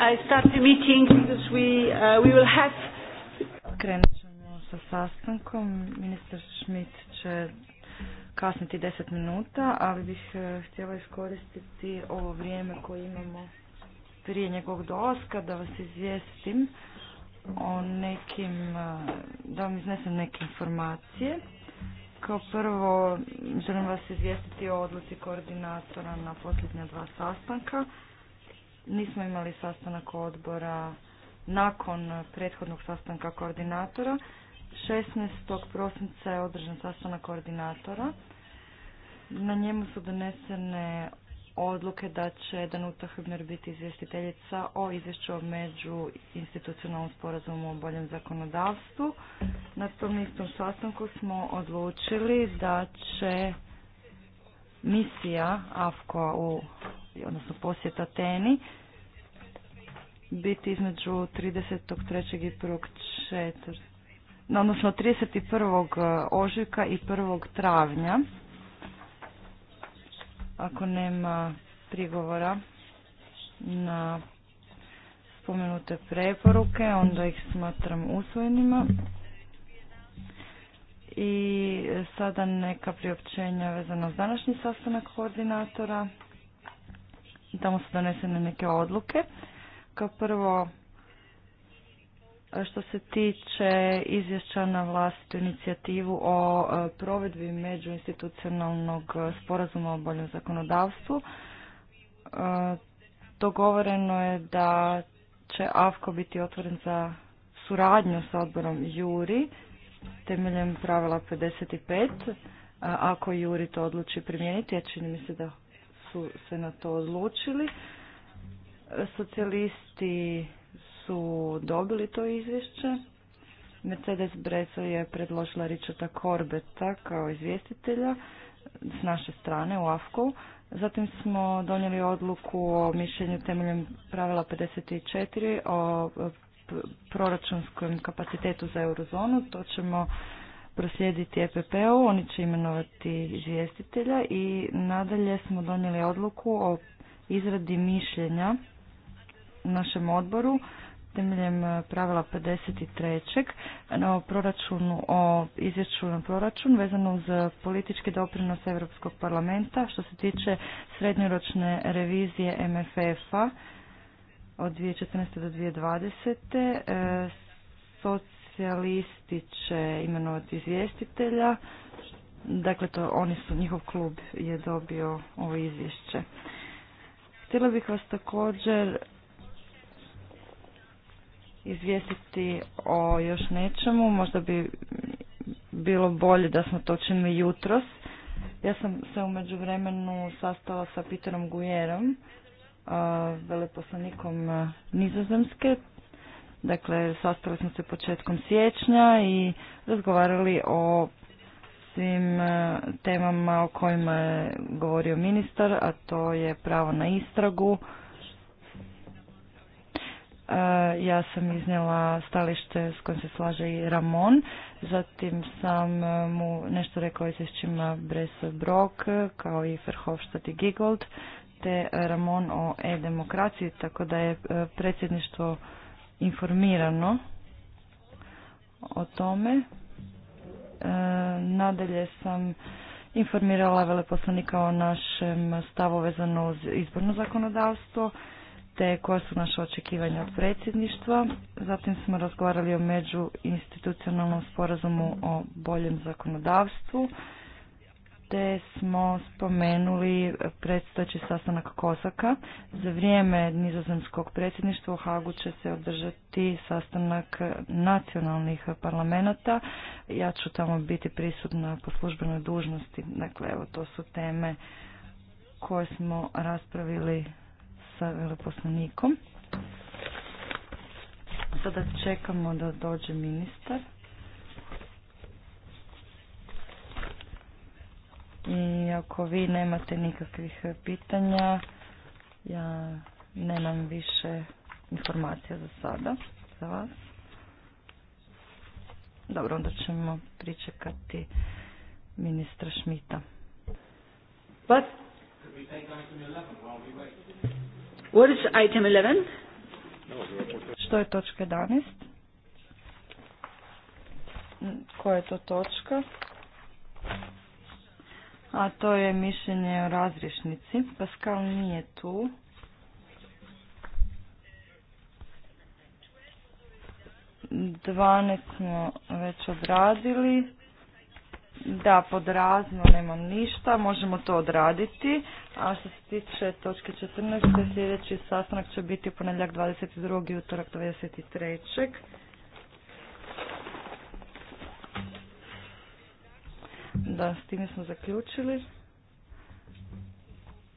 I start the meeting we, uh, we will have... Krenut sa sastankom. Ministar Schmidt će kasniti deset minuta, ali bih e, htjela iskoristiti ovo vrijeme koje imamo prije njegovog dolaska da vas izvijestim o nekim, e, da vam iznesem neke informacije. Kao prvo želim vas izvijestiti o odluci koordinatora na posljednja dva sastanka. Nismo imali sastanak odbora nakon prethodnog sastanka koordinatora. 16. prosinca je održan sastanak koordinatora. Na njemu su donesene odluke da će Danuta Hübner biti izvjestiteljica o izvješću o među institucionalnom sporazumu o boljem zakonodavstvu. Na tom istom sastanku smo odlučili da će misija AFKO u odnosno posjet Ateni biti između 33. i 1. No, odnosno 31. E, ožujka i 1. travnja. Ako nema prigovora na spomenute preporuke, onda ih smatram usvojenima. I sada neka priopćenja vezano s današnji sastanak koordinatora tamo su donesene neke odluke. Kao prvo, što se tiče izvješća na vlastitu inicijativu o e, provedbi međuinstitucionalnog sporazuma o boljem zakonodavstvu, dogovoreno e, je da će AFKO biti otvoren za suradnju sa odborom Juri temeljem pravila 55 ako Juri to odluči primijeniti, a ja čini mi se da su se na to odlučili. Socijalisti su dobili to izvješće. Mercedes Breso je predložila Richarda Korbeta kao izvjestitelja s naše strane u AFKO. Zatim smo donijeli odluku o mišljenju temeljem pravila 54 o proračunskom kapacitetu za eurozonu. To ćemo proslijediti EPP-u, oni će imenovati izvjestitelja i nadalje smo donijeli odluku o izradi mišljenja našem odboru temeljem e, pravila 53. o proračunu, o izvješću na proračun vezano uz politički doprinos Europskog parlamenta što se tiče srednjoročne revizije MFF-a od 2014. do 2020. E, socijalisti će imenovati izvjestitelja. Dakle, to, oni su, njihov klub je dobio ovo izvješće. Htjela bih vas također izvijestiti o još nečemu. Možda bi bilo bolje da smo to činili jutros. Ja sam se u međuvremenu sastala sa Peterom Gujerom, veleposlanikom Nizozemske. Dakle, sastali smo se početkom siječnja i razgovarali o svim e, temama o kojima je govorio ministar, a to je pravo na istragu. E, ja sam iznijela stalište s kojim se slaže i Ramon, zatim sam e, mu nešto rekao o izvješćima Bresa Brok, kao i Verhofstadt i Gigold, te Ramon o e-demokraciji, tako da je predsjedništvo informirano o tome. E, nadalje sam informirala veleposlanika o našem stavu vezano uz izborno zakonodavstvo te koja su naše očekivanja od predsjedništva. Zatim smo razgovarali o međuinstitucionalnom sporazumu o boljem zakonodavstvu te smo spomenuli predstojeći sastanak Kosaka. Za vrijeme nizozemskog predsjedništva u Hagu će se održati sastanak nacionalnih parlamenta. Ja ću tamo biti prisutna po službenoj dužnosti. Dakle, evo, to su teme koje smo raspravili sa veleposlanikom. Sada čekamo da dođe ministar. ako vi nemate nikakvih e, pitanja, ja nemam više informacija za sada, za vas. Dobro, onda ćemo pričekati ministra Šmita. Što je točka 11? Koja je to točka? a to je mišljenje o razrišnici. Pascal nije tu. Dvanaest smo već odradili. Da, pod razno nemam ništa, možemo to odraditi. A što se tiče točke 14. sljedeći sastanak će biti ponedjeljak 22. i utorak 23. Da, s time smo zaključili.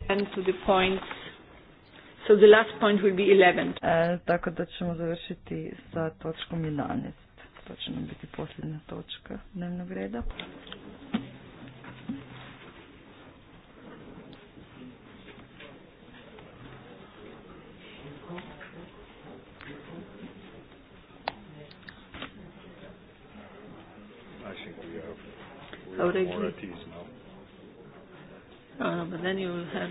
And to the point. So the last point will be 11. E, tako da ćemo završiti sa točkom 11. To će nam biti posljedna točka dnevnog reda. How regular? No, no, but then you will have.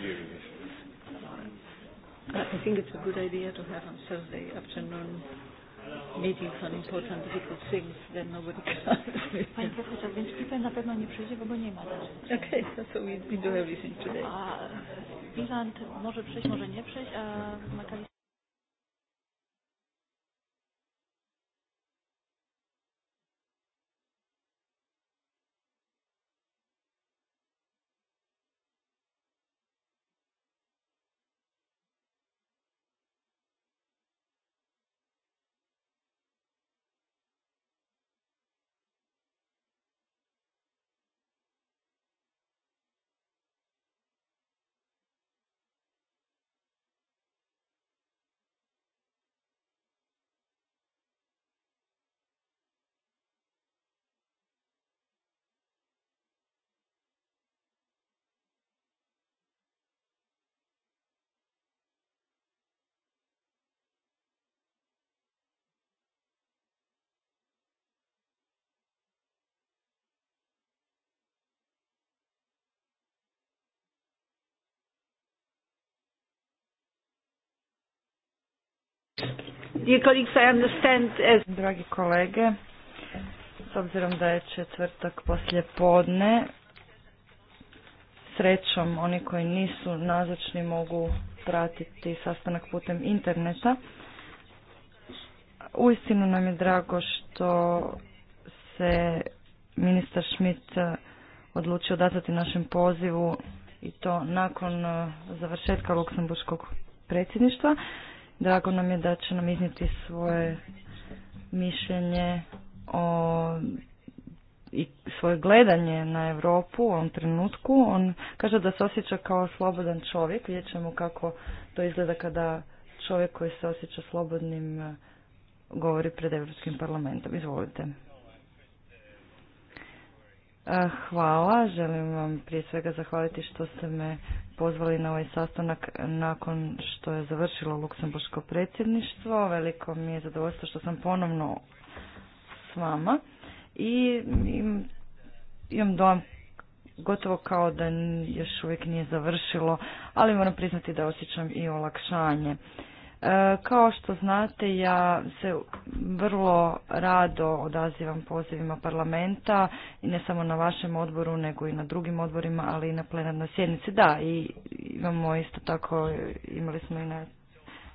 I think it's a good idea to have on Thursday afternoon meetings on important difficult things, then nobody can. Pani profesor, więc Piper na pewno nie przyjdzie, bo nie ma. Okay, so we, we do everything today. A Wieland może przyjść, może nie przyjść, a Makali Dragi kolege, s obzirom da je četvrtak poslje podne, srećom oni koji nisu nazočni mogu pratiti sastanak putem interneta. Uistinu nam je drago što se ministar Schmidt odlučio odazvati našem pozivu i to nakon eh, završetka luksemburškog predsjedništva. Drago nam je da će nam iznijeti svoje mišljenje o i svoje gledanje na Europu u ovom trenutku. On kaže da se osjeća kao slobodan čovjek. Vidjet ćemo kako to izgleda kada čovjek koji se osjeća slobodnim eh, govori pred Europskim parlamentom. Izvolite. Hvala. Želim vam prije svega zahvaliti što ste me pozvali na ovaj sastanak nakon što je završilo Luksemburško predsjedništvo. Veliko mi je zadovoljstvo što sam ponovno s vama i imam dojam gotovo kao da još uvijek nije završilo, ali moram priznati da osjećam i olakšanje. Kao što znate, ja se vrlo rado odazivam pozivima parlamenta, i ne samo na vašem odboru, nego i na drugim odborima, ali i na plenarnoj sjednici. Da, i imamo isto tako, imali smo i na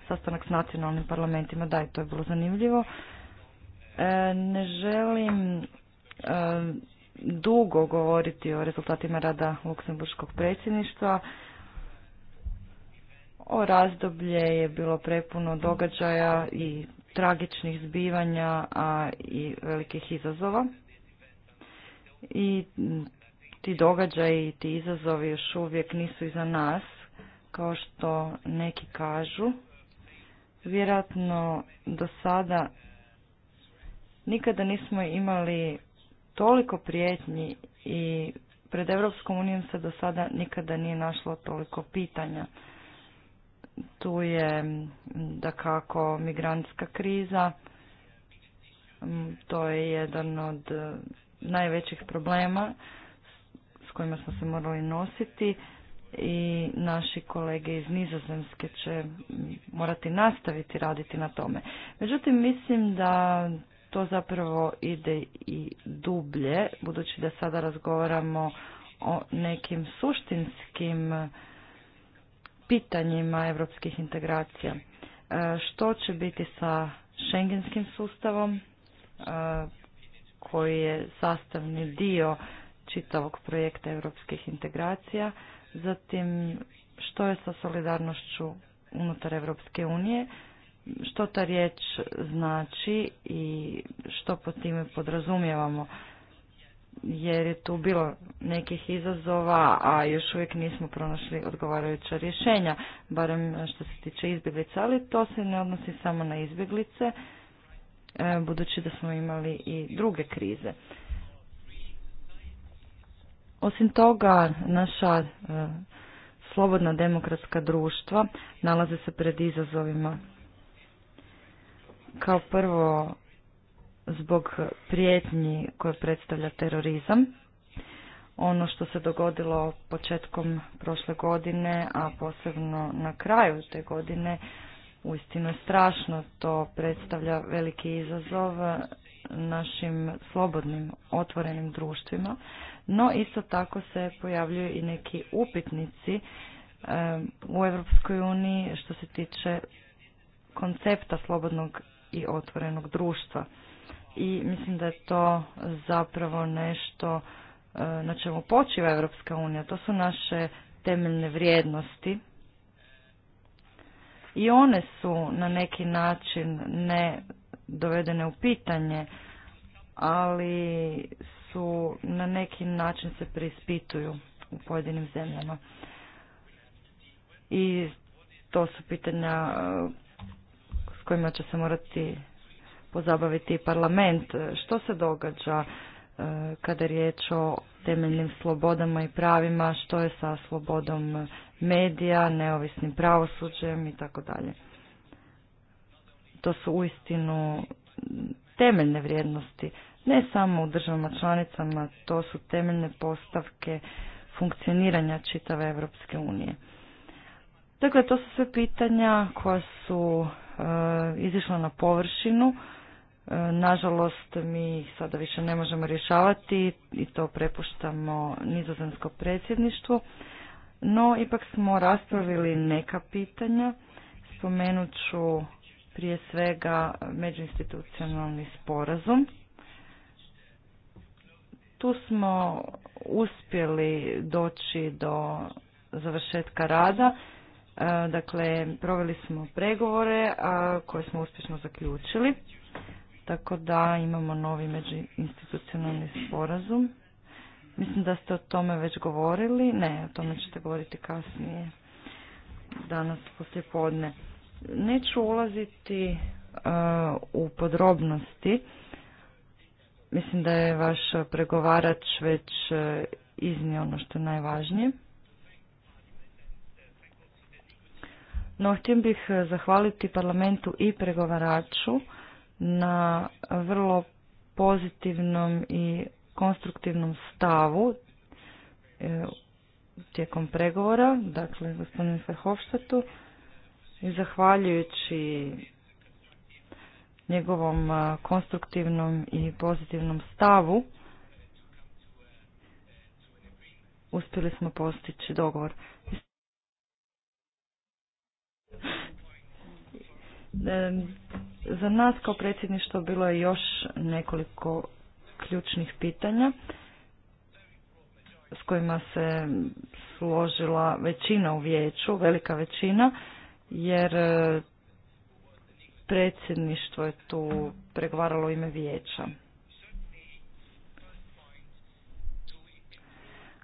sastanak s nacionalnim parlamentima, da, i to je bilo zanimljivo. E, ne želim e, dugo govoriti o rezultatima rada Luksemburškog predsjedništva, o razdoblje je bilo prepuno događaja i tragičnih zbivanja, a i velikih izazova. I ti događaji i ti izazovi još uvijek nisu iza nas, kao što neki kažu. Vjerojatno do sada nikada nismo imali toliko prijetnji i pred Europskom unijom se do sada nikada nije našlo toliko pitanja tu je mm, da kako migrantska kriza, mm, to je jedan od e, najvećih problema s kojima smo se morali nositi i naši kolege iz Nizozemske će mm, morati nastaviti raditi na tome. Međutim, mislim da to zapravo ide i dublje, budući da sada razgovaramo o nekim suštinskim pitanjima europskih integracija. E, što će biti sa šengenskim sustavom e, koji je sastavni dio čitavog projekta europskih integracija, zatim što je sa solidarnošću unutar Evropske unije, što ta riječ znači i što pod time podrazumijevamo jer je tu bilo nekih izazova, a još uvijek nismo pronašli odgovarajuća rješenja, barem što se tiče izbjeglica, ali to se ne odnosi samo na izbjeglice, e, budući da smo imali i druge krize. Osim toga, naša e, slobodna demokratska društva nalaze se pred izazovima. Kao prvo, zbog prijetnji koje predstavlja terorizam. Ono što se dogodilo početkom prošle godine, a posebno na kraju te godine, uistinu je strašno. To predstavlja veliki izazov našim slobodnim, otvorenim društvima, no isto tako se pojavljuju i neki upitnici eh, u Europskoj uniji što se tiče koncepta slobodnog i otvorenog društva i mislim da je to zapravo nešto e, na čemu počiva Europska unija. To su naše temeljne vrijednosti i one su na neki način ne dovedene u pitanje, ali su na neki način se preispituju u pojedinim zemljama. I to su pitanja e, s kojima će se morati pozabaviti parlament. Što se događa e, kada je riječ o temeljnim slobodama i pravima, što je sa slobodom medija, neovisnim pravosuđem i tako dalje. To su uistinu temeljne vrijednosti, ne samo u državama članicama, to su temeljne postavke funkcioniranja čitave Europske unije. Dakle, to su sve pitanja koja su e, izišla na površinu E, nažalost, mi sada više ne možemo rješavati i to prepuštamo nizozemsko predsjedništvo, No, ipak smo raspravili neka pitanja. Spomenut ću prije svega međuinstitucionalni sporazum. Tu smo uspjeli doći do završetka rada. E, dakle, proveli smo pregovore koje smo uspješno zaključili. Tako da imamo novi međuinstitucionalni sporazum. Mislim da ste o tome već govorili. Ne, o tome ćete govoriti kasnije. Danas poslije podne. Neću ulaziti e, u podrobnosti. Mislim da je vaš pregovarač već e, iznio ono što je najvažnije. No, htio bih e, zahvaliti parlamentu i pregovaraču na vrlo pozitivnom i konstruktivnom stavu e, tijekom pregovora, dakle gospodinu Verhofstadtu i zahvaljujući njegovom e, konstruktivnom i pozitivnom stavu uspjeli smo postići dogovor. E, za nas kao predsjedništvo bilo je još nekoliko ključnih pitanja s kojima se složila većina u vijeću, velika većina, jer e, predsjedništvo je tu pregovaralo ime vijeća.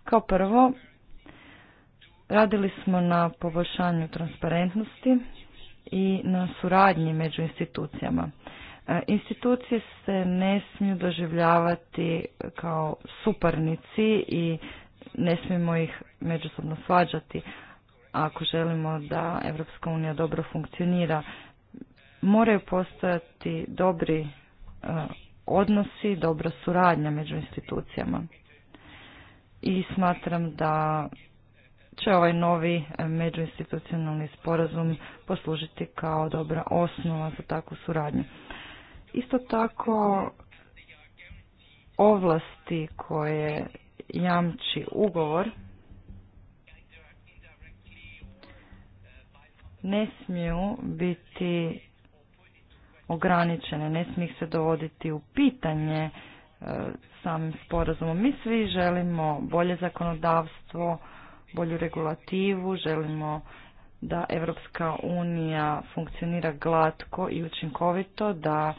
Kao prvo, radili smo na poboljšanju transparentnosti i na suradnji među institucijama. E, institucije se ne smiju doživljavati kao suparnici i ne smijemo ih međusobno svađati. Ako želimo da Europska unija dobro funkcionira, moraju postojati dobri e, odnosi, dobra suradnja među institucijama. I smatram da će ovaj novi e, međuinstitucionalni sporazum poslužiti kao dobra osnova za takvu suradnju. Isto tako ovlasti koje jamči ugovor ne smiju biti ograničene, ne smije se dovoditi u pitanje e, samim sporazumom. Mi svi želimo bolje zakonodavstvo, bolju regulativu, želimo da Evropska unija funkcionira glatko i učinkovito, da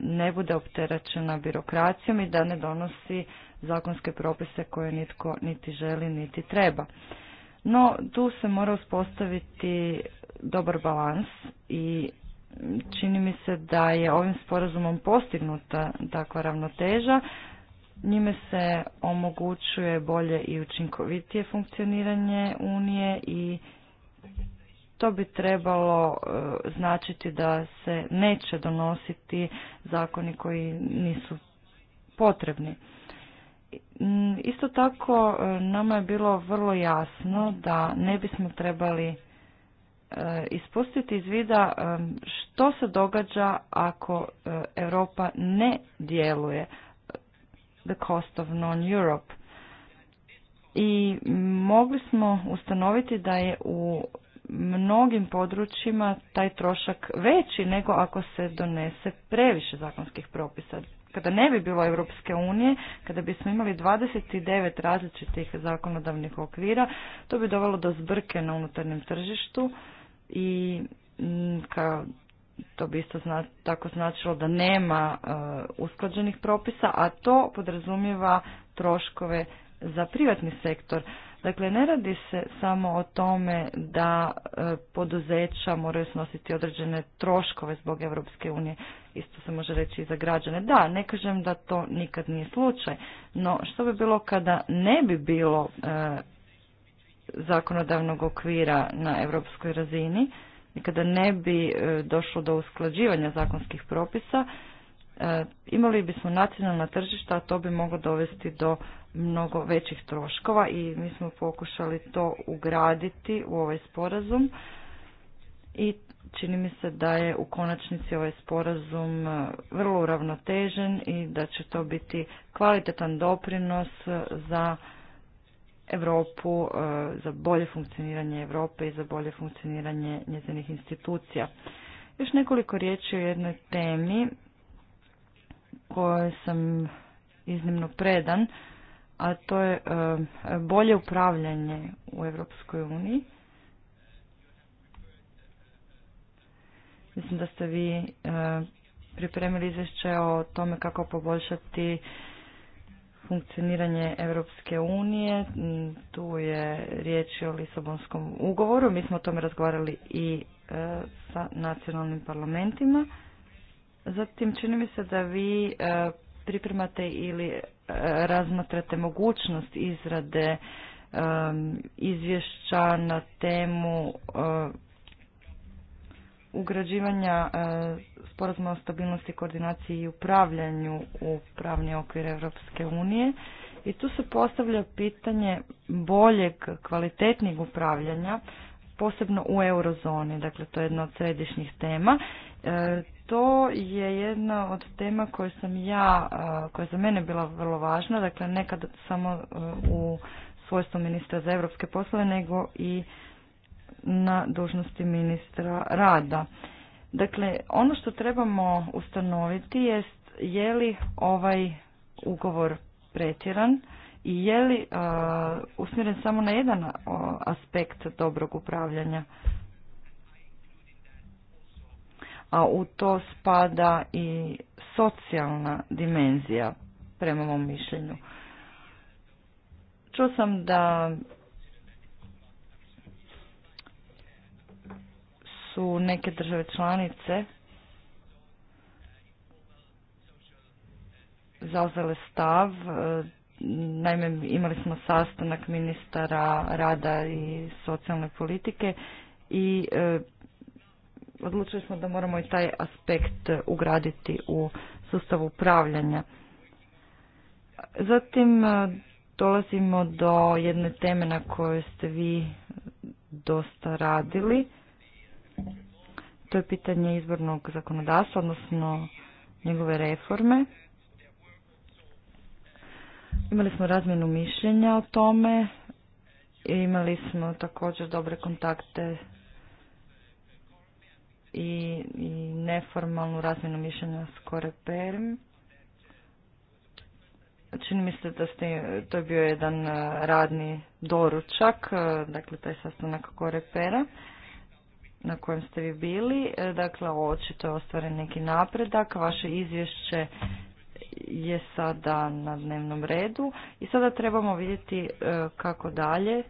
ne bude opterećena birokracijom i da ne donosi zakonske propise koje nitko niti želi niti treba. No, tu se mora uspostaviti dobar balans i čini mi se da je ovim sporazumom postignuta takva ravnoteža, Njime se omogućuje bolje i učinkovitije funkcioniranje Unije i to bi trebalo e, značiti da se neće donositi zakoni koji nisu potrebni. Mm, isto tako e, nama je bilo vrlo jasno da ne bismo trebali e, ispustiti iz vida što se događa ako Europa ne djeluje, the Cost of Non-Europe. I mogli smo ustanoviti da je u mnogim područjima taj trošak veći nego ako se donese previše zakonskih propisa. Kada ne bi bilo Europske unije, kada bismo imali 29 različitih zakonodavnih okvira, to bi dovelo do zbrke na unutarnjem tržištu i kao to bi isto zna, tako značilo da nema e, usklađenih propisa, a to podrazumijeva troškove za privatni sektor. Dakle, ne radi se samo o tome da e, poduzeća moraju snositi određene troškove zbog Europske unije. Isto se može reći i za građane. Da, ne kažem da to nikad nije slučaj, no što bi bilo kada ne bi bilo e, zakonodavnog okvira na europskoj razini, i kada ne bi e, došlo do usklađivanja zakonskih propisa, e, imali bismo nacionalna tržišta, a to bi moglo dovesti do mnogo većih troškova i mi smo pokušali to ugraditi u ovaj sporazum i čini mi se da je u konačnici ovaj sporazum e, vrlo uravnotežen i da će to biti kvalitetan doprinos za Europu, e, za bolje funkcioniranje Europe i za bolje funkcioniranje njezinih institucija. Još nekoliko riječi o jednoj temi kojoj sam iznimno predan, a to je e, bolje upravljanje u Europskoj uniji. Mislim da ste vi e, pripremili izvješće o tome kako poboljšati funkcioniranje Europske unije. Tu je riječ o Lisabonskom ugovoru. Mi smo o tome razgovarali i e, sa nacionalnim parlamentima. Zatim čini mi se da vi e, pripremate ili e, razmatrate mogućnost izrade izvješća na temu ugrađivanja e, sporazuma o stabilnosti, koordinaciji i upravljanju u pravni okvir Europske unije i tu se postavlja pitanje boljeg, kvalitetnijeg upravljanja, posebno u eurozoni, dakle to je jedna od središnjih tema. E, to je jedna od tema koje sam ja, e, koja je za mene bila vrlo važna, dakle nekad samo u svojstvu ministra za europske poslove, nego i na dužnosti ministra rada. Dakle, ono što trebamo ustanoviti jest je li ovaj ugovor pretjeran i je li usmjeren samo na jedan aspekt dobrog upravljanja. A u to spada i socijalna dimenzija prema mom mišljenju. Čuo sam da su neke države članice zauzele stav. E, naime, imali smo sastanak ministara rada i socijalne politike i e, odlučili smo da moramo i taj aspekt ugraditi u sustav upravljanja. Zatim e, dolazimo do jedne teme na kojoj ste vi dosta radili, to je pitanje izbornog zakonodavstva, odnosno njegove reforme. Imali smo razmjenu mišljenja o tome, i imali smo također dobre kontakte i, neformalnu razmjenu mišljenja s Koreperim. Čini mi se da ste, to je bio jedan eh, radni doručak, eh, dakle taj sastanak Korepera na kojem ste vi bili. E, dakle, očito je ostvaren neki napredak. Vaše izvješće je sada na dnevnom redu i sada trebamo vidjeti e, kako dalje.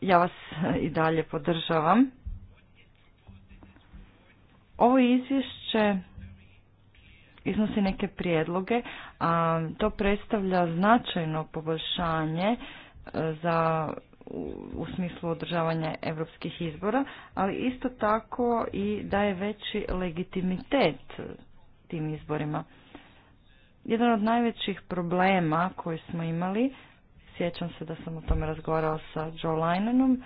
Ja vas i dalje podržavam. Ovo izvješće iznosi neke prijedloge, a to predstavlja značajno poboljšanje e, za u smislu održavanja europskih izbora, ali isto tako i daje veći legitimitet tim izborima. Jedan od najvećih problema koji smo imali, sjećam se da sam o tome razgovarao sa Joe Linenom,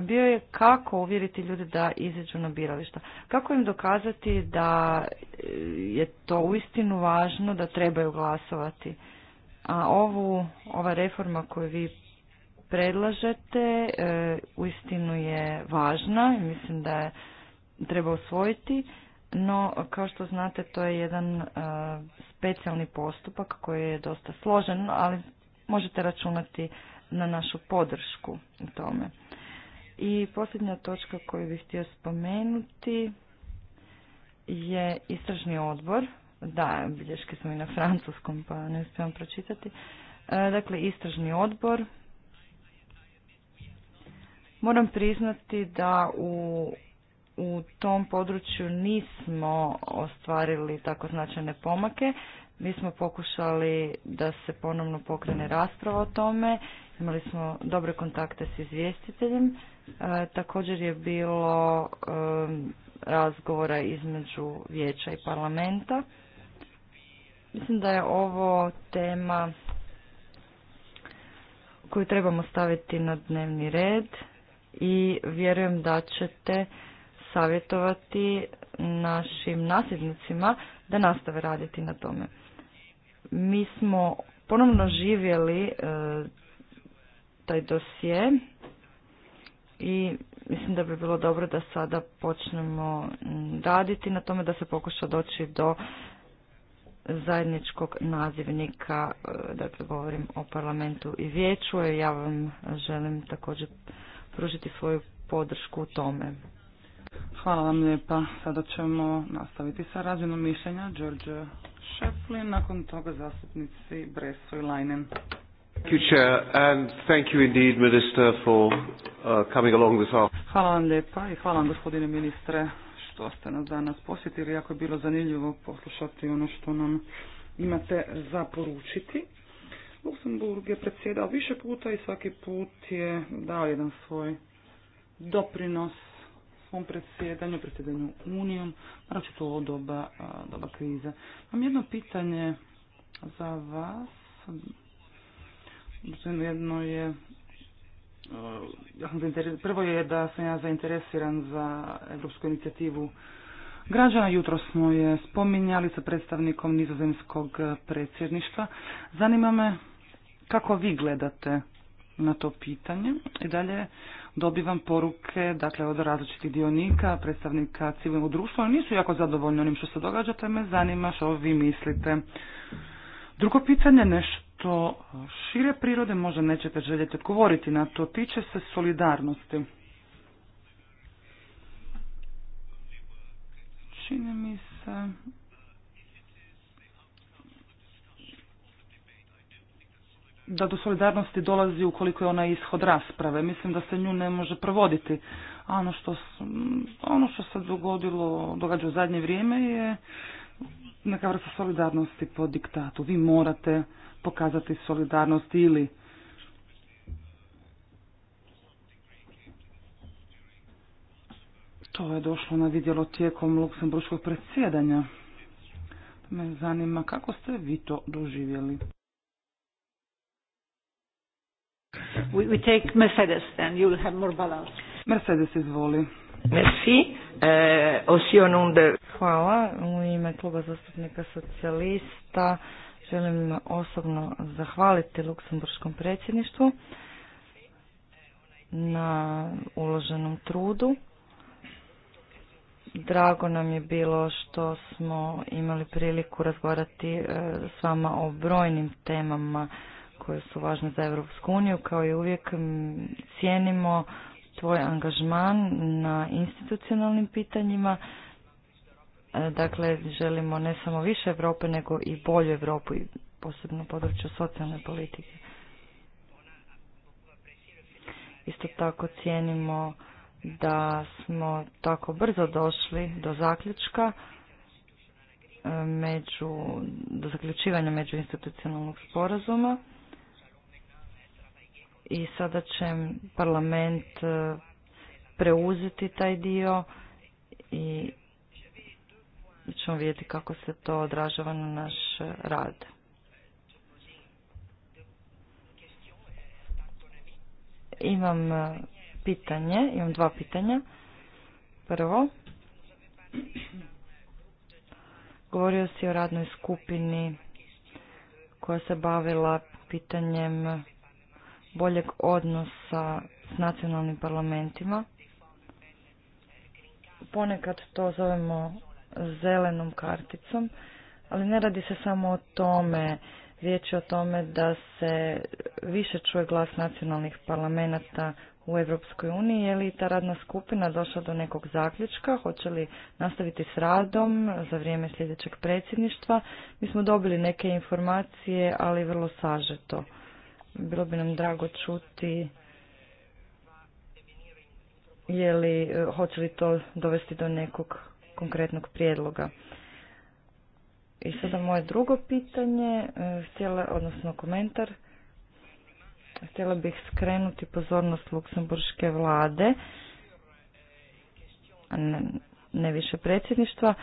bio je kako uvjeriti ljude da izađu na birališta. Kako im dokazati da je to uistinu važno, da trebaju glasovati. A ovu, ova reforma koju vi predlažete e, uistinu je važna i mislim da je treba usvojiti, no kao što znate to je jedan e, specijalni postupak koji je dosta složen, ali možete računati na našu podršku u tome. I posljednja točka koju bih htio spomenuti je istražni odbor. Da, bilješke smo i na francuskom pa ne uspijem pročitati. E, dakle, istražni odbor Moram priznati da u, u tom području nismo ostvarili tako značajne pomake. Mi smo pokušali da se ponovno pokrene rasprava o tome, imali smo dobre kontakte s izvjestiteljem. E, također je bilo e, razgovora između vijeća i parlamenta. Mislim da je ovo tema koju trebamo staviti na dnevni red i vjerujem da ćete savjetovati našim nasljednicima da nastave raditi na tome. Mi smo ponovno živjeli e, taj dosje i mislim da bi bilo dobro da sada počnemo raditi na tome da se pokuša doći do zajedničkog nazivnika, e, dakle govorim o parlamentu i vijeću, ja vam želim također pružiti svoju podršku u tome. Hvala vam lijepa. Sada ćemo nastaviti sa razinom mišljenja george Šeflin, nakon toga zastupnici bresu i Lajnen. Uh, hvala vam lijepa i hvala vam gospodine ministre što ste nas danas posjetili. Jako je bilo zanimljivo poslušati ono što nam imate poručiti. Luxemburg je predsjedao više puta i svaki put je dao jedan svoj doprinos svom predsjedanju, predsjedanju Unijom, to to doba, doba krize. Mam jedno pitanje za vas. Jedno je ja sam prvo je da sam ja zainteresiran za europsku inicijativu građana. Jutro smo je spominjali sa predstavnikom nizozemskog predsjedništva. Zanima me kako vi gledate na to pitanje? I dalje dobivam poruke dakle, od različitih dionika, predstavnika civilnog društva, oni nisu jako zadovoljni onim što se događa, te pa me zanima što vi mislite. Drugo pitanje, nešto šire prirode, možda nećete željeti odgovoriti na to, tiče se solidarnosti. Čini mi se da do solidarnosti dolazi ukoliko je ona ishod rasprave. Mislim da se nju ne može provoditi. A ono što, ono što se dogodilo, događa u zadnje vrijeme je neka vrsta solidarnosti po diktatu. Vi morate pokazati solidarnost ili To je došlo na vidjelo tijekom luksemburškog predsjedanja. Me zanima kako ste vi to doživjeli. We, take Mercedes, you will have more balance. Mercedes, izvoli. Merci. Eh, de... Hvala. U ime kluba zastupnika socijalista želim osobno zahvaliti Luksemburškom predsjedništvu na uloženom trudu. Drago nam je bilo što smo imali priliku razgovarati eh, s vama o brojnim temama koje su važne za Europsku uniju. Kao i uvijek cijenimo tvoj angažman na institucionalnim pitanjima. E, dakle, želimo ne samo više Europe, nego i bolju Europu i posebno području socijalne politike. Isto tako cijenimo da smo tako brzo došli do zaključka e, među, do zaključivanja institucionalnog sporazuma i sada će parlament e, preuzeti taj dio i ćemo vidjeti kako se to odražava na naš rad. Imam e, pitanje, imam dva pitanja. Prvo, govorio si o radnoj skupini koja se bavila pitanjem boljeg odnosa s nacionalnim parlamentima. Ponekad to zovemo zelenom karticom, ali ne radi se samo o tome, riječ je o tome da se više čuje glas nacionalnih parlamenta u Europskoj uniji, je li ta radna skupina došla do nekog zaključka, hoće li nastaviti s radom za vrijeme sljedećeg predsjedništva. Mi smo dobili neke informacije, ali vrlo sažeto. Bilo bi nam drago čuti je li, e, hoće li to dovesti do nekog konkretnog prijedloga. I sada moje drugo pitanje, e, htjela, odnosno komentar, htjela bih skrenuti pozornost luksemburške vlade, ne više predsjedništva,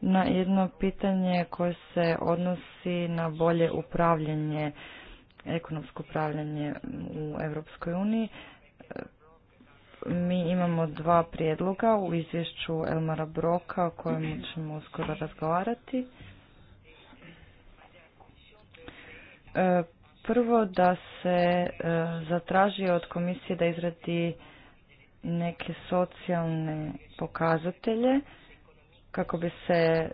na jedno pitanje koje se odnosi na bolje upravljanje ekonomsko upravljanje u Europskoj uniji. Mi imamo dva prijedloga u izvješću Elmara Broka o kojem ćemo uskoro razgovarati. E, prvo da se e, zatraži od komisije da izradi neke socijalne pokazatelje kako bi se e,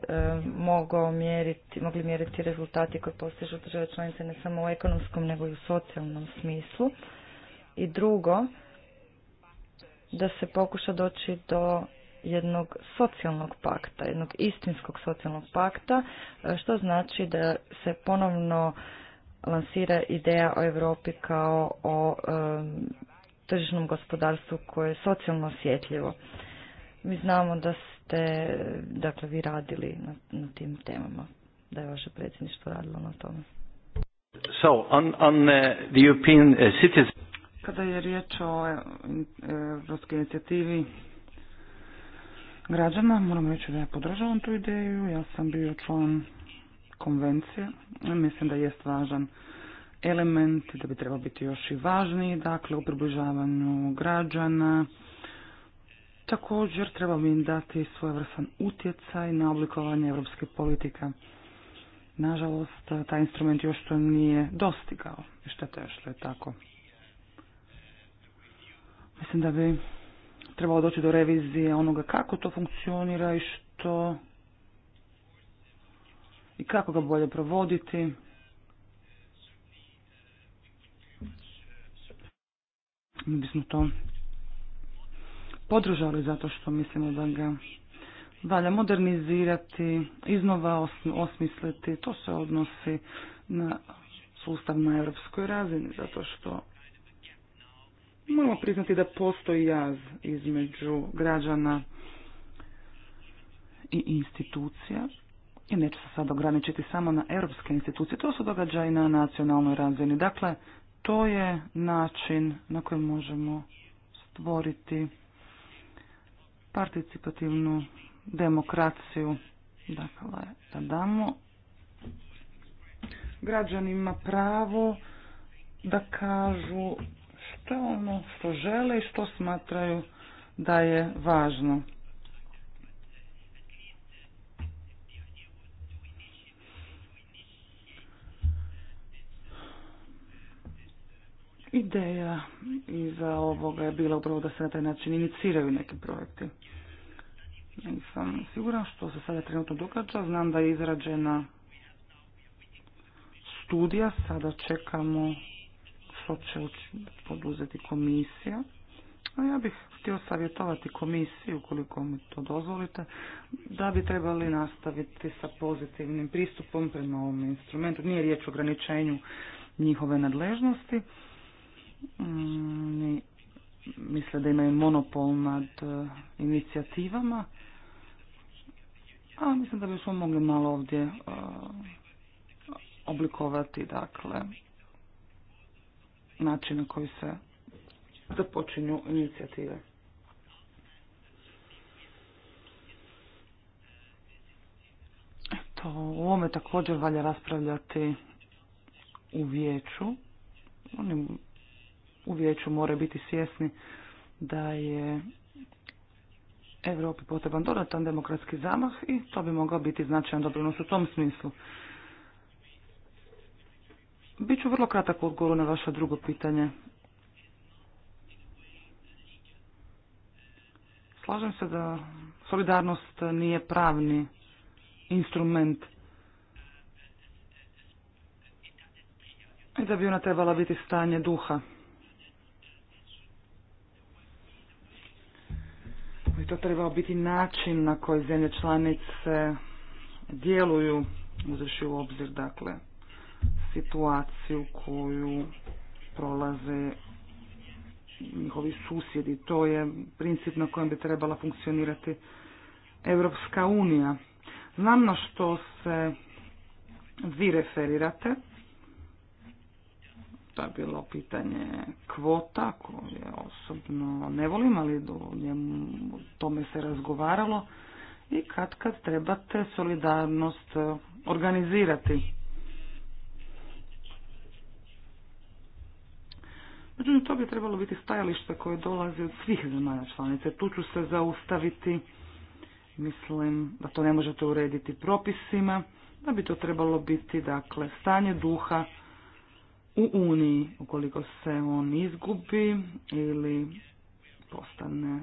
mogao mjeriti, mogli mjeriti rezultati koje postižu države članice ne samo u ekonomskom nego i u socijalnom smislu. I drugo, da se pokuša doći do jednog socijalnog pakta, jednog istinskog socijalnog pakta, e, što znači da se ponovno lansira ideja o Europi kao o e, tržišnom gospodarstvu koje je socijalno osjetljivo. Mi znamo da ste dakle vi radili na, na tim temama, da je vaše predsjedništvo radilo na tome. So, on, on uh, the European uh, Kada je riječ o uh, Evropskoj inicijativi građana, moram reći da ja podržavam tu ideju, ja sam bio član konvencije, mislim da je važan element, da bi trebao biti još i važniji, dakle u približavanju građana, Također trebamo im dati svojevrstan utjecaj na oblikovanje evropske politike. Nažalost, taj instrument još to nije dostigao. je što je tako. Mislim da bi trebalo doći do revizije onoga kako to funkcionira i što i kako ga bolje provoditi. Mi bismo to podržali zato što mislimo da ga valja modernizirati, iznova osmisliti. To se odnosi na sustav na europskoj razini, zato što moramo priznati da postoji jaz između građana i institucija. I neću se sad ograničiti samo na europske institucije, to se događa i na nacionalnoj razini. Dakle, to je način na koji možemo stvoriti participativnu demokraciju. Dakle, da damo građanima pravo da kažu što ono što žele i što smatraju da je važno. Ideja iza ovoga je bila upravo da se na taj način iniciraju neki projekti. Nisam siguran što se sada trenutno događa. Znam da je izrađena studija, sada čekamo što će poduzeti komisija. A ja bih htio savjetovati komisiju, ukoliko mi to dozvolite, da bi trebali nastaviti sa pozitivnim pristupom prema ovom instrumentu. Nije riječ o ograničenju njihove nadležnosti, oni misle da imaju monopol nad e, inicijativama. A mislim da bismo mogli malo ovdje e, oblikovati dakle način na koji se započinju inicijative. to u ovome također valja raspravljati u vijeću. Oni u vijeću moraju biti svjesni da je Europi potreban dodatan demokratski zamah i to bi mogao biti značajan doprinos u tom smislu. Biću vrlo kratak u odgovoru na vaše drugo pitanje. Slažem se da solidarnost nije pravni instrument i da bi ona trebala biti stanje duha. to trebao biti način na koji zemlje članice djeluju, uzeši u obzir, dakle, situaciju koju prolaze njihovi susjedi. To je princip na kojem bi trebala funkcionirati Europska unija. Znam na što se vi referirate, to je bilo pitanje kvota koje osobno ne volim, ali o tome se razgovaralo i kad kad trebate solidarnost e, organizirati. Međutim, to bi trebalo biti stajalište koje dolazi od svih zemalja članice. Tu ću se zaustaviti. Mislim da to ne možete urediti propisima, da bi to trebalo biti dakle stanje duha u Uniji. Ukoliko se on izgubi ili postane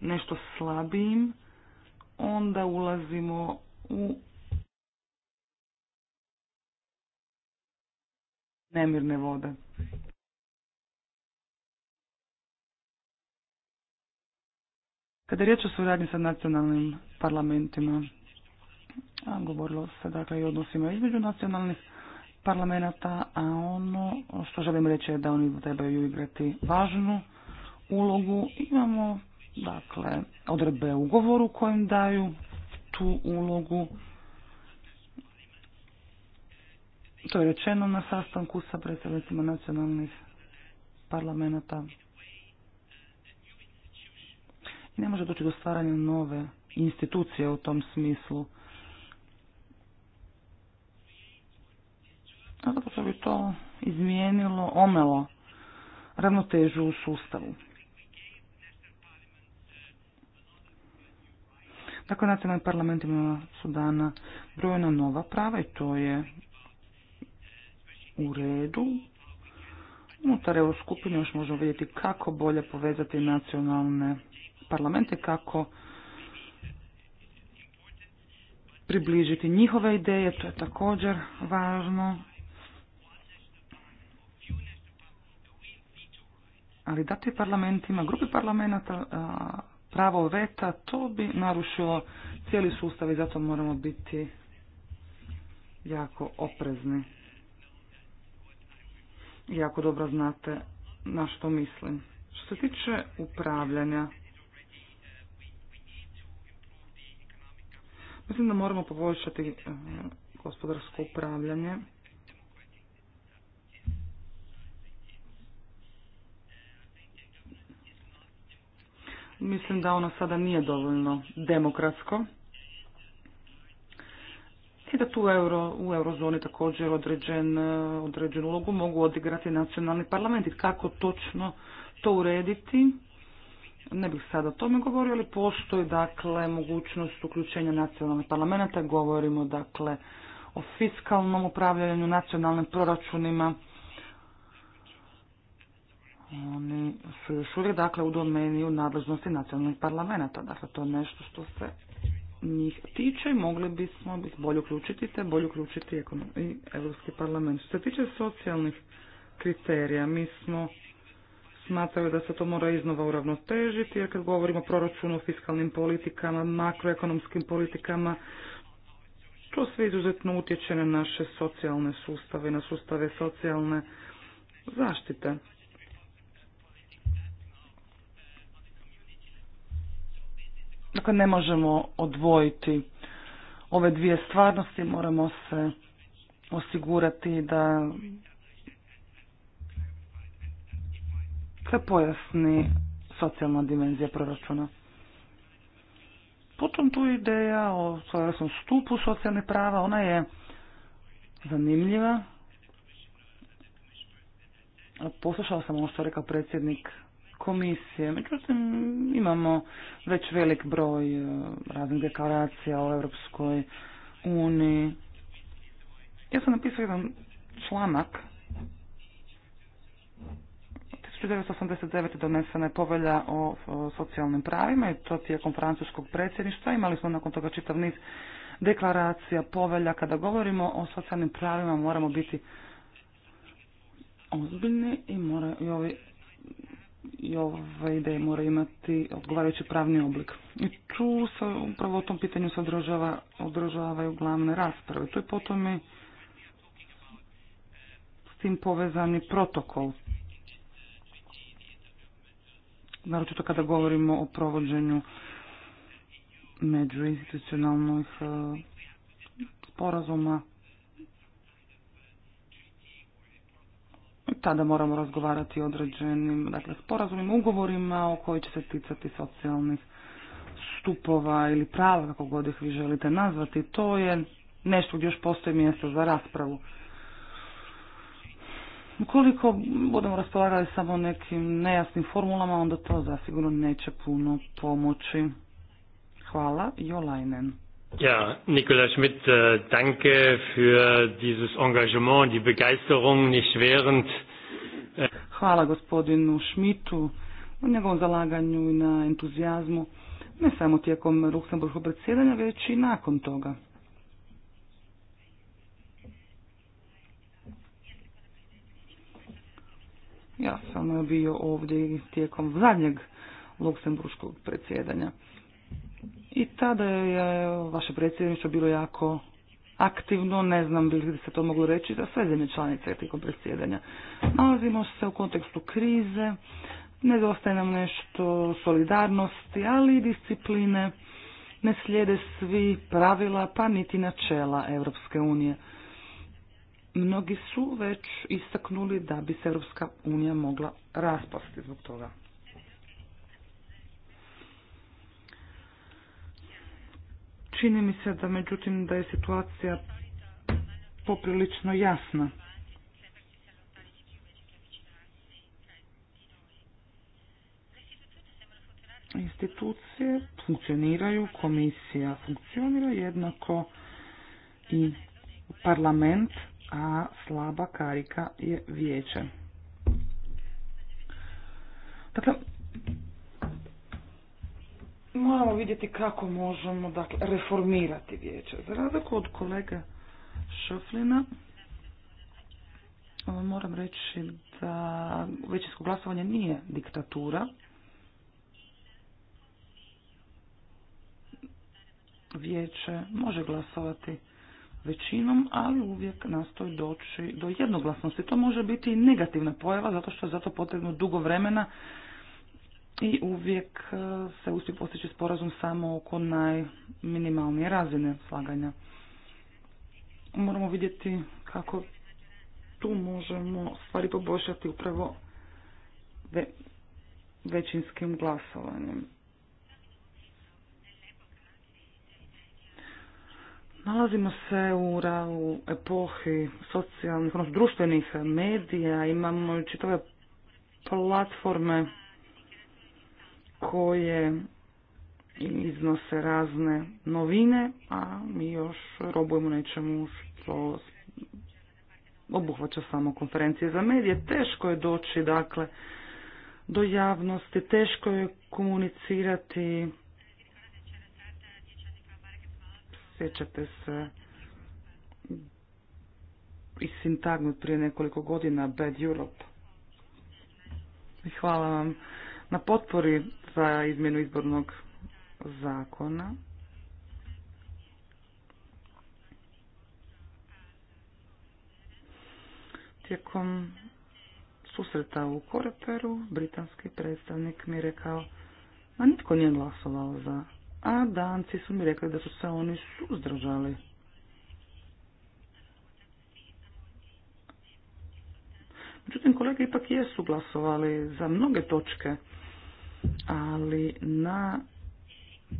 nešto slabijim, onda ulazimo u nemirne vode. Kada je riječ o suradnji sa nacionalnim parlamentima, govorilo se dakle i odnosima između nacionalnih parlamenta, a ono što želim reći je da oni trebaju igrati važnu ulogu. Imamo dakle odredbe u ugovoru kojim daju tu ulogu. To je rečeno na sastanku sa predstavnicima nacionalnih parlamenta. Ne može doći do stvaranja nove institucije u tom smislu. zato što bi to izmijenilo, omelo ravnotežu u sustavu. Dakle, nacionalnim parlamentima su dana brojna nova prava i to je u redu. Unutar EU skupine još možemo vidjeti kako bolje povezati nacionalne parlamente, kako približiti njihove ideje, to je također važno. ali dati parlamentima, grupi parlamenta pravo veta, to bi narušilo cijeli sustav i zato moramo biti jako oprezni. Jako dobro znate na što mislim. Što se tiče upravljanja, mislim da moramo poboljšati e, gospodarsko upravljanje Mislim da ono sada nije dovoljno demokratsko i da tu euro, u eurozoni također određen, određenu ulogu mogu odigrati nacionalni parlamenti. Kako točno to urediti? Ne bih sada o tome govorio, ali postoji dakle mogućnost uključenja nacionalnih parlamenta. Govorimo dakle o fiskalnom upravljanju nacionalnim proračunima. Oni su još uvijek dakle, u domeni u nadležnosti nacionalnih parlamenta. Dakle, to je nešto što se njih tiče i mogli bismo ih bolje uključiti, te bolje uključiti i Europski parlament. Što se tiče socijalnih kriterija, mi smo smatrali da se to mora iznova uravnotežiti, jer kad govorimo o proračunu, fiskalnim politikama, makroekonomskim politikama, to sve izuzetno utječe na naše socijalne sustave, na sustave socijalne zaštite. Dakle, ne možemo odvojiti ove dvije stvarnosti, moramo se osigurati da se pojasni socijalna dimenzija proračuna. Potom tu ideja o svojom stupu socijalnih prava, ona je zanimljiva. Poslušao sam ono što je rekao predsjednik komisije. Međutim, imamo već velik broj e, raznih deklaracija o Europskoj uniji. Ja sam napisao jedan članak 1989. donesena je povelja o, socijalnim pravima i to tijekom francuskog predsjedništva. Imali smo nakon toga čitav niz deklaracija, povelja. Kada govorimo o socijalnim pravima moramo biti ozbiljni i, mora, i ovi i ove ideje mora imati odgovarajući pravni oblik. I tu se upravo o tom pitanju se održava, održavaju glavne rasprave. Tu je potom i s tim povezani protokol. Naročito kada govorimo o provođenju međuinstitucionalnih eh, sporazuma tada moramo razgovarati o određenim dakle, sporazumima, ugovorima o koji će se ticati socijalnih stupova ili prava, kako god ih vi želite nazvati. To je nešto gdje još postoji mjesto za raspravu. Ukoliko budemo raspolagali samo nekim nejasnim formulama, onda to zasigurno neće puno pomoći. Hvala, Jolajnen. Ja, Nikola Schmidt, äh, danke für dieses Engagement, die Begeisterung, nicht während. Äh, Hvala gospodinu Schmidtu na njegovom zalaganju i na entuzijazmu, ne samo tijekom Luksemburgskog predsjedanja, već i nakon toga. Ja sam bio ovdje tijekom zadnjeg Luksemburškog predsjedanja. I tada je vaše predsjedništvo bilo jako aktivno, ne znam bi li se to moglo reći, za sve zemlje članice tijekom predsjedanja. Nalazimo se u kontekstu krize, nedostaje nam nešto solidarnosti, ali i discipline. Ne slijede svi pravila, pa niti načela Europske unije. Mnogi su već istaknuli da bi se Europska unija mogla raspasti zbog toga. Čini mi se da međutim da je situacija poprilično jasna. Institucije funkcioniraju, komisija funkcionira jednako i parlament, a slaba karika je vijeće. Dakle, moramo vidjeti kako možemo dakle, reformirati vijeće. Za razliku od kolega Šoflina, moram reći da većinsko glasovanje nije diktatura. Vijeće može glasovati većinom, ali uvijek nastoji doći do jednoglasnosti. To može biti i negativna pojava, zato što je zato potrebno dugo vremena i uvijek e, se uspije postići sporazum samo oko najminimalnije razine slaganja. Moramo vidjeti kako tu možemo stvari poboljšati upravo ve većinskim glasovanjem. Nalazimo se u, u epohi socijalnih, odnosno društvenih medija, imamo čitave platforme koje iznose razne novine, a mi još robujemo nečemu što obuhvaća samo konferencije za medije. Teško je doći, dakle, do javnosti, teško je komunicirati. Sjećate se i sintagmu prije nekoliko godina Bad Europe. I hvala vam na potpori za izmjenu izbornog zakona. Tijekom susreta u Koreperu, britanski predstavnik mi je rekao, a nitko nije glasovao za, a danci su mi rekli da su se oni suzdržali. Međutim, kolege ipak jesu glasovali za mnoge točke ali na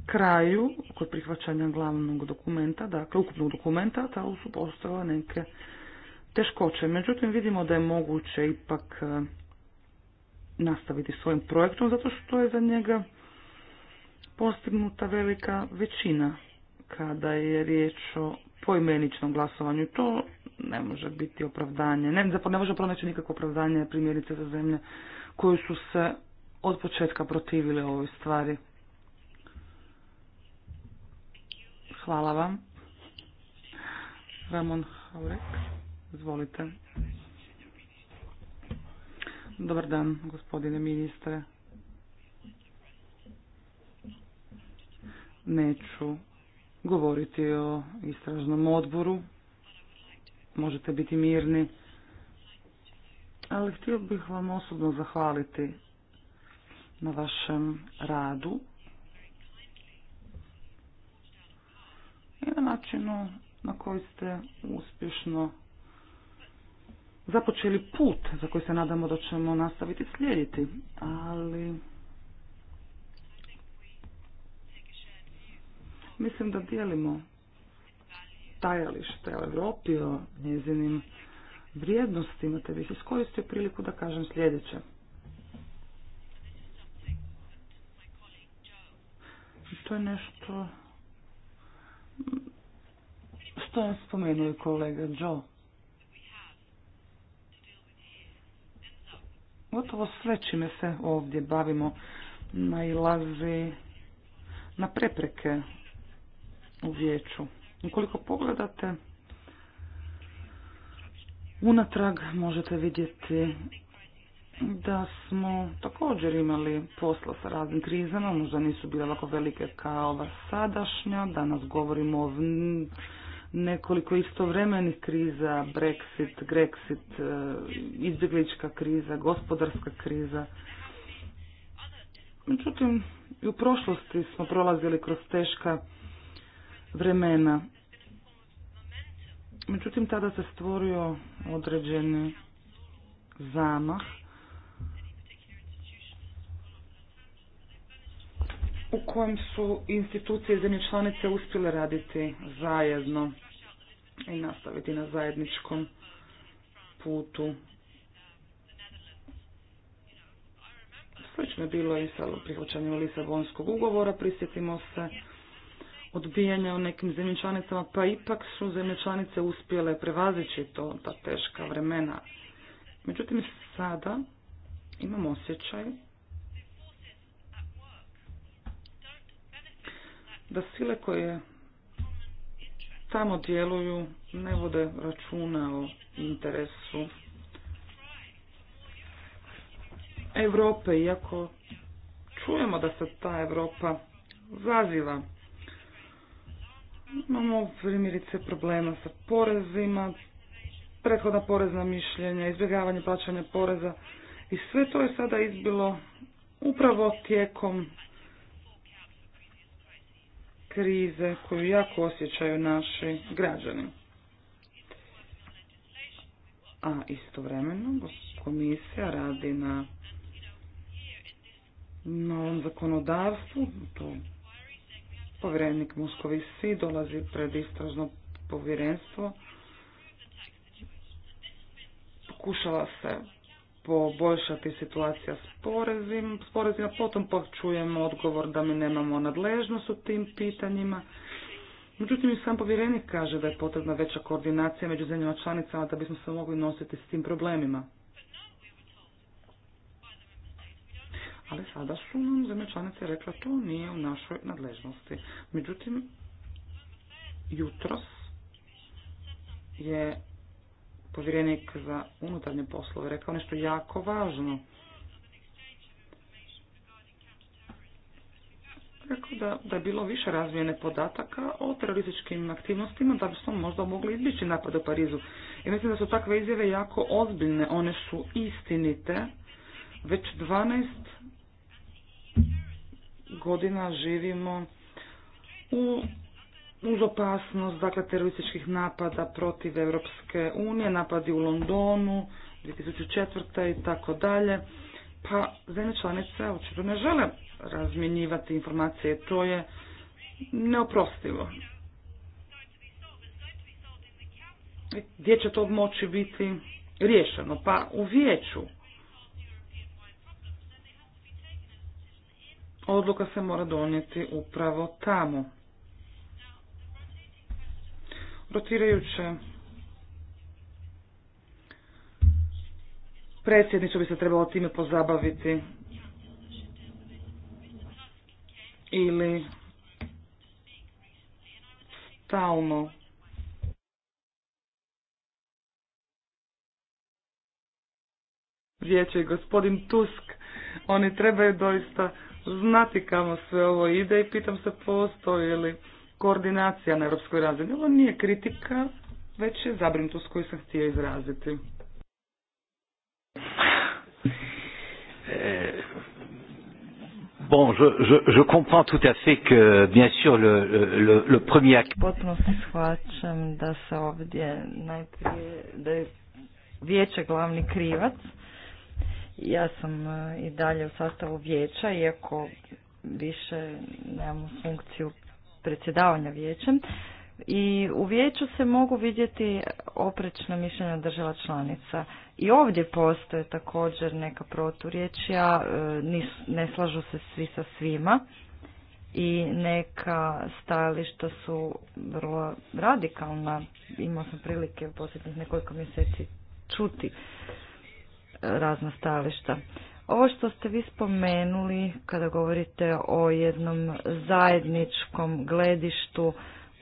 kraju, kod prihvaćanja glavnog dokumenta, dakle ukupnog dokumenta, ta su neke teškoće. Međutim, vidimo da je moguće ipak e, nastaviti svojim projektom, zato što je za njega postignuta velika većina kada je riječ o poimeničnom glasovanju. To ne može biti opravdanje. Ne, ne može pronaći nikakvo opravdanje primjerice za zemlje koje su se od početka protivile ovoj stvari. Hvala vam. Ramon Haurek, izvolite. Dobar dan, gospodine ministre. Neću govoriti o istražnom odboru. Možete biti mirni. Ali htio bih vam osobno zahvaliti na vašem radu i na načinu na koji ste uspješno započeli put za koji se nadamo da ćemo nastaviti slijediti, ali mislim da dijelimo stajalište u Europi, o njezinim vrijednostima, te bih iskoristio priliku da kažem sljedeće. To je nešto što je spomenuo i kolega Joe. Gotovo sve čime se ovdje bavimo nailazi na prepreke u vijeću. Ukoliko pogledate unatrag možete vidjeti da smo također imali posla sa raznim krizama, možda nisu bile ovako velike kao sadašnja, danas govorimo o nekoliko istovremenih kriza, Brexit, Grexit, e, izbjeglička kriza, gospodarska kriza. Međutim, i u prošlosti smo prolazili kroz teška vremena. Međutim, tada se stvorio određeni zamah u kojem su institucije zemlje članice uspjele raditi zajedno i nastaviti na zajedničkom putu. Slično je bilo i sa prihvaćanjem Lisabonskog ugovora, prisjetimo se odbijanja u nekim zemlje članicama, pa ipak su zemlje članice uspjele prevazići to, ta teška vremena. Međutim, sada imamo osjećaj da sile koje tamo djeluju ne vode računa o interesu Europe, iako čujemo da se ta Europa zaziva. Imamo primjerice problema sa porezima, prethodna porezna mišljenja, izbjegavanje plaćanja poreza i sve to je sada izbilo upravo tijekom krize koju jako osjećaju naši građani. A istovremeno komisija radi na novom zakonodavstvu. To povjerenik svi dolazi pred istražno povjerenstvo. Pokušava se poboljšati situacija s, porezim, s porezima, potom počujemo odgovor da mi nemamo nadležnost u tim pitanjima. Međutim, i sam povjerenik kaže da je potrebna veća koordinacija među zemljama članicama da bismo se mogli nositi s tim problemima. Ali sada su nam zemlje članice rekla to nije u našoj nadležnosti. Međutim, jutros je povjerenik za unutarnje poslove rekao nešto jako važno. Rekao da, da je bilo više razmjene podataka o terorističkim aktivnostima da smo možda mogli izbići napad u Parizu. I mislim da su takve izjave jako ozbiljne, one su istinite. Već 12 godina živimo u uz opasnost dakle, terorističkih napada protiv Europske unije, napadi u Londonu 2004. i tako dalje. Pa zemlje članice očito ne žele razmjenjivati informacije. To je neoprostivo. Gdje će to moći biti riješeno? Pa u vijeću odluka se mora donijeti upravo tamo rotirajuće predsjednicu bi se trebalo time pozabaviti ili stalno vijeće i gospodin Tusk, oni trebaju doista znati kamo sve ovo ide i pitam se postoji li koordinacija na europskoj razini. Ovo nije kritika, već je zabrinutost koju sam htio izraziti. Eh, bon, je, je, je comprends tout à fait que, bien sûr, le, le, le premier... Potpuno se da se ovdje najprije, da je vijeće glavni krivac. Ja sam eh, i dalje u sastavu vijeća, iako više nemamo funkciju predsjedavanja vijećem i u vijeću se mogu vidjeti oprečna mišljenja država članica. I ovdje postoje također neka proturječja, e, ne slažu se svi sa svima i neka stajališta su vrlo radikalna. Imao sam prilike u posljednjih nekoliko mjeseci čuti e, razna stajališta. Ovo što ste vi spomenuli kada govorite o jednom zajedničkom gledištu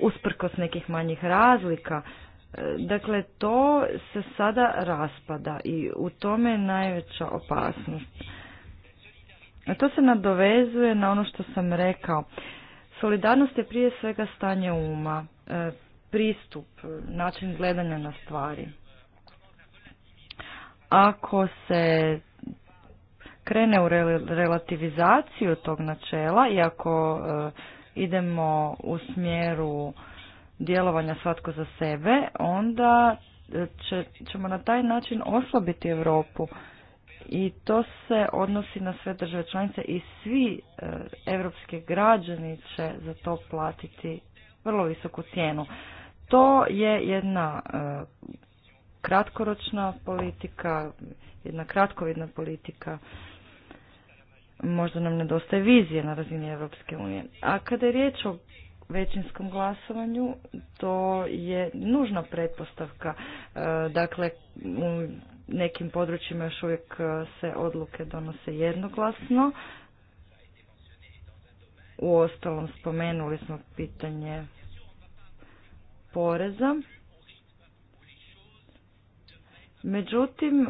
usprkos nekih manjih razlika, e, dakle to se sada raspada i u tome je najveća opasnost. A to se nadovezuje na ono što sam rekao. Solidarnost je prije svega stanje uma, e, pristup, način gledanja na stvari. Ako se krene u relativizaciju tog načela i ako e, idemo u smjeru djelovanja svatko za sebe, onda e, ćemo na taj način oslabiti Europu. I to se odnosi na sve države članice i svi europski građani će za to platiti vrlo visoku cijenu. To je jedna e, kratkoročna politika, jedna kratkovidna politika možda nam nedostaje vizije na razini Europske unije. A kada je riječ o većinskom glasovanju, to je nužna pretpostavka. E, dakle, u nekim područjima još uvijek e, se odluke donose jednoglasno. U ostalom spomenuli smo pitanje poreza. Međutim, e,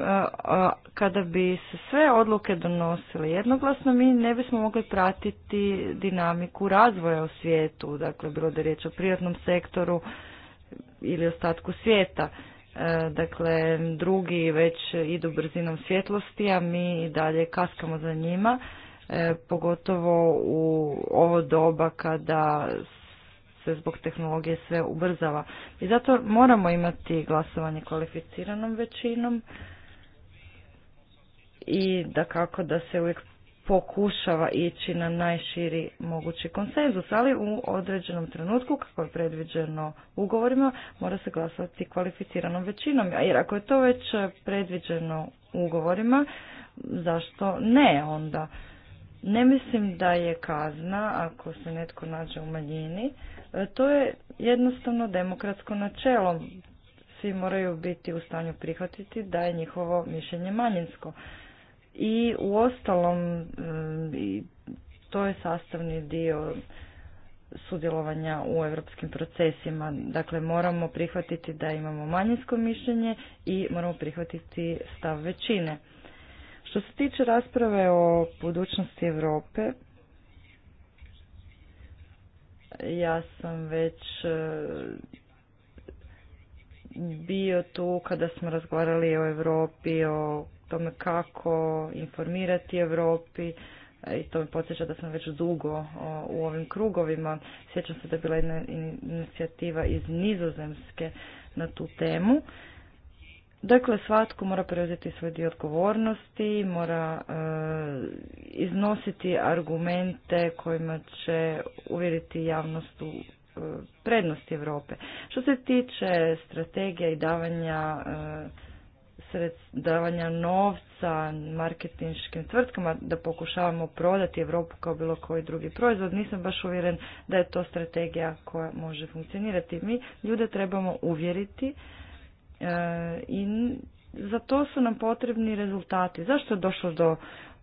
kada bi se sve odluke donosile jednoglasno, mi ne bismo mogli pratiti dinamiku razvoja u svijetu, dakle bilo da je riječ o privatnom sektoru ili ostatku svijeta. E, dakle, drugi već idu brzinom svjetlosti, a mi i dalje kaskamo za njima, e, pogotovo u ovo doba kada se zbog tehnologije sve ubrzava. I zato moramo imati glasovanje kvalificiranom većinom i da kako da se uvijek pokušava ići na najširi mogući konsenzus, ali u određenom trenutku, kako je predviđeno ugovorima, mora se glasovati kvalificiranom većinom. Jer ako je to već predviđeno ugovorima, zašto ne onda? Ne mislim da je kazna ako se netko nađe u manjini, E, to je jednostavno demokratsko načelo. Svi moraju biti u stanju prihvatiti da je njihovo mišljenje manjinsko. I u ostalom, e, to je sastavni dio sudjelovanja u europskim procesima. Dakle, moramo prihvatiti da imamo manjinsko mišljenje i moramo prihvatiti stav većine. Što se tiče rasprave o budućnosti Europe, ja sam već e, bio tu kada smo razgovarali o Europi, o tome kako informirati Europi e, i to me podsjeća da sam već dugo u ovim krugovima. Sjećam se da je bila jedna inicijativa iz Nizozemske na tu temu Dakle, svatko mora preuzeti svoj dio odgovornosti, mora e, iznositi argumente kojima će uvjeriti javnost u e, prednosti Europe. Što se tiče strategija i davanja e, davanja novca marketinškim tvrtkama da pokušavamo prodati Europu kao bilo koji drugi proizvod, nisam baš uvjeren da je to strategija koja može funkcionirati. Mi ljude trebamo uvjeriti E, i za to su nam potrebni rezultati. Zašto je došlo do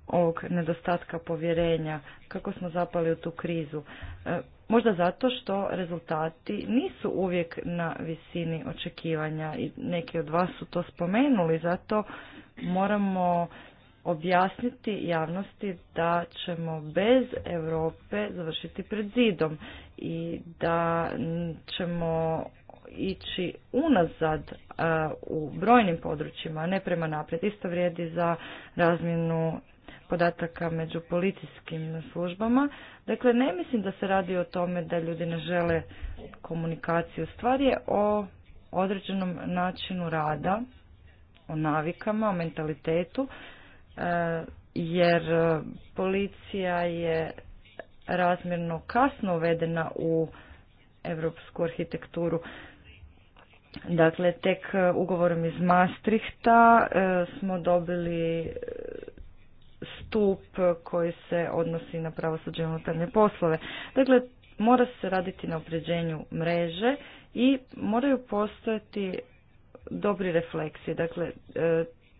ovog nedostatka povjerenja, kako smo zapali u tu krizu? E, možda zato što rezultati nisu uvijek na visini očekivanja i neki od vas su to spomenuli, zato moramo objasniti javnosti da ćemo bez Europe završiti pred zidom i da ćemo ići unazad e, u brojnim područjima, ne prema naprijed. Isto vrijedi za razmjenu podataka među policijskim službama. Dakle, ne mislim da se radi o tome da ljudi ne žele komunikaciju. Stvar je o određenom načinu rada, o navikama, o mentalitetu, e, jer policija je razmjerno kasno uvedena u evropsku arhitekturu. Dakle, tek e, ugovorom iz Maastrichta e, smo dobili e, stup koji se odnosi na pravosuđe unutarnje poslove. Dakle, mora se raditi na opređenju mreže i moraju postojati dobri refleksije. Dakle,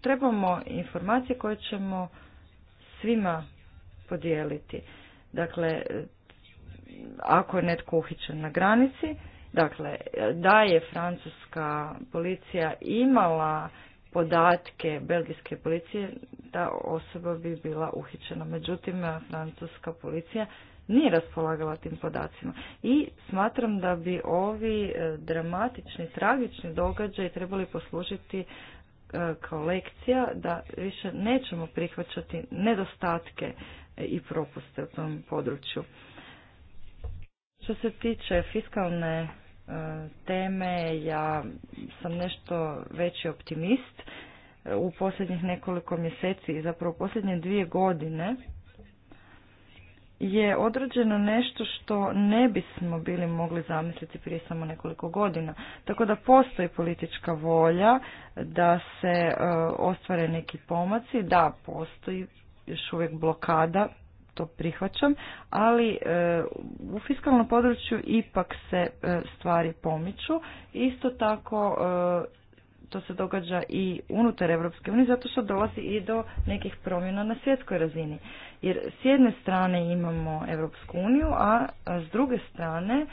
trebamo informacije koje ćemo svima podijeliti. Dakle, ako je netko uhićen na granici, Dakle, da je francuska policija imala podatke belgijske policije, ta osoba bi bila uhićena. Međutim, francuska policija nije raspolagala tim podacima. I smatram da bi ovi e, dramatični, tragični događaj trebali poslužiti e, kao lekcija da više nećemo prihvaćati nedostatke e, i propuste u tom području. Što se tiče fiskalne teme. Ja sam nešto veći optimist. U posljednjih nekoliko mjeseci i zapravo posljednje dvije godine je određeno nešto što ne bismo bili mogli zamisliti prije samo nekoliko godina. Tako da postoji politička volja da se e, ostvare neki pomaci, da postoji još uvijek blokada to prihvaćam, ali e, u fiskalnom području ipak se e, stvari pomiču. Isto tako e, to se događa i unutar Europske unije zato što dolazi i do nekih promjena na svjetskoj razini. Jer s jedne strane imamo Europsku uniju, a s druge strane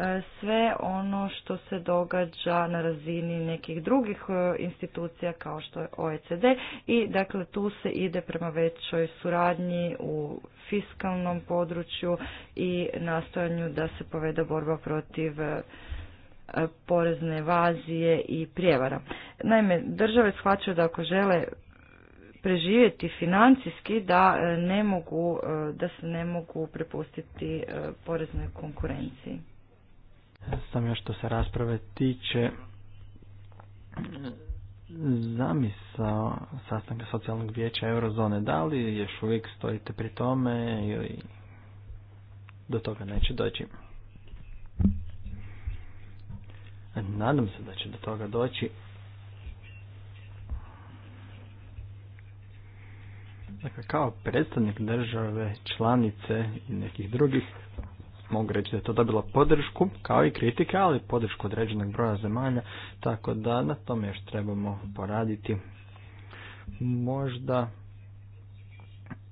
E, sve ono što se događa na razini nekih drugih e, institucija kao što je OECD i dakle tu se ide prema većoj suradnji u fiskalnom području i nastojanju da se povede borba protiv e, porezne evazije i prijevara. Naime, države shvaćaju da ako žele preživjeti financijski da ne mogu da se ne mogu prepustiti poreznoj konkurenciji. Sam još što se rasprave tiče zamisao sastanka socijalnog vijeća Eurozone, da li još uvijek stojite pri tome ili do toga neće doći? Nadam se da će do toga doći. Dakle, kao predstavnik države, članice i nekih drugih mogu reći da je to dobilo podršku, kao i kritike, ali podršku određenog broja zemalja, tako da na tome još trebamo poraditi. Možda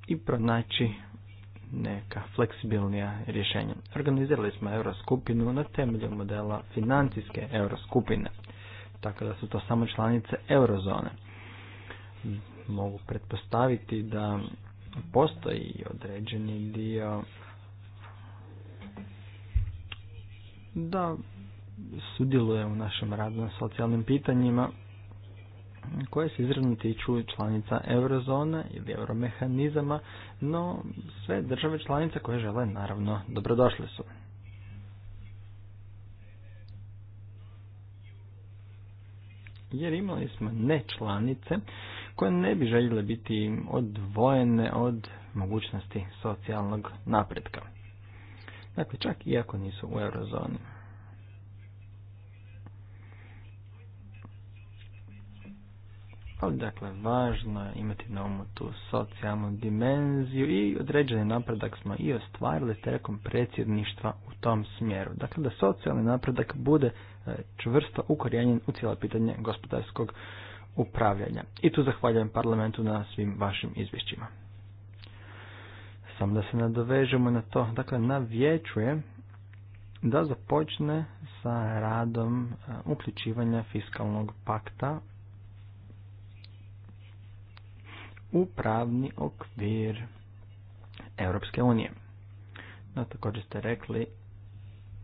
i pronaći neka fleksibilnija rješenja. Organizirali smo euroskupinu na temelju modela financijske euroskupine, tako da su to samo članice eurozone. Mogu pretpostaviti da postoji određeni dio da sudjeluje u našem radu na socijalnim pitanjima koje se izravno tiču članica eurozone ili euromehanizama, no sve države članice koje žele naravno dobrodošle su. Jer imali smo ne članice koje ne bi željele biti odvojene od mogućnosti socijalnog napretka. Dakle, čak i ako nisu u eurozoni. Ali dakle, važno je imati na umu tu socijalnu dimenziju i određeni napredak smo i ostvarili tekom predsjedništva u tom smjeru. Dakle, da socijalni napredak bude e, čvrsto ukorijenjen u cijelo pitanje gospodarskog upravljanja. I tu zahvaljujem parlamentu na svim vašim izvješćima. Samo da se nadovežemo na to. Dakle, navječuje da započne sa radom e, uključivanja fiskalnog pakta u pravni okvir Europske unije. No, također ste rekli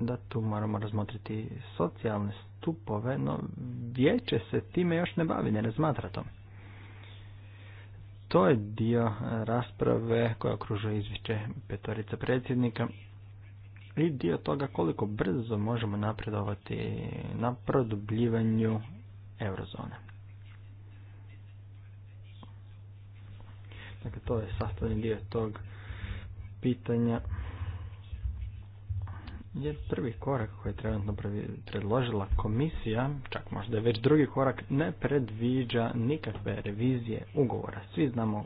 da tu moramo razmotriti socijalne stupove, no vijeće se time još ne bavi, ne razmatra to to je dio e, rasprave koja okružuje izvješće petorica predsjednika i dio toga koliko brzo možemo napredovati na produbljivanju eurozone. Dakle, to je sastavni dio tog pitanja je prvi korak koji je trenutno predložila komisija, čak možda je već drugi korak, ne predviđa nikakve revizije ugovora. Svi znamo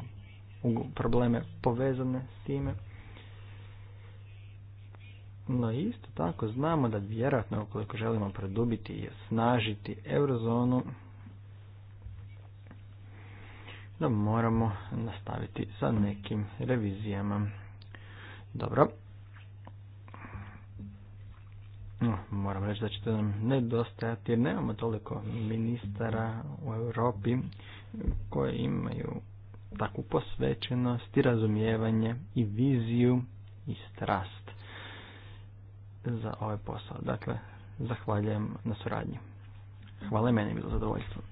probleme povezane s time. No isto tako znamo da vjerojatno ukoliko želimo produbiti i osnažiti eurozonu, da moramo nastaviti sa nekim revizijama. Dobro, moram reći da ćete nam nedostajati jer nemamo toliko ministara u Europi koji imaju takvu posvećenost i razumijevanje i viziju i strast za ovaj posao. Dakle, zahvaljujem na suradnji. Hvala i meni bilo zadovoljstvo.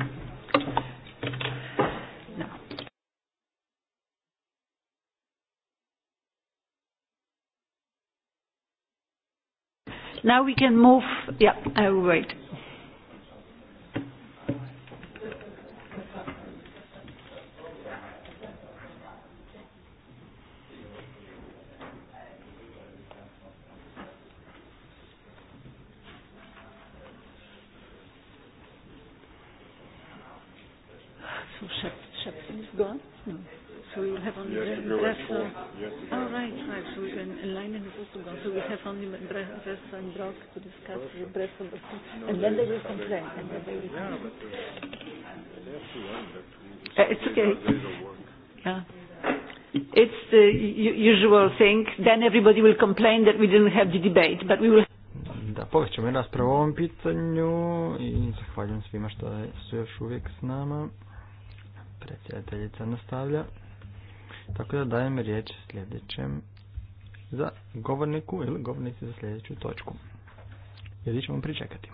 Now we can move. Yeah, I oh, will wait. will have only yes, Bressa. Yes, oh, right, right. So we can align the Portugal. So we have only Bressa and Brock to discuss with Bressa. And then they will complain. And then they will yeah, but uh, uh, it's okay. Yeah. It's the usual thing. Then everybody will complain that we didn't have the debate, but we will da povest ćemo raspravu o ovom pitanju i zahvaljujem svima što su još uvijek s nama. Predsjedateljica nastavlja. Tako da dajem riječ sljedećem za govorniku ili govornici za sljedeću točku. Jer ćemo pričekati.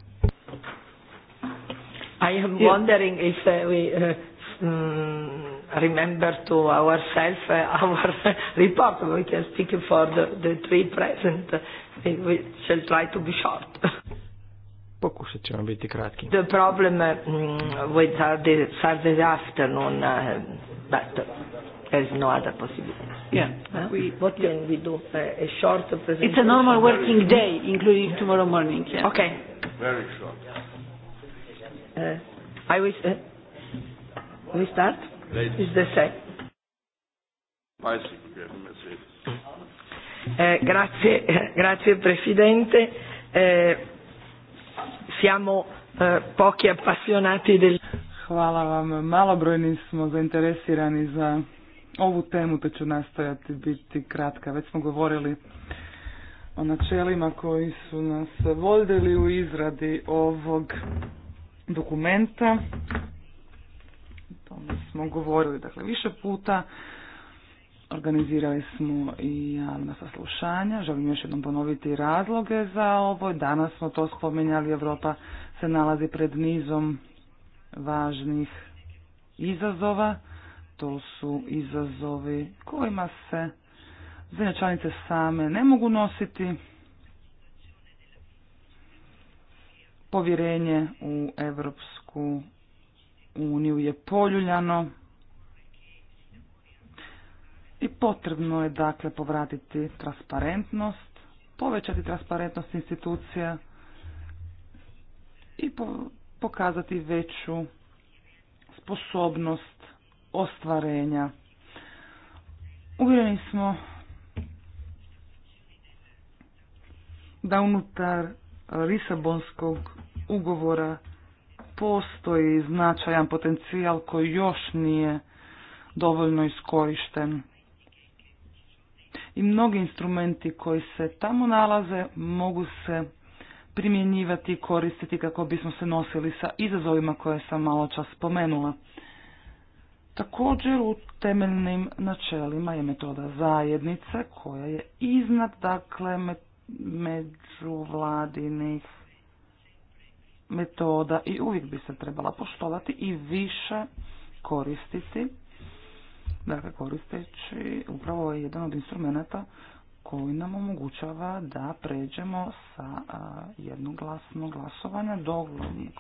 I am wondering if uh, we uh, mm, remember to ourselves uh, our report. We can speak for the, the three present. We shall try to be short. Pokušat ćemo biti kratki. The problem uh, with the Saturday afternoon, uh, but There is no other possibility. Yeah. Huh? We, what yeah. can we do? Uh, a short presentation? It's a normal working day, including tomorrow morning. Yeah. Okay. Very short. Uh, I wish... Uh, we start? Ladies. It's the same. Eh, grazie, grazie Presidente. Eh, siamo eh, pochi appassionati del... Hvala vam. Malobrojni smo zainteresirani za ovu temu, da ću nastojati biti kratka. Već smo govorili o načelima koji su nas vodili u izradi ovog dokumenta. Tome smo govorili dakle, više puta. Organizirali smo i javna saslušanja. Želim još jednom ponoviti razloge za ovo. Danas smo to spominjali. Europa se nalazi pred nizom važnih izazova to su izazovi kojima se zemlje članice same ne mogu nositi. Povjerenje u Evropsku uniju je poljuljano i potrebno je dakle povratiti transparentnost, povećati transparentnost institucija i pokazati veću sposobnost ostvarenja. Uvjereni smo da unutar Lisabonskog ugovora postoji značajan potencijal koji još nije dovoljno iskorišten. I mnogi instrumenti koji se tamo nalaze mogu se primjenjivati i koristiti kako bismo se nosili sa izazovima koje sam malo čas spomenula. Također u temeljnim načelima je metoda zajednice koja je iznad dakle međuvladinih metoda i uvijek bi se trebala poštovati i više koristiti. Dakle, koristeći upravo jedan od instrumenta koji nam omogućava da pređemo sa jednoglasnog glasovanja do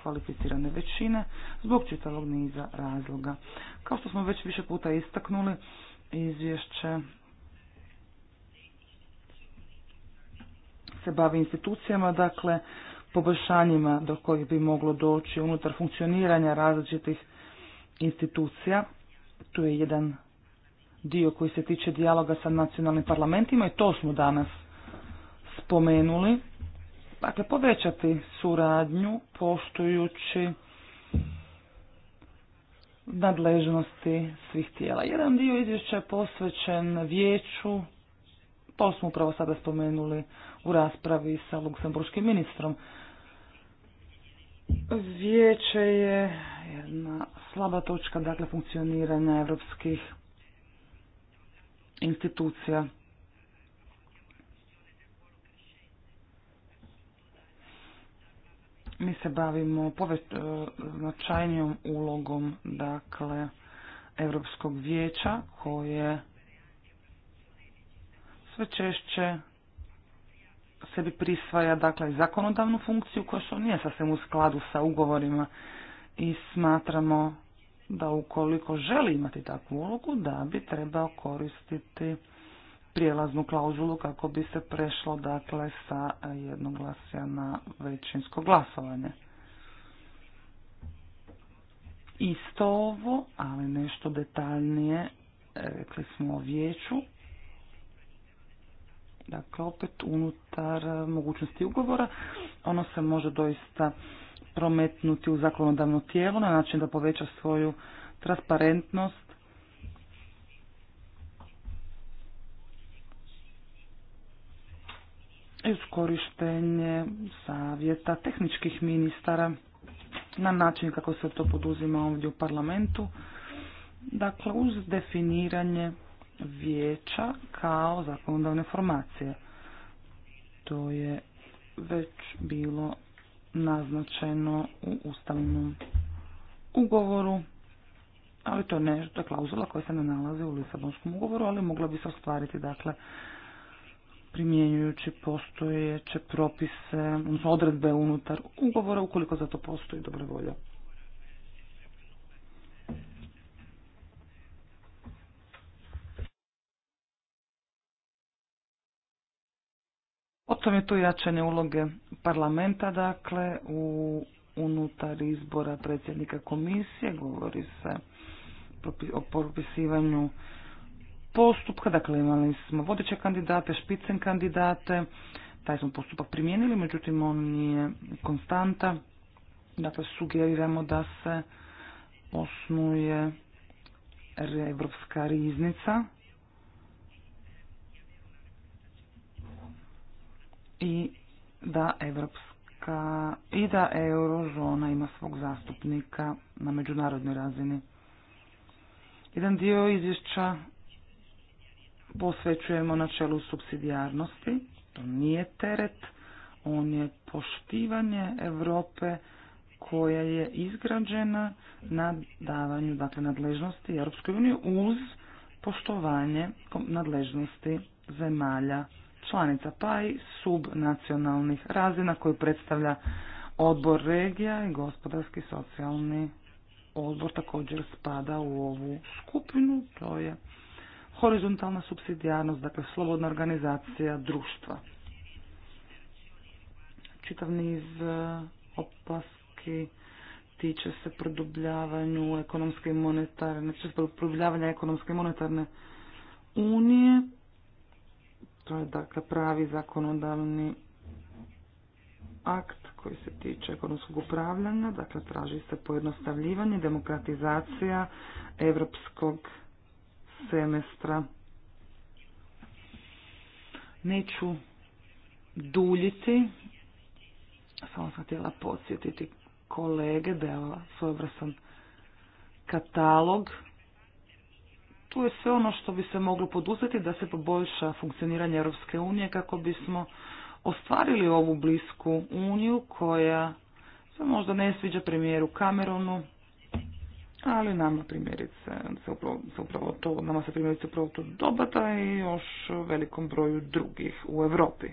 kvalificirane većine zbog čitavog niza razloga. Kao što smo već više puta istaknuli, izvješće se bavi institucijama, dakle poboljšanjima do kojih bi moglo doći unutar funkcioniranja različitih institucija. Tu je jedan dio koji se tiče dijaloga sa nacionalnim parlamentima i to smo danas spomenuli. Dakle, povećati suradnju poštujući nadležnosti svih tijela. Jedan dio izvješća je posvećen vijeću, to smo upravo sada spomenuli u raspravi sa luksemburškim ministrom. Vijeće je jedna slaba točka dakle funkcioniranja europskih institucija. Mi se bavimo e, značajnijom ulogom dakle Europskog vijeća koje sve češće sebi prisvaja dakle zakonodavnu funkciju koja što nije sasvim u skladu sa ugovorima i smatramo da ukoliko želi imati takvu ulogu, da bi trebao koristiti prijelaznu klauzulu kako bi se prešlo dakle sa jednoglasja na većinsko glasovanje. Isto ovo, ali nešto detaljnije, rekli smo o vijeću, dakle opet unutar mogućnosti ugovora, ono se može doista prometnuti u zakonodavno tijelo na način da poveća svoju transparentnost uz korištenje savjeta tehničkih ministara na način kako se to poduzima ovdje u parlamentu. Dakle, uz definiranje vijeća kao zakonodavne formacije. To je već bilo naznačeno u ustavnom ugovoru, ali to je nešto, klauzula koja se ne nalazi u Lisabonskom ugovoru, ali mogla bi se ostvariti, dakle, primjenjujući postojeće propise, odredbe unutar ugovora, ukoliko za to postoji dobra volja. Potom je tu jačanje uloge parlamenta, dakle, u, unutar izbora predsjednika komisije, govori se o propisivanju postupka, dakle imali smo vodeće kandidate, špicen kandidate, taj smo postupak primijenili, međutim on nije konstanta, dakle sugeriramo da se osnuje Evropska riznica, i da Evropska i da eurozona ima svog zastupnika na međunarodnoj razini. Jedan dio izvješća posvećujemo načelu subsidijarnosti, to nije teret, on je poštivanje Europe koja je izgrađena na davanju dakle, nadležnosti Europskoj uniji uz poštovanje nadležnosti zemalja članica, pa i subnacionalnih razina koju predstavlja odbor regija i gospodarski socijalni odbor također spada u ovu skupinu, to je horizontalna subsidijarnost, dakle slobodna organizacija društva. Čitav niz e, opaski tiče se produbljavanju ekonomske i monetarne, tiče se ekonomske i monetarne unije, to je dakle pravi zakonodavni akt koji se tiče ekonomskog upravljanja, dakle traži se pojednostavljivanje, demokratizacija europskog semestra. Neću duljiti, samo sam htjela podsjetiti kolege da je svojobrasan katalog tu je sve ono što bi se moglo poduzeti da se poboljša funkcioniranje Europske unije kako bismo ostvarili ovu blisku uniju koja se možda ne sviđa premijeru Cameronu, ali nama primjerice se upravo, se upravo to, nama se primjerice upravo to dobata i još velikom broju drugih u Europi.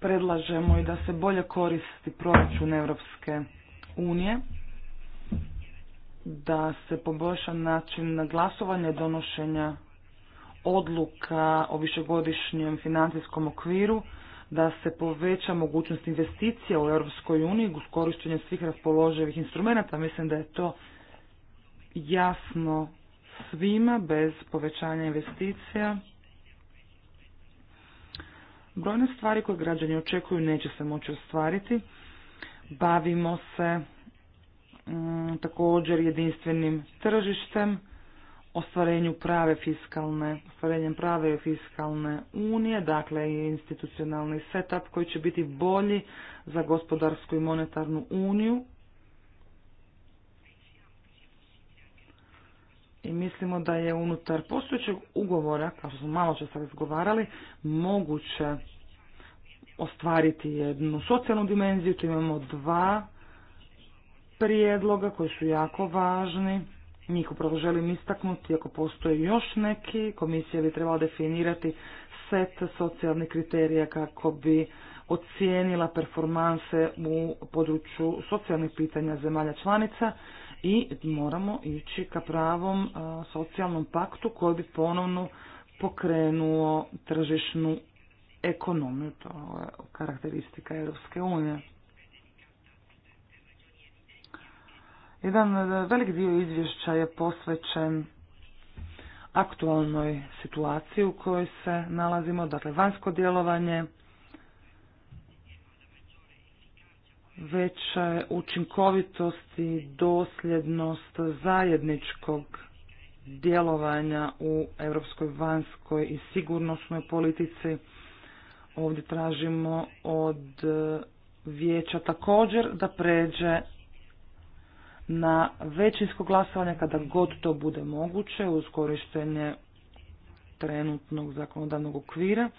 Predlažemo i da se bolje koristi proračun Europske unije da se poboljša način glasovanja donošenja odluka o višegodišnjem financijskom okviru, da se poveća mogućnost investicija u Europskoj uniji uz korištenje svih raspoloživih instrumenata. Mislim da je to jasno svima bez povećanja investicija. Brojne stvari koje građani očekuju neće se moći ostvariti Bavimo se mm, također jedinstvenim tržištem, ostvarenju prave fiskalne, ostvarenjem prave fiskalne unije, dakle i institucionalni setup koji će biti bolji za gospodarsku i monetarnu uniju. I mislimo da je unutar postojećeg ugovora, kao što smo malo čas razgovarali, moguće ostvariti jednu socijalnu dimenziju, tu imamo dva prijedloga koji su jako važni. Njih upravo želim istaknuti, ako postoje još neki, komisija bi trebala definirati set socijalnih kriterija kako bi ocijenila performanse u području socijalnih pitanja zemalja članica i moramo ići ka pravom socijalnom paktu koji bi ponovno pokrenuo tržišnu ekonomiju, to je karakteristika Europske unije. Jedan velik dio izvješća je posvećen aktualnoj situaciji u kojoj se nalazimo, dakle vanjsko djelovanje, veća učinkovitost i dosljednost zajedničkog djelovanja u europskoj vanjskoj i sigurnosnoj politici, Ovdje tražimo od vijeća također da pređe na većinsko glasovanje kada god to bude moguće uz korištenje trenutnog zakonodavnog okvira.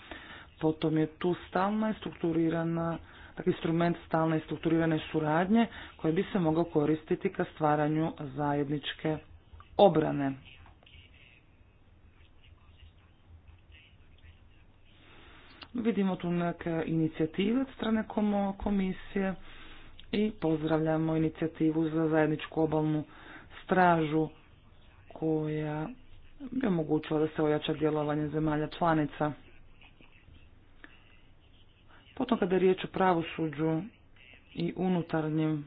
Potom je tu stalna i strukturirana dakle, instrument stalne i strukturirane suradnje koji bi se mogao koristiti ka stvaranju zajedničke obrane. Vidimo tu neke inicijative od strane komisije i pozdravljamo inicijativu za zajedničku obalnu stražu koja bi omogućila da se ojača djelovanje zemalja članica. Potom kada je riječ o pravosuđu i unutarnjim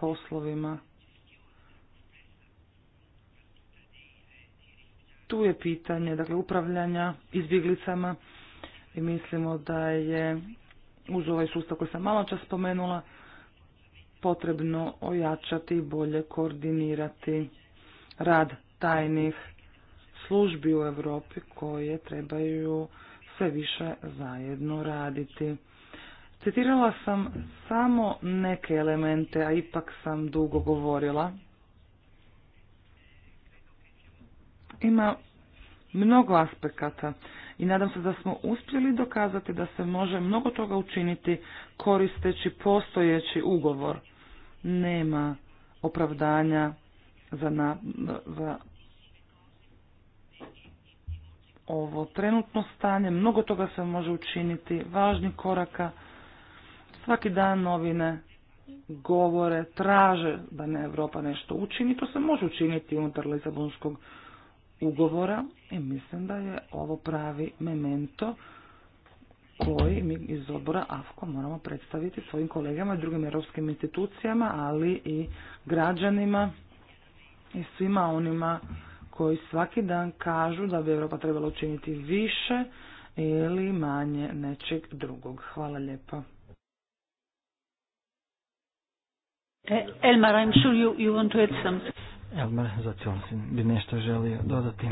poslovima, tu je pitanje dakle, upravljanja izbjeglicama mislimo da je uz ovaj sustav koji sam malo čas spomenula potrebno ojačati i bolje koordinirati rad tajnih službi u Europi koje trebaju sve više zajedno raditi. Citirala sam samo neke elemente, a ipak sam dugo govorila. Ima mnogo aspekata i nadam se da smo uspjeli dokazati da se može mnogo toga učiniti koristeći postojeći ugovor. Nema opravdanja za, na, ovo trenutno stanje, mnogo toga se može učiniti, važnih koraka. Svaki dan novine govore, traže da ne Europa nešto učini, to se može učiniti unutar Lisabonskog ugovora i mislim da je ovo pravi memento koji mi iz odbora AFKO moramo predstaviti svojim kolegama i drugim europskim institucijama, ali i građanima i svima onima koji svaki dan kažu da bi Europa trebala učiniti više ili manje nečeg drugog. Hvala lijepa. E, Elmar, I'm sure you, want to Elmer si bi nešto želio dodati.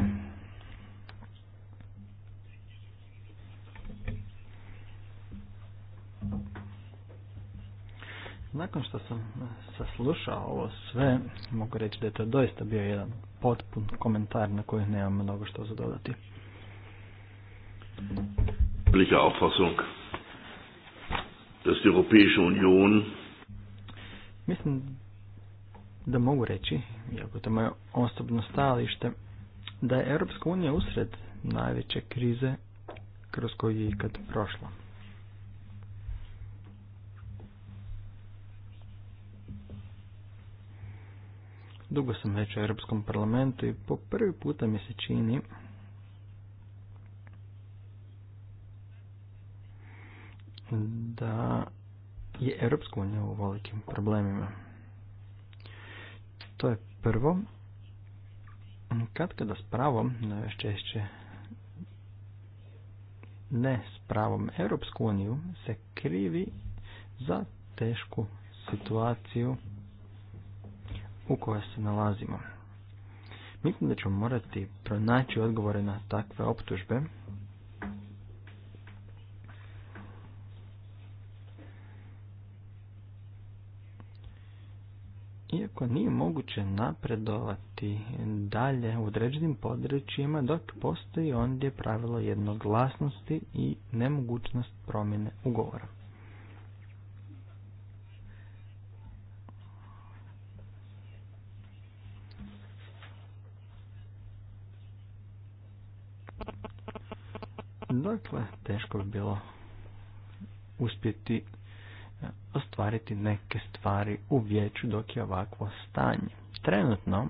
Nakon što sam saslušao ovo sve, mogu reći da je to doista bio jedan potpun komentar na koji nemam mnogo što za dodati. Mislim da mogu reći, iako to moje osobno stajalište, da je Europska unija usred najveće krize kroz koju je ikad prošla. Dugo sam već u Europskom parlamentu i po prvi puta mi se čini da je Europska unija u velikim problemima. To je prvo. Kad kada s pravom, najčešće ne s pravom, Europsku uniju se krivi za tešku situaciju u kojoj se nalazimo. Mislim da ćemo morati pronaći odgovore na takve optužbe nije moguće napredovati dalje u određenim područjima dok postoji ondje pravilo jednoglasnosti i nemogućnost promjene ugovora. Dakle, teško bi bilo uspjeti ostvariti neke stvari u vijeću dok je ovakvo stanje. Trenutno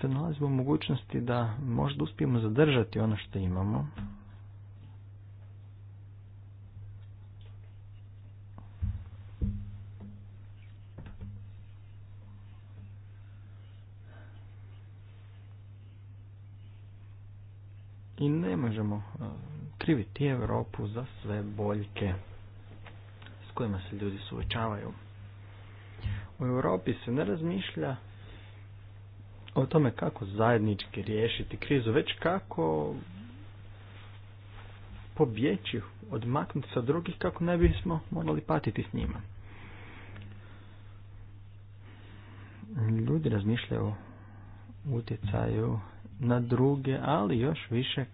se nalazimo u mogućnosti da možda uspijemo zadržati ono što imamo. I ne možemo kriviti Europu za sve boljke kojima se ljudi suočavaju. U Europi se ne razmišlja o tome kako zajednički riješiti krizu, već kako pobjeći, odmaknuti sa drugih kako ne bismo morali patiti s njima. Ljudi razmišljaju o utjecaju na druge, ali još više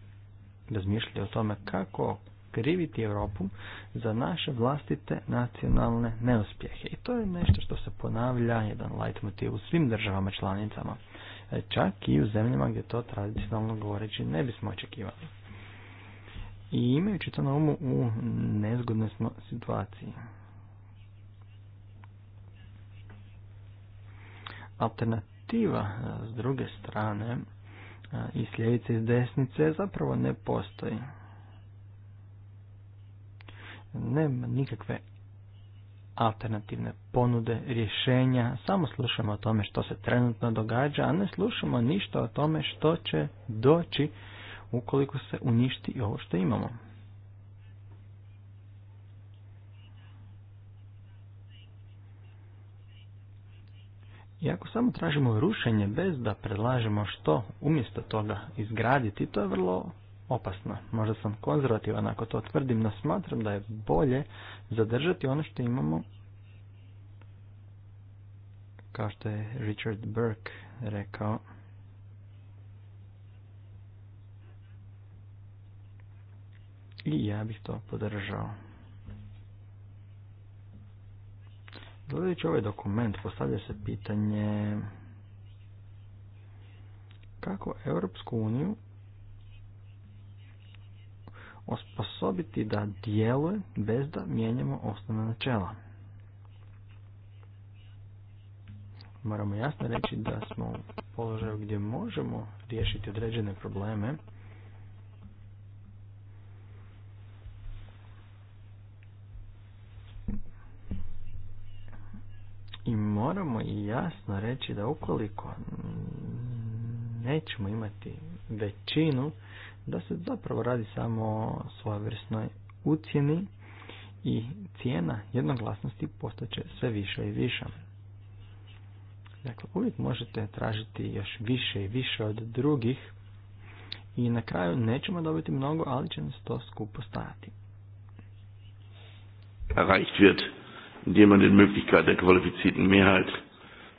razmišljaju o tome kako kriviti Europu za naše vlastite nacionalne neuspjehe. I to je nešto što se ponavlja, jedan motiv u svim državama članicama, e, čak i u zemljama gdje to tradicionalno govoreći ne bismo očekivali. I imajući to na umu u nezgodnoj smo situaciji. Alternativa e, s druge strane e, i sljedice iz desnice zapravo ne postoji. Nema nikakve alternativne ponude, rješenja, samo slušamo o tome što se trenutno događa, a ne slušamo ništa o tome što će doći ukoliko se uništi i ovo što imamo. I ako samo tražimo rušenje bez da predlažemo što umjesto toga izgraditi, to je vrlo opasno. Možda sam konzervativan ako to tvrdim, no smatram da je bolje zadržati ono što imamo kao što je Richard Burke rekao. I ja bih to podržao. Gledajući ovaj dokument postavlja se pitanje kako Europsku uniju osposobiti da djeluje bez da mijenjamo osnovna načela. Moramo jasno reći da smo u položaju gdje možemo riješiti određene probleme, I moramo i jasno reći da ukoliko nećemo imati većinu, da se zapravo radi samo o svojevrsnoj ucijeni i cijena jednoglasnosti postaće sve više i više. Dakle, uvijek možete tražiti još više i više od drugih i na kraju nećemo dobiti mnogo, ali će nas to skupo stajati. Erreicht wird, indem man den Möglichkeit der qualifizierten Mehrheit,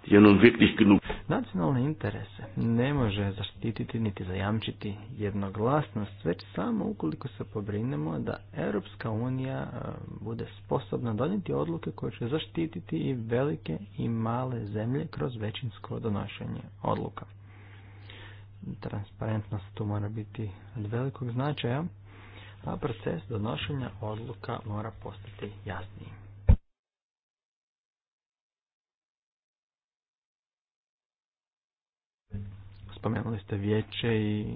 die nun wirklich genug Nacionalne interese ne može zaštititi niti zajamčiti jednoglasnost, već samo ukoliko se pobrinemo da Europska unija e, bude sposobna donijeti odluke koje će zaštititi i velike i male zemlje kroz većinsko donošenje odluka. Transparentnost tu mora biti od velikog značaja, a proces donošenja odluka mora postati jasniji. spomenuli ste vijeće i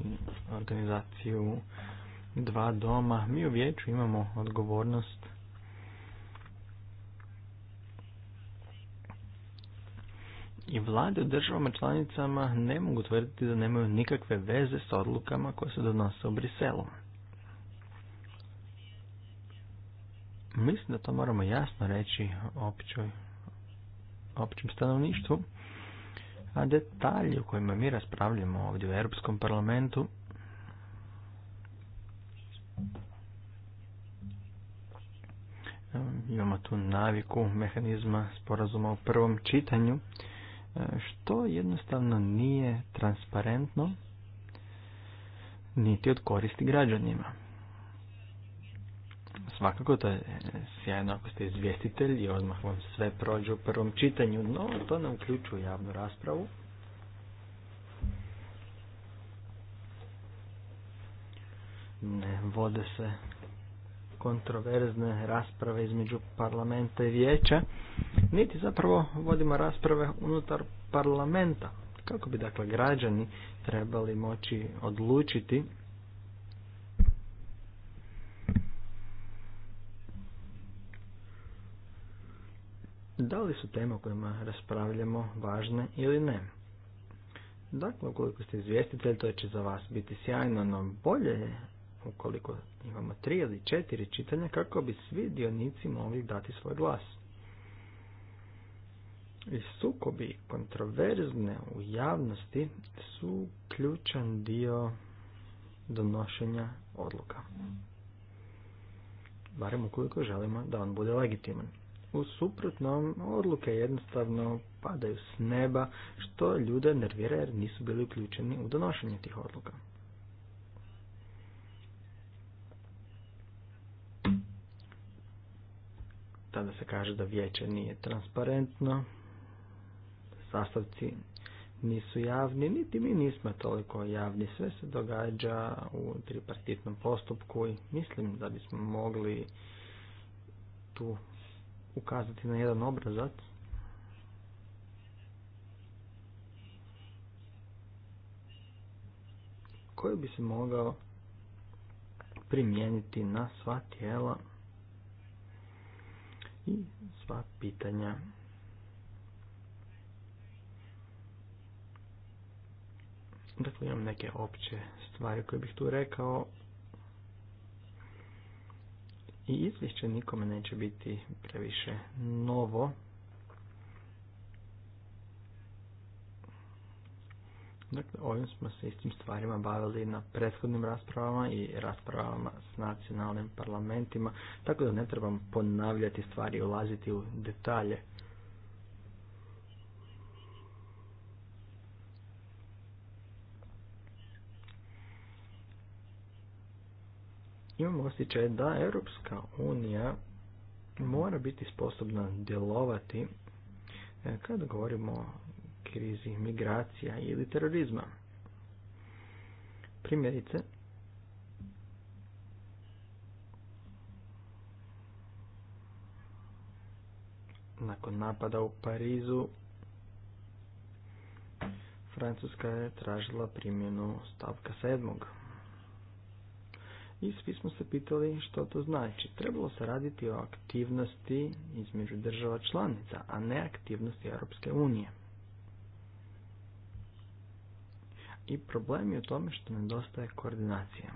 organizaciju dva doma. Mi u vijeću imamo odgovornost i vlade u državama članicama ne mogu tvrditi da nemaju nikakve veze s odlukama koje se donose u Briselu. Mislim da to moramo jasno reći općoj, općem stanovništvu a detalji o kojima mi raspravljamo ovdje u Europskom parlamentu ehm, imamo tu naviku mehanizma sporazuma u prvom čitanju, ehm, što jednostavno nije transparentno niti od koristi građanima. Svakako to je sjajno ako ste izvjestitelj i odmah vam sve prođe u prvom čitanju, no to ne uključuje javnu raspravu. Ne vode se kontroverzne rasprave između parlamenta i vijeća, niti zapravo vodimo rasprave unutar parlamenta, kako bi dakle građani trebali moći odlučiti da li su teme o kojima raspravljamo važne ili ne. Dakle, ukoliko ste izvjestitelj, to će za vas biti sjajno, no bolje je ukoliko imamo tri ili četiri čitanja kako bi svi dionici mogli dati svoj glas. I sukobi kontroverzne u javnosti su ključan dio donošenja odluka. Barem ukoliko želimo da on bude legitiman. U suprotnom, odluke jednostavno padaju s neba, što ljude nervira jer nisu bili uključeni u donošenje tih odluka. Tada se kaže da vijeće nije transparentno, sastavci nisu javni, niti mi nismo toliko javni. Sve se događa u tripartitnom postupku i mislim da bismo mogli tu ukazati na jedan obrazac. koji bi se mogao primijeniti na sva tijela i sva pitanja. Dakle, imam neke opće stvari koje bih tu rekao, i izvješće nikome neće biti previše novo. Dakle, ovim smo se istim stvarima bavili na prethodnim raspravama i raspravama s nacionalnim parlamentima, tako da ne trebam ponavljati stvari i ulaziti u detalje. Imamo osjećaj da Europska unija mora biti sposobna djelovati e, kada govorimo o krizi migracija ili terorizma. Primjerice, nakon napada u Parizu Francuska je tražila primjenu stavka sedmog i svi smo se pitali što to znači. Trebalo se raditi o aktivnosti između država članica, a ne aktivnosti Europske unije. I problem je u tome što nedostaje koordinacija.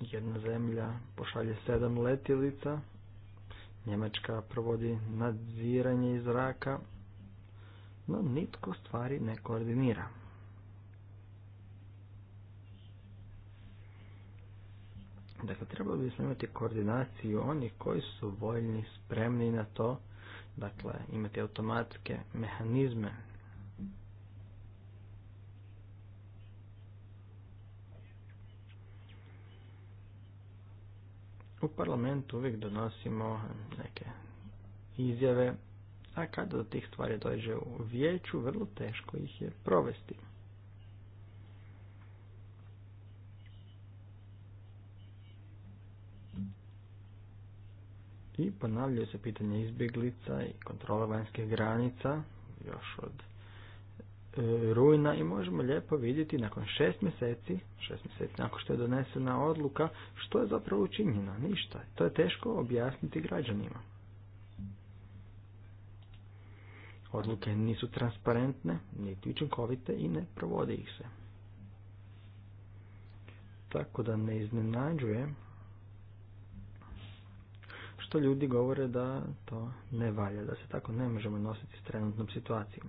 Jedna zemlja pošalje sedam letilica, Njemačka provodi nadziranje iz zraka, no nitko stvari ne koordinira. Dakle, trebalo bismo imati koordinaciju onih koji su voljni, spremni na to, dakle, imati automatske mehanizme. U parlamentu uvijek donosimo neke izjave a kada do tih stvari dođe u vijeću, vrlo teško ih je provesti. I ponavljaju se pitanje izbjeglica i kontrole vanjskih granica, još od e, rujna i možemo lijepo vidjeti nakon šest mjeseci, šest mjeseci nakon što je donesena odluka, što je zapravo učinjeno, ništa. To je teško objasniti građanima. Odluke nisu transparentne, niti učinkovite i ne provodi ih se. Tako da ne iznenađuje što ljudi govore da to ne valja, da se tako ne možemo nositi s trenutnom situacijom.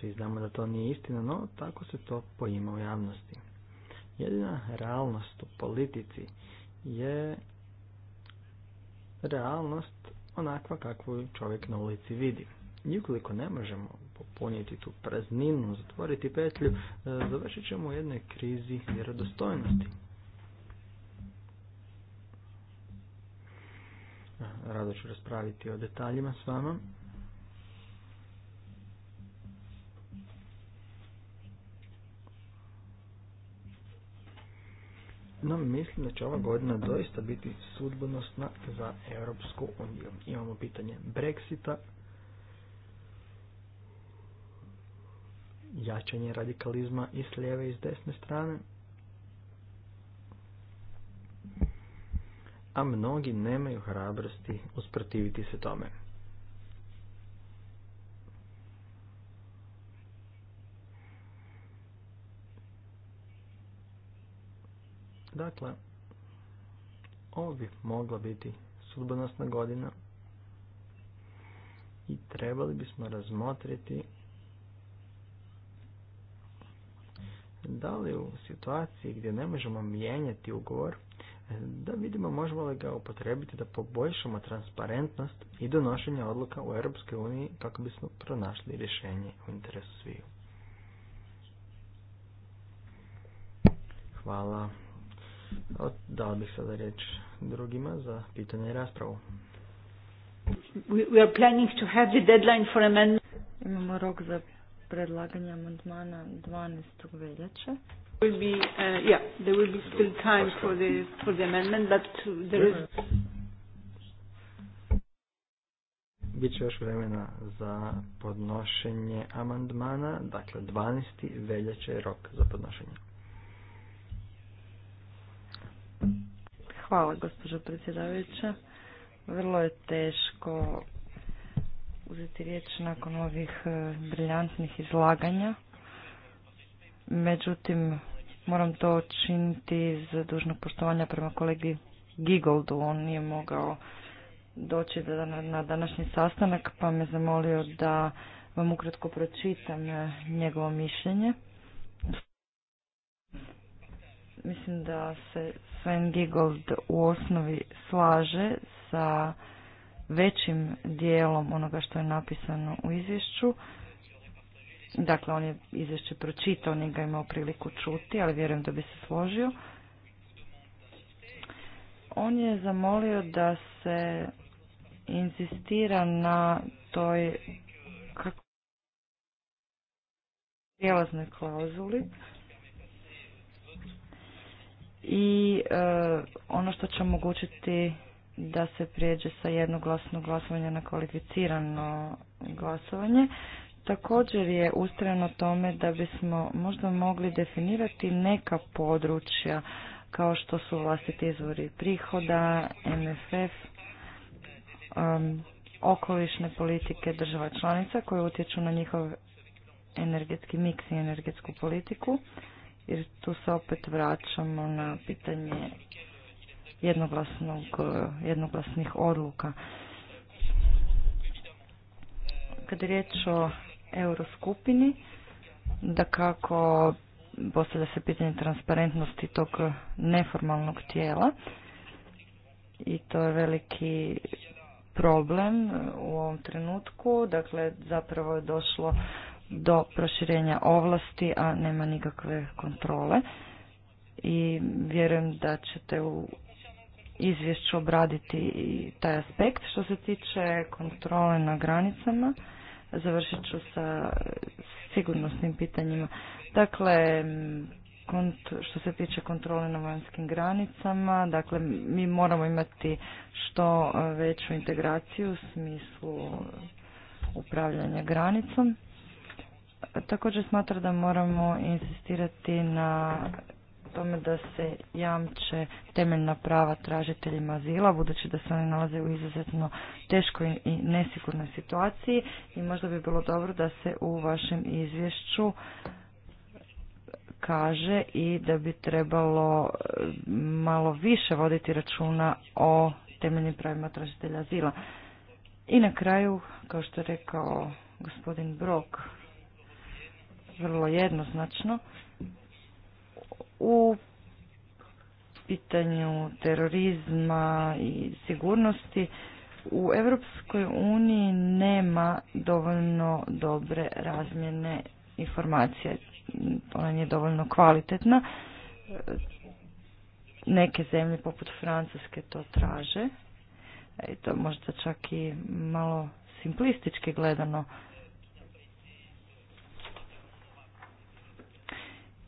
Svi znamo da to nije istina, no tako se to poima u javnosti. Jedina realnost u politici je realnost onakva kakvu čovjek na ulici vidi. I ukoliko ne možemo popuniti tu prazninu, zatvoriti petlju, e, završit ćemo u jednoj krizi vjerodostojnosti. E, rado ću raspraviti o detaljima s vama. No mislim da će ova godina doista biti sudbonosna za Europsku uniju. Imamo pitanje Brexita, jačanje radikalizma i s lijeve i s desne strane. A mnogi nemaju hrabrosti usprotiviti se tome. Dakle, ovo bi mogla biti sudbonosna godina i trebali bismo razmotriti da li u situaciji gdje ne možemo mijenjati ugovor, da vidimo možemo li ga upotrebiti da poboljšamo transparentnost i donošenje odluka u Europskoj uniji kako bismo pronašli rješenje u interesu sviju. Hvala. Dao bih sada reč drugima za pitanje i raspravu. We are planning to have the deadline for amendment. Imamo rok za predlaganje amandmana 12. veljače. Will be, uh, there will be still time for the, for amendment, but there is... Biće još vremena za podnošenje amandmana, dakle 12. veljače je rok za podnošenje. Hvala, gospođo predsjedavajuća. Vrlo je teško uzeti riječ nakon ovih e, briljantnih izlaganja. Međutim, moram to činiti iz dužnog poštovanja prema kolegi Gigoldu. On nije mogao doći na današnji sastanak, pa me zamolio da vam ukratko pročitam e, njegovo mišljenje. Mislim da se Sven Giggold u osnovi slaže sa većim dijelom onoga što je napisano u izvješću. Dakle, on je izvješće pročitao, nije ga imao priliku čuti, ali vjerujem da bi se složio. On je zamolio da se insistira na toj prijelaznoj klauzuli i e, ono što će omogućiti da se prijeđe sa jednoglasnog glasovanja na kvalificirano glasovanje. Također je ustrajeno tome da bismo možda mogli definirati neka područja kao što su vlastiti izvori prihoda, MFF, um, okolišne politike država članica koje utječu na njihov energetski miks i energetsku politiku jer tu se opet vraćamo na pitanje jednoglasnog, jednoglasnih odluka. Kad je riječ o euroskupini, da kako postavlja se pitanje transparentnosti tog neformalnog tijela i to je veliki problem u ovom trenutku. Dakle, zapravo je došlo do proširenja ovlasti, a nema nikakve kontrole. I vjerujem da ćete u izvješću obraditi i taj aspekt. Što se tiče kontrole na granicama, završit ću sa sigurnosnim pitanjima. Dakle, što se tiče kontrole na vanjskim granicama, dakle mi moramo imati što e, veću integraciju u smislu upravljanja granicom. Također smatra da moramo insistirati na tome da se jamče temeljna prava tražiteljima azila, budući da se oni nalaze u izuzetno teškoj i nesigurnoj situaciji i možda bi bilo dobro da se u vašem izvješću kaže i da bi trebalo eh, malo više voditi računa o temeljnim pravima tražitelja azila. I na kraju, kao što je rekao gospodin Brok, vrlo jednoznačno u pitanju terorizma i sigurnosti u Europskoj uniji nema dovoljno dobre razmjene informacija. Ona nije dovoljno kvalitetna. Neke zemlje poput Francuske to traže. E, to možda čak i malo simplistički gledano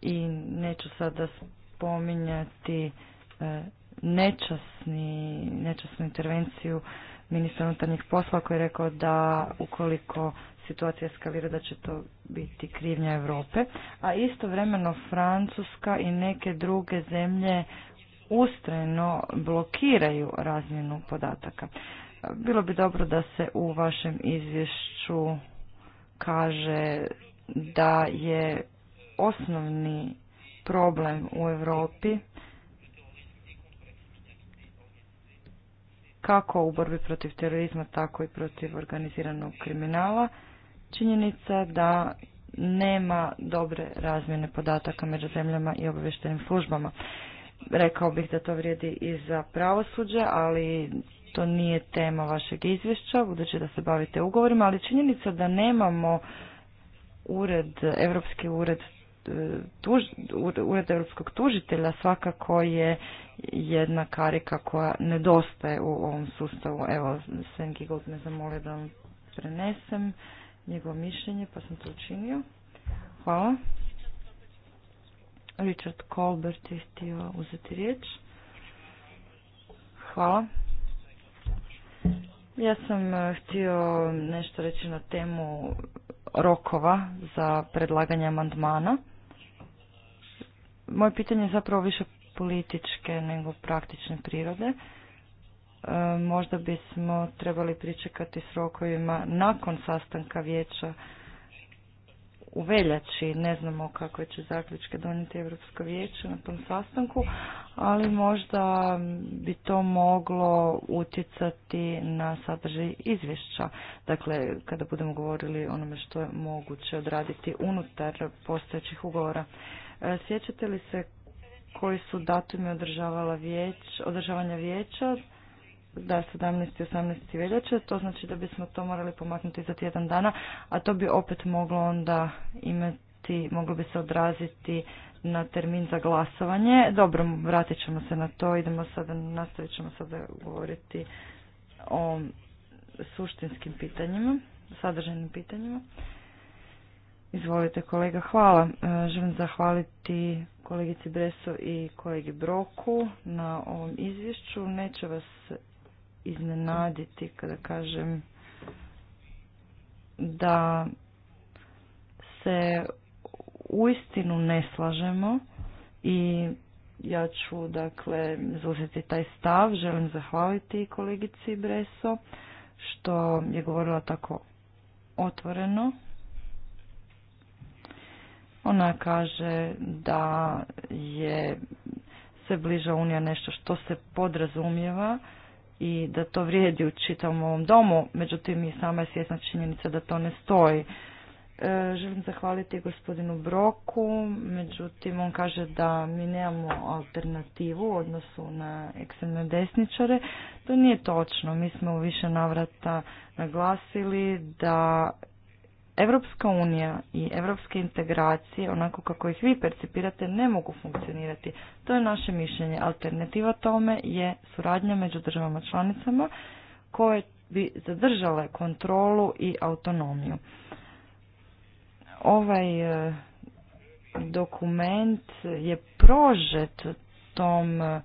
i neću sada spominjati e, nečasni, nečasnu intervenciju ministra unutarnjih posla koji je rekao da ukoliko situacija eskalira da će to biti krivnja Europe, a istovremeno Francuska i neke druge zemlje ustrajno blokiraju razmjenu podataka. Bilo bi dobro da se u vašem izvješću kaže da je osnovni problem u Europi kako u borbi protiv terorizma, tako i protiv organiziranog kriminala. Činjenica da nema dobre razmjene podataka među zemljama i obaveštenim službama. Rekao bih da to vrijedi i za pravosuđe, ali to nije tema vašeg izvješća, budući da se bavite ugovorima, ali činjenica da nemamo ured, Europski ured tuž, Ured europskog tužitelja svakako je jedna karika koja nedostaje u ovom sustavu. Evo, Sven Gigold me zamolio da vam prenesem njegovo mišljenje, pa sam to učinio. Hvala. Richard Colbert je htio uzeti riječ. Hvala. Ja sam eh, htio nešto reći na temu rokova za predlaganje amandmana moje pitanje je zapravo više političke nego praktične prirode. E, možda bismo trebali pričekati s rokovima nakon sastanka vijeća u veljači, ne znamo kakve će zaključke donijeti Europsko vijeće na tom sastanku, ali možda bi to moglo utjecati na sadržaj izvješća. Dakle, kada budemo govorili onome što je moguće odraditi unutar postojećih ugovora. E, sjećate li se koji su datumi održavala vijeć, održavanja vijeća? Da, 17. i 18. veljače, to znači da bismo to morali pomaknuti za tjedan dana, a to bi opet moglo onda imati, moglo bi se odraziti na termin za glasovanje. Dobro, vratit ćemo se na to, idemo sada, nastavit ćemo sada govoriti o suštinskim pitanjima, sadržajnim pitanjima. Izvolite kolega, hvala. E, želim zahvaliti kolegici Breso i kolegi Broku na ovom izvješću. Neće vas iznenaditi kada kažem da se uistinu ne slažemo i ja ću dakle zauzeti taj stav. Želim zahvaliti kolegici Breso što je govorila tako otvoreno ona kaže da je sve bliža Unija nešto što se podrazumijeva i da to vrijedi u čitavom ovom domu, međutim i sama je svjesna činjenica da to ne stoji. E, želim zahvaliti gospodinu Broku, međutim on kaže da mi nemamo alternativu u odnosu na ekstremne desničare. To nije točno. Mi smo u više navrata naglasili da Evropska unija i evropske integracije, onako kako ih vi percipirate, ne mogu funkcionirati. To je naše mišljenje. Alternativa tome je suradnja među državama članicama koje bi zadržale kontrolu i autonomiju. Ovaj e, dokument je prožet tom e,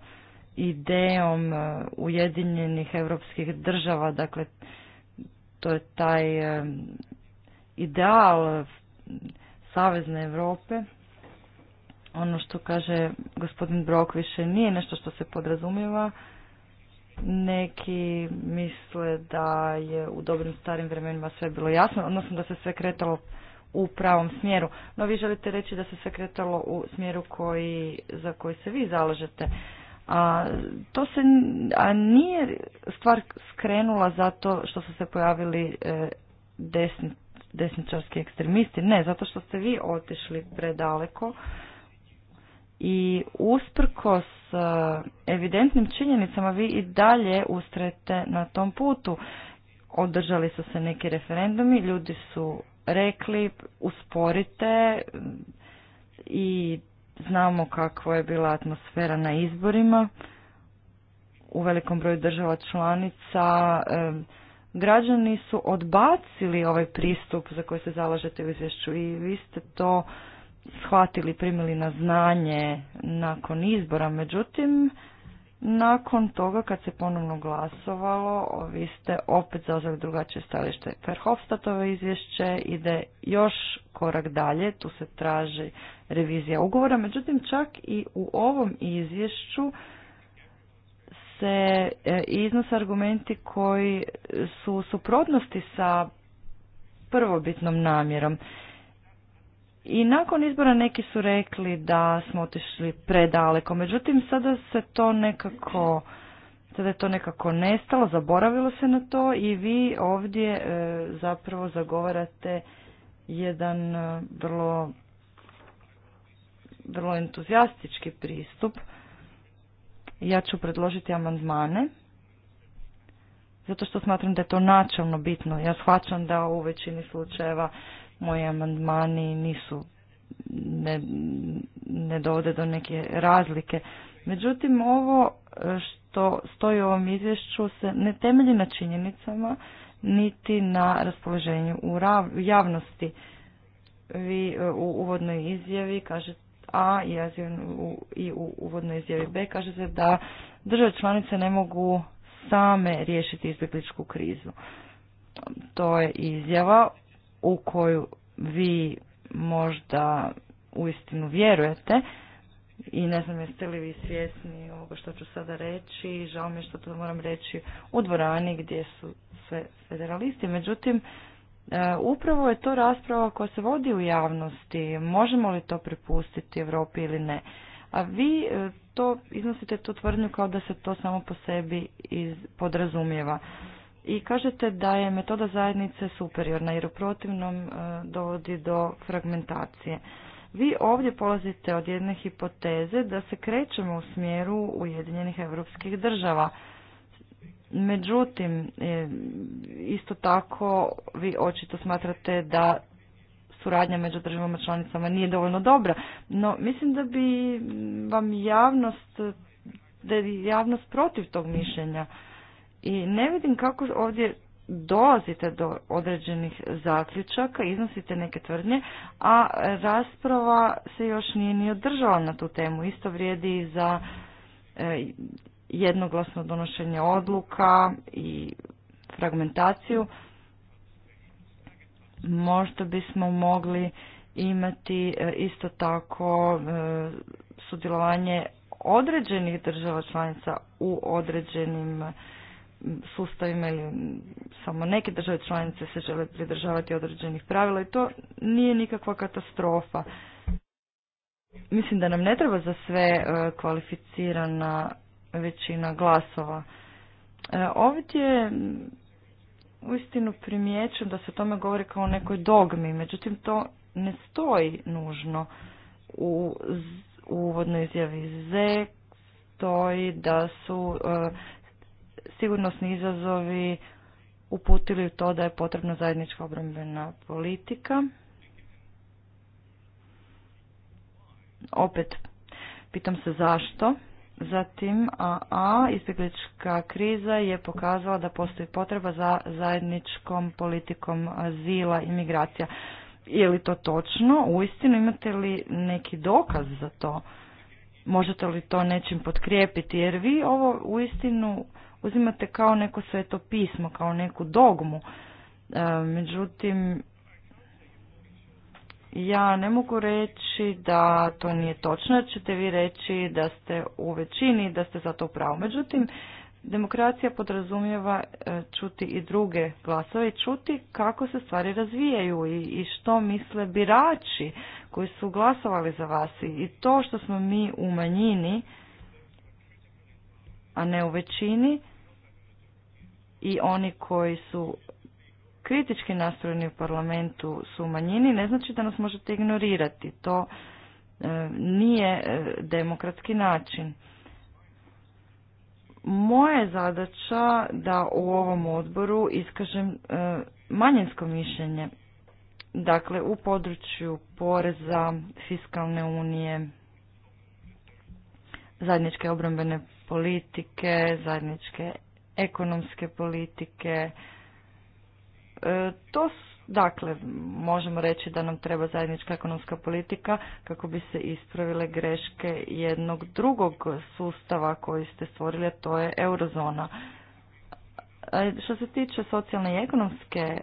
idejom e, ujedinjenih evropskih država, dakle to je taj ideal Savezne Europe, ono što kaže gospodin Brok više nije nešto što se podrazumijeva. Neki misle da je u dobrim starim vremenima sve bilo jasno, odnosno da se sve kretalo u pravom smjeru. No vi želite reći da se sve kretalo u smjeru koji, za koji se vi zalažete. A, to se a nije stvar skrenula zato što su se pojavili e, desni desničarski ekstremisti. Ne, zato što ste vi otišli predaleko i s e, evidentnim činjenicama vi i dalje ustrete na tom putu. Održali su se neki referendumi, ljudi su rekli usporite i znamo kakva je bila atmosfera na izborima u velikom broju država članica e, građani su odbacili ovaj pristup za koji se zalažete u izvješću i vi ste to shvatili, primili na znanje nakon izbora. Međutim, nakon toga kad se ponovno glasovalo, vi ste opet zauzeli drugačije stajalište. Verhofstadtove izvješće ide još korak dalje, tu se traži revizija ugovora, međutim čak i u ovom izvješću se e, iznose argumenti koji su u suprotnosti sa prvobitnom namjerom. I nakon izbora neki su rekli da smo otišli predaleko, međutim sada se to nekako, sada je to nekako nestalo, zaboravilo se na to i vi ovdje e, zapravo zagovarate jedan e, vrlo, vrlo entuzijastički pristup ja ću predložiti amandmane, zato što smatram da je to načelno bitno. Ja shvaćam da u većini slučajeva moji amandmani nisu, ne, ne dovode do neke razlike. Međutim, ovo e, što stoji u ovom izvješću se ne temelji na činjenicama, niti na raspoloženju u javnosti. Vi e, u uvodnoj izjavi kažete a i, u, i u uvodnoj izjavi B kaže se da države članice ne mogu same riješiti izbjegličku krizu. To je izjava u koju vi možda uistinu vjerujete i ne znam jeste li vi svjesni ovoga što ću sada reći, žao mi je što to moram reći u dvorani gdje su sve federalisti, međutim E, upravo je to rasprava koja se vodi u javnosti, možemo li to prepustiti Europi ili ne. A vi e, to iznosite tu tvrdnju kao da se to samo po sebi iz, podrazumijeva. I kažete da je metoda zajednice superiorna jer u protivnom e, dovodi do fragmentacije. Vi ovdje polazite od jedne hipoteze da se krećemo u smjeru Ujedinjenih europskih država Međutim, e, isto tako vi očito smatrate da suradnja među državama članicama nije dovoljno dobra, no mislim da bi vam javnost, da je javnost protiv tog mišljenja i ne vidim kako ovdje dolazite do određenih zaključaka, iznosite neke tvrdnje, a rasprava se još nije ni održala na tu temu. Isto vrijedi i za e, jednoglasno donošenje odluka i fragmentaciju, možda bismo mogli imati e, isto tako e, sudjelovanje određenih država članica u određenim e, sustavima ili samo neke države članice se žele pridržavati određenih pravila i to nije nikakva katastrofa. Mislim da nam ne treba za sve kvalificirana većina glasova. E, ovdje uistinu primjećujem da se o tome govori kao o nekoj dogmi, međutim to ne stoji nužno. U uvodnoj izjavi Z stoji da su e, sigurnosni izazovi uputili u to da je potrebna zajednička obrambena politika. Opet, pitam se zašto. Zatim, a, izbjeglička kriza je pokazala da postoji potreba za zajedničkom politikom azila i migracija. Je li to točno? Uistinu imate li neki dokaz za to? Možete li to nečim potkrijepiti? Jer vi ovo uistinu uzimate kao neko sveto pismo, kao neku dogmu. E, međutim, ja ne mogu reći da to nije točno, jer ćete vi reći da ste u većini, da ste za to pravo. Međutim, demokracija podrazumijeva e, čuti i druge glasove i čuti kako se stvari razvijaju i što misle birači koji su glasovali za vas. I to što smo mi u manjini, a ne u većini, i oni koji su kritički nastrojeni u parlamentu su u manjini, ne znači da nas možete ignorirati. To e, nije e, demokratski način. Moja je zadaća da u ovom odboru iskažem e, manjinsko mišljenje. Dakle, u području poreza, fiskalne unije, zajedničke obrambene politike, zajedničke ekonomske politike, E, to dakle možemo reći da nam treba zajednička ekonomska politika kako bi se ispravile greške jednog drugog sustava koji ste stvorili, a to je eurozona. E, što se tiče socijalne i ekonomske e,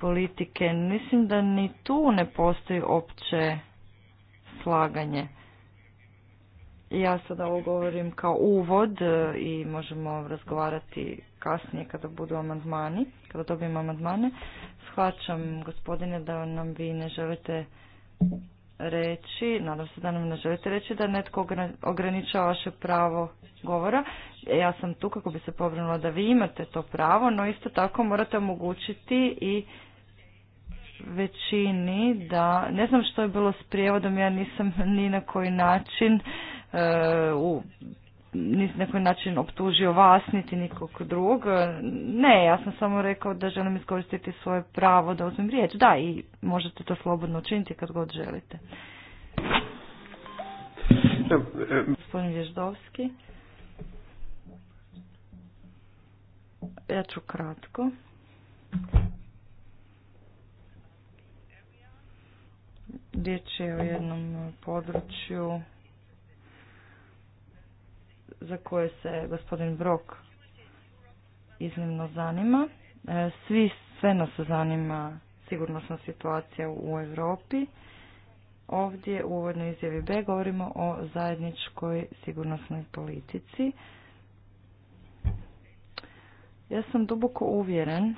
politike, mislim da ni tu ne postoji opće slaganje. Ja sada ovo govorim kao uvod i možemo razgovarati kasnije kada budu amandmani, kada dobijem amandmane. Shvaćam, gospodine, da nam vi ne želite reći, nadam se da nam ne želite reći da netko ograničava vaše pravo govora. Ja sam tu kako bi se pobrinula da vi imate to pravo, no isto tako morate omogućiti i većini da, ne znam što je bilo s prijevodom, ja nisam ni na koji način e, u nisam na način optužio vas niti nikog drugog. Ne, ja sam samo rekao da želim iskoristiti svoje pravo da uzmem riječ. Da, i možete to slobodno učiniti kad god želite. Gospodin Vježdovski. Ja ću kratko. Riječ je o jednom području za koje se gospodin Brok iznimno zanima. E, svi, sve nas zanima sigurnosna situacija u Europi. Ovdje u uvodnoj izjavi B govorimo o zajedničkoj sigurnosnoj politici. Ja sam duboko uvjeren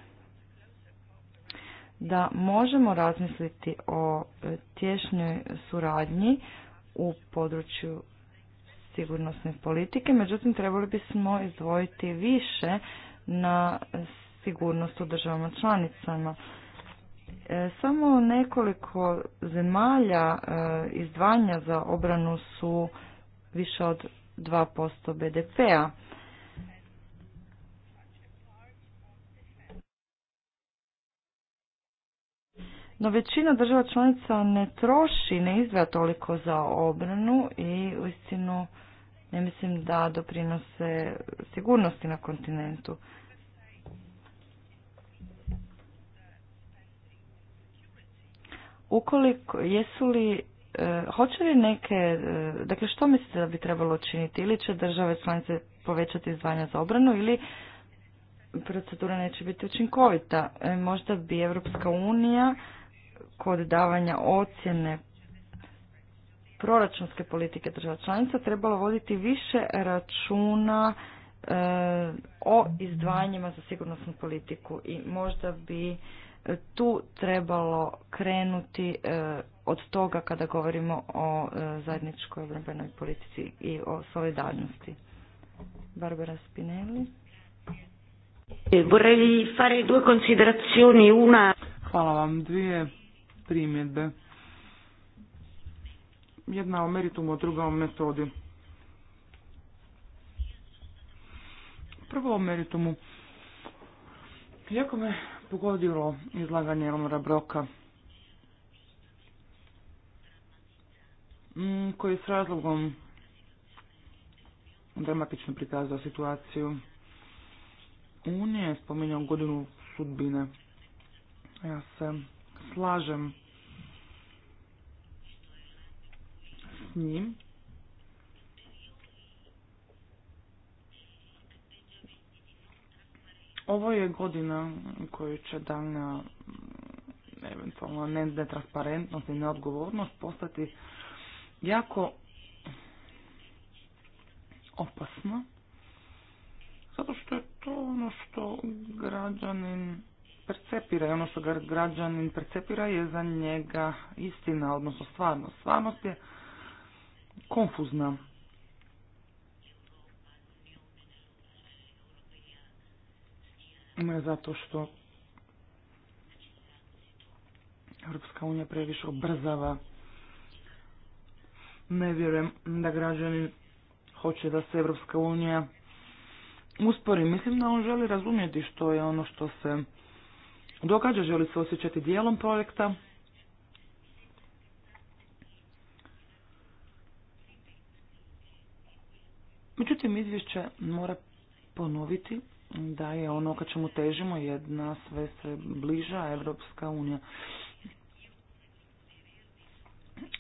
da možemo razmisliti o e, tješnjoj suradnji u području sigurnosne politike, međutim trebali bismo izdvojiti više na sigurnost u državama članicama. E, samo nekoliko zemalja e, izdvanja za obranu su više od 2% BDP-a. No većina država članica ne troši, ne izdvaja toliko za obranu i uistinu ne mislim da doprinose sigurnosti na kontinentu. Ukoliko, jesu li, e, hoće li neke, e, dakle što mislite da bi trebalo učiniti ili će države članice povećati izdvajanja za obranu ili procedura neće biti učinkovita. E, možda bi Europska unija kod davanja ocjene proračunske politike država članica trebalo voditi više računa e, o izdvajanjima za sigurnosnu politiku i možda bi e, tu trebalo krenuti e, od toga kada govorimo o zajedničkoj obrambenoj politici i o solidarnosti. Barbara Spinelli. Vorrei fare due considerazioni, una... Hvala vam, dvije primjedbe jedna o meritumu, druga o metodi. Prvo o meritumu. Jako me pogodilo izlaganje Elmora Broka, mm, koji s razlogom dramatično prikazao situaciju Unije, spominjao godinu sudbine. Ja se slažem s njim. Ovo je godina koju će dana mm, eventualno netransparentnost i neodgovornost postati jako opasno. Zato što je to ono što građanin percepira i ono što građanin percepira je za njega istina, odnosno stvarnost. Stvarnost je konfuzna. Zato što Europska unija previše obrzava. Ne vjerujem da građani hoće da se Europska unija uspori. Mislim da on želi razumjeti što je ono što se događa, želi se osjećati dijelom projekta. Međutim, izvješće mora ponoviti da je ono ka čemu težimo jedna sve bliža Evropska unija.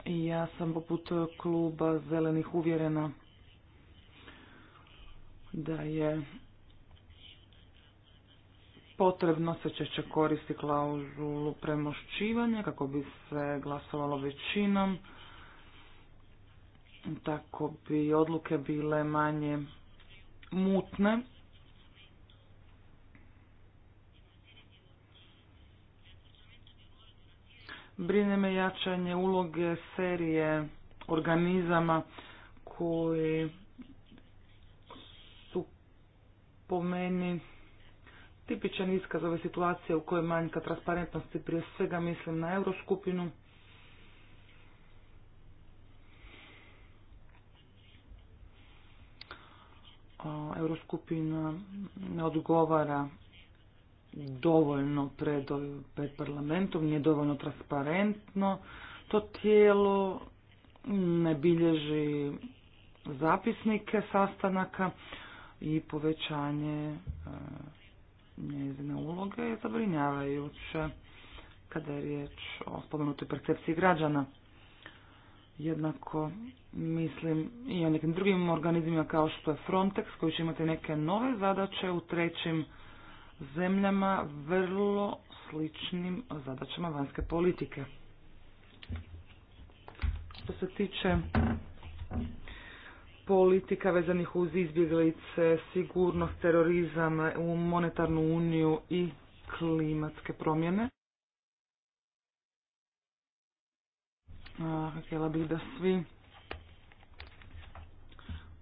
I ja sam poput kluba zelenih uvjerena da je potrebno se češće koristi klauzulu premošćivanja kako bi se glasovalo većinom tako bi odluke bile manje mutne. Brine me jačanje uloge serije organizama koji su po meni tipičan iskaz ove situacije u kojoj manjka transparentnosti, prije svega mislim na euroskupinu. Euroskupina ne odgovara dovoljno pred, pred parlamentom, nije dovoljno transparentno. To tijelo ne bilježi zapisnike sastanaka i povećanje e, njezine uloge je zabrinjavajuće kada je riječ o spomenutoj percepciji građana jednako mislim i o nekim drugim organizmima kao što je Frontex koji će imati neke nove zadaće u trećim zemljama vrlo sličnim zadaćama vanjske politike. Što se tiče politika vezanih uz izbjeglice, sigurnost, terorizam, u monetarnu uniju i klimatske promjene. Htjela bih da svi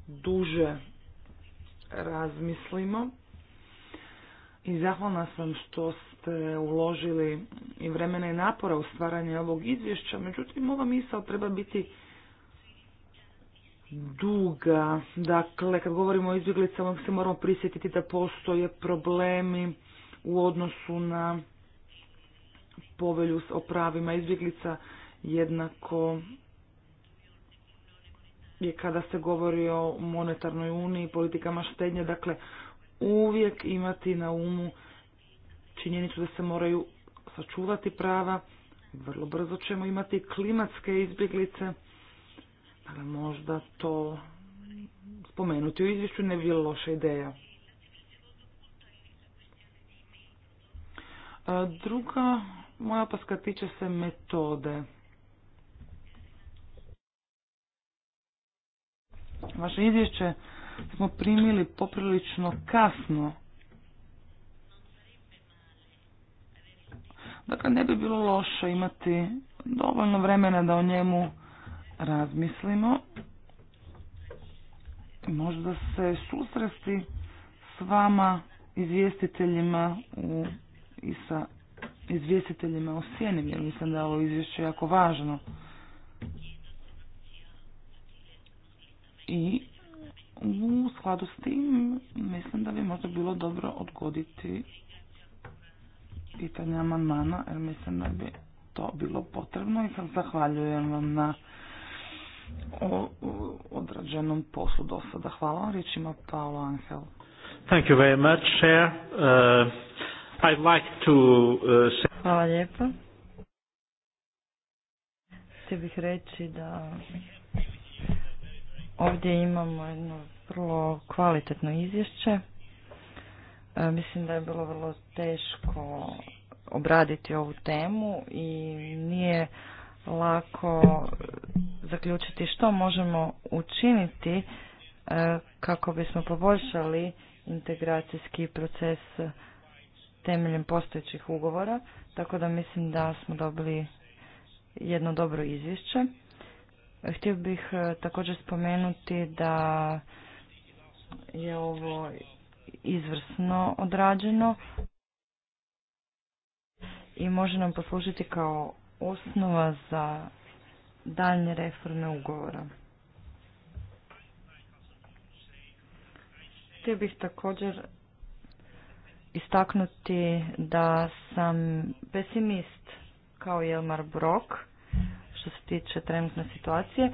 duže razmislimo. I zahvalna sam što ste uložili i vremena i napora u stvaranje ovog izvješća. Međutim, ova misao treba biti duga. Dakle, kad govorimo o izbjeglicama, se moramo prisjetiti da postoje problemi u odnosu na povelju o pravima izbjeglica jednako je kada se govori o monetarnoj uniji, politikama štednje, dakle uvijek imati na umu činjenicu da se moraju sačuvati prava, vrlo brzo ćemo imati klimatske izbjeglice, ali možda to spomenuti u izvješću ne bi loša ideja. Druga moja opaska tiče se metode. Vaše izvješće smo primili poprilično kasno. Dakle, ne bi bilo loše imati dovoljno vremena da o njemu razmislimo. Možda se susresti s vama izvjestiteljima u, i sa izvjestiteljima o sjenim. jer mislim da je ovo izvješće jako važno. I u skladu s tim mislim da bi možda bilo dobro odgoditi pitanje amandmana jer mislim da bi to bilo potrebno i sam zahvaljujem vam na odrađenom poslu do sada. Hvala vam, riječ ima Paolo Angel. Thank you very much, uh, like to, uh... Hvala lijepo. Htio bih reći da Ovdje imamo jedno vrlo kvalitetno izvješće. E, mislim da je bilo vrlo teško obraditi ovu temu i nije lako zaključiti što možemo učiniti e, kako bismo poboljšali integracijski proces temeljem postojećih ugovora, tako da mislim da smo dobili jedno dobro izvješće. Htio bih e, također spomenuti da je ovo izvrsno odrađeno i može nam poslužiti kao osnova za daljnje reforme ugovora. Htio bih također istaknuti da sam pesimist kao Jelmar Brock što se tiče trenutne situacije.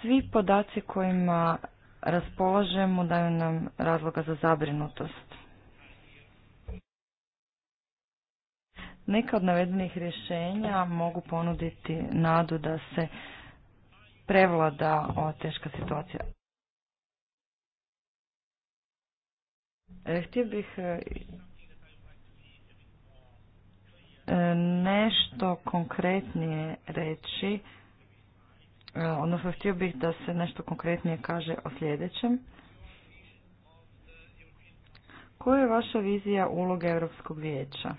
Svi podaci kojima raspolažemo daju nam razloga za zabrinutost. Neka od navedenih rješenja mogu ponuditi nadu da se prevlada ova teška situacija. E, htio bih e, E, nešto konkretnije reći, e, odnosno htio bih da se nešto konkretnije kaže o sljedećem. Koja je vaša vizija uloge Europskog vijeća?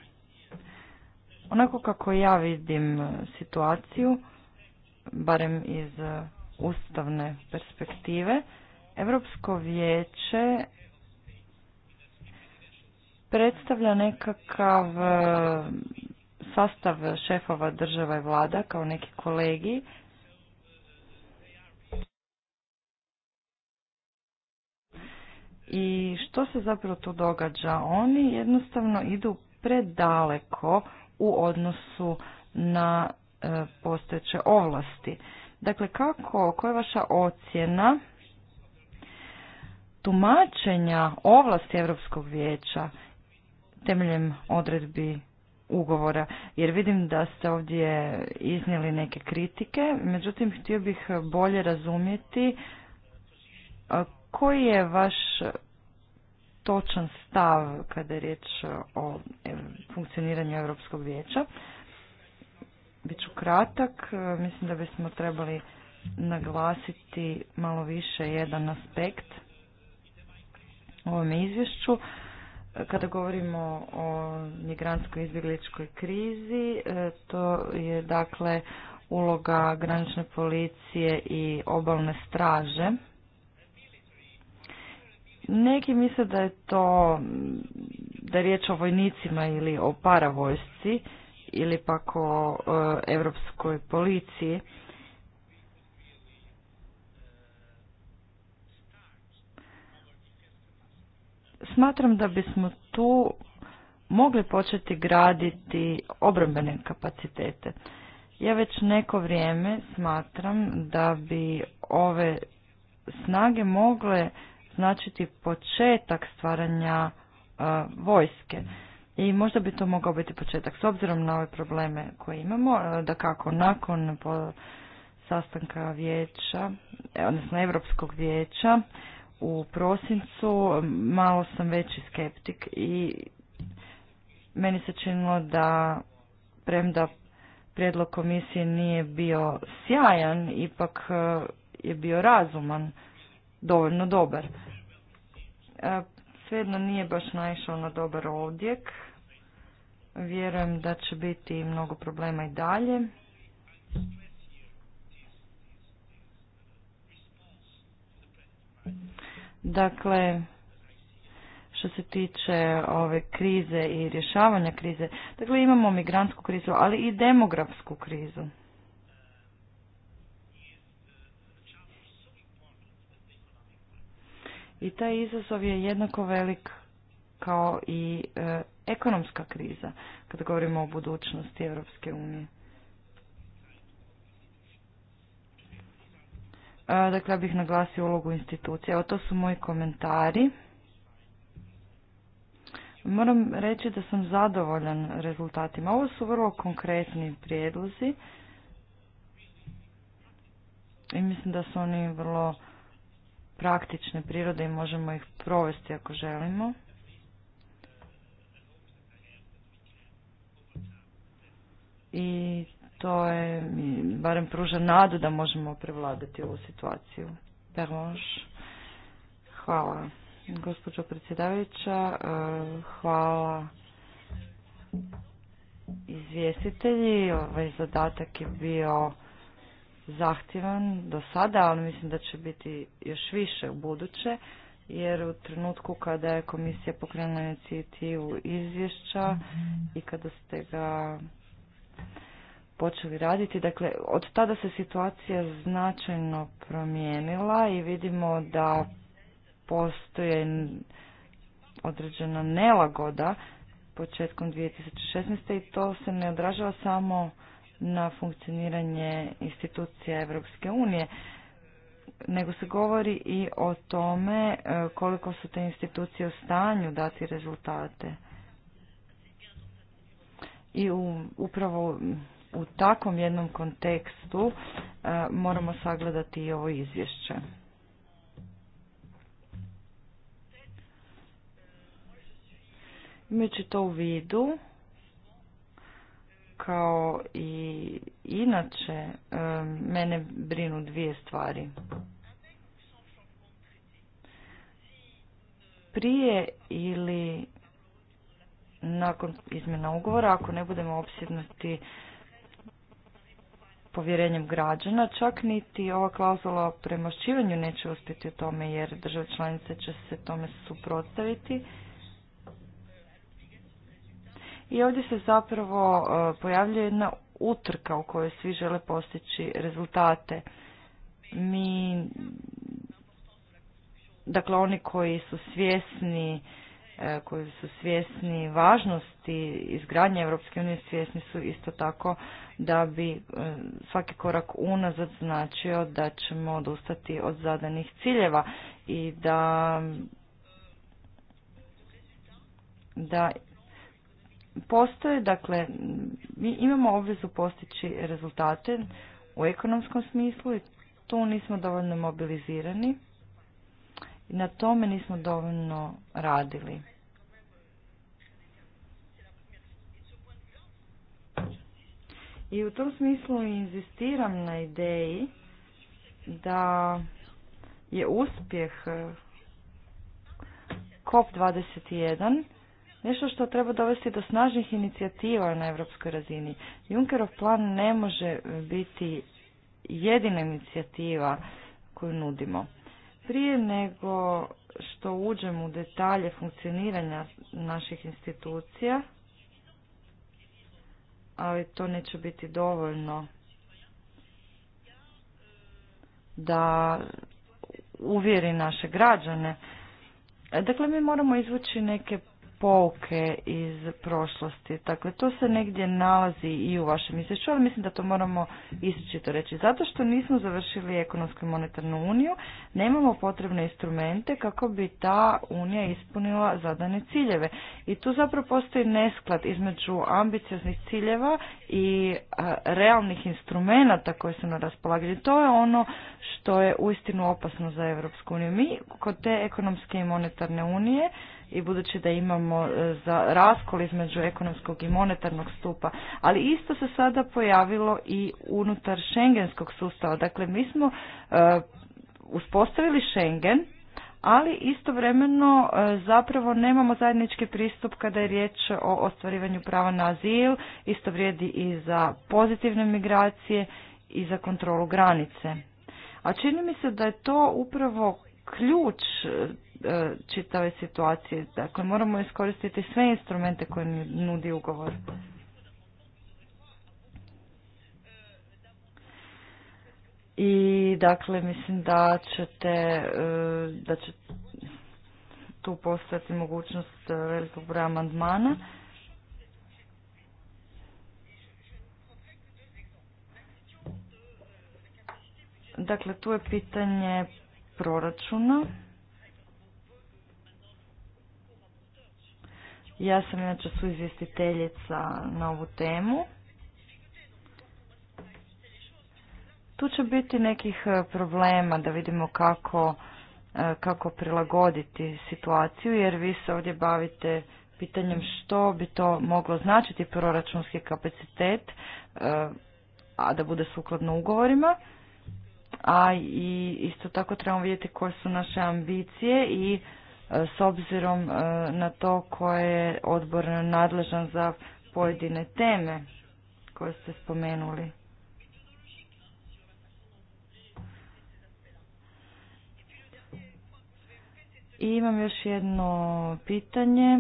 Onako kako ja vidim situaciju, barem iz ustavne perspektive, Europsko vijeće predstavlja nekakav sastav šefova država i vlada kao neki kolegi. I što se zapravo tu događa? Oni jednostavno idu predaleko u odnosu na e, postojeće ovlasti. Dakle, kako, koja je vaša ocjena tumačenja ovlasti Europskog vijeća temeljem odredbi ugovora, jer vidim da ste ovdje iznijeli neke kritike, međutim htio bih bolje razumjeti e, koji je vaš točan stav kada je riječ o e, funkcioniranju Europskog vijeća. Biću kratak, e, mislim da bismo trebali naglasiti malo više jedan aspekt u ovom izvješću kada govorimo o migrantskoj izbjegličkoj krizi, e, to je dakle uloga granične policije i obalne straže. Neki misle da je to, da je riječ o vojnicima ili o paravojsci ili pak o europskoj policiji. Smatram da bismo tu mogli početi graditi obrambene kapacitete. Ja već neko vrijeme smatram da bi ove snage mogle značiti početak stvaranja e, vojske. I možda bi to mogao biti početak. S obzirom na ove probleme koje imamo, e, da kako nakon sastanka vijeća, e, odnosno Europskog vijeća, u prosincu, malo sam veći skeptik i meni se činilo da premda prijedlog komisije nije bio sjajan, ipak e, je bio razuman, dovoljno dobar. E, svejedno nije baš naišao na dobar odjek. Vjerujem da će biti mnogo problema i dalje. Dakle, što se tiče ove krize i rješavanja krize, dakle imamo migrantsku krizu, ali i demografsku krizu. I taj izazov je jednako velik kao i e, ekonomska kriza, kada govorimo o budućnosti Europske unije. Dakle, ja bih naglasio ulogu institucija. Evo, to su moji komentari. Moram reći da sam zadovoljan rezultatima. Ovo su vrlo konkretni prijedlozi i mislim da su oni vrlo praktične prirode i možemo ih provesti ako želimo. I to je, barem pruža nadu da možemo prevladati ovu situaciju. Permoš, hvala. Gospođo predsjedavajuća, e, hvala izvjestitelji. Ovaj zadatak je bio zahtjevan do sada, ali mislim da će biti još više u buduće, jer u trenutku kada je komisija pokrenula inicijativu izvješća i kada ste ga počeli raditi. Dakle, od tada se situacija značajno promijenila i vidimo da postoje određena nelagoda početkom 2016. i to se ne odražava samo na funkcioniranje institucija Europske unije, nego se govori i o tome e, koliko su te institucije u stanju dati rezultate. I u, upravo u takvom jednom kontekstu e, moramo sagledati i ovo izvješće. Imajući to u vidu, kao i inače, e, mene brinu dvije stvari. Prije ili nakon izmjena ugovora, ako ne budemo opsjednosti povjerenjem građana, čak niti ova klauzula o premošćivanju neće uspjeti u tome jer države članice će se tome suprotstaviti. I ovdje se zapravo e, pojavljuje jedna utrka u kojoj svi žele postići rezultate. Mi, dakle oni koji su svjesni E, koji su svjesni važnosti izgradnje Europske unije, svjesni su isto tako da bi e, svaki korak unazad značio da ćemo odustati od zadanih ciljeva i da da postoje, dakle, mi imamo obvezu postići rezultate u ekonomskom smislu i tu nismo dovoljno mobilizirani i na tome nismo dovoljno radili. I u tom smislu inzistiram na ideji da je uspjeh e, COP21 nešto što treba dovesti do snažnih inicijativa na europskoj razini. Junkerov plan ne može biti jedina inicijativa koju nudimo. Prije nego što uđem u detalje funkcioniranja naših institucija, ali to neće biti dovoljno da uvjeri naše građane. Dakle, mi moramo izvući neke pouke iz prošlosti. Dakle, to se negdje nalazi i u vašem izvješću, ali mislim da to moramo izričito reći. Zato što nismo završili ekonomsku i monetarnu uniju, nemamo potrebne instrumente kako bi ta unija ispunila zadane ciljeve. I tu zapravo postoji nesklad između ambicioznih ciljeva i e, realnih instrumenata koje su na raspolaganju. To je ono što je uistinu opasno za Europsku uniju. Mi kod te ekonomske i monetarne unije i budući da imamo e, za raskol između ekonomskog i monetarnog stupa, ali isto se sada pojavilo i unutar šengenskog sustava. Dakle, mi smo e, uspostavili Schengen, ali istovremeno e, zapravo nemamo zajednički pristup kada je riječ o ostvarivanju prava na azil, isto vrijedi i za pozitivne migracije i za kontrolu granice. A čini mi se da je to upravo ključ E, čitave situacije. Dakle, moramo iskoristiti sve instrumente koje nudi ugovor. I dakle, mislim da ćete, e, da će tu postati mogućnost e, velikog broja amandmana. Dakle, tu je pitanje proračuna. Ja sam inače suizvjestiteljica na ovu temu. Tu će biti nekih e, problema da vidimo kako, e, kako prilagoditi situaciju jer vi se ovdje bavite pitanjem što bi to moglo značiti proračunski kapacitet, e, a da bude sukladno ugovorima. A i isto tako trebamo vidjeti koje su naše ambicije i s obzirom e, na to koje je odbor nadležan za pojedine teme koje ste spomenuli. I imam još jedno pitanje, e,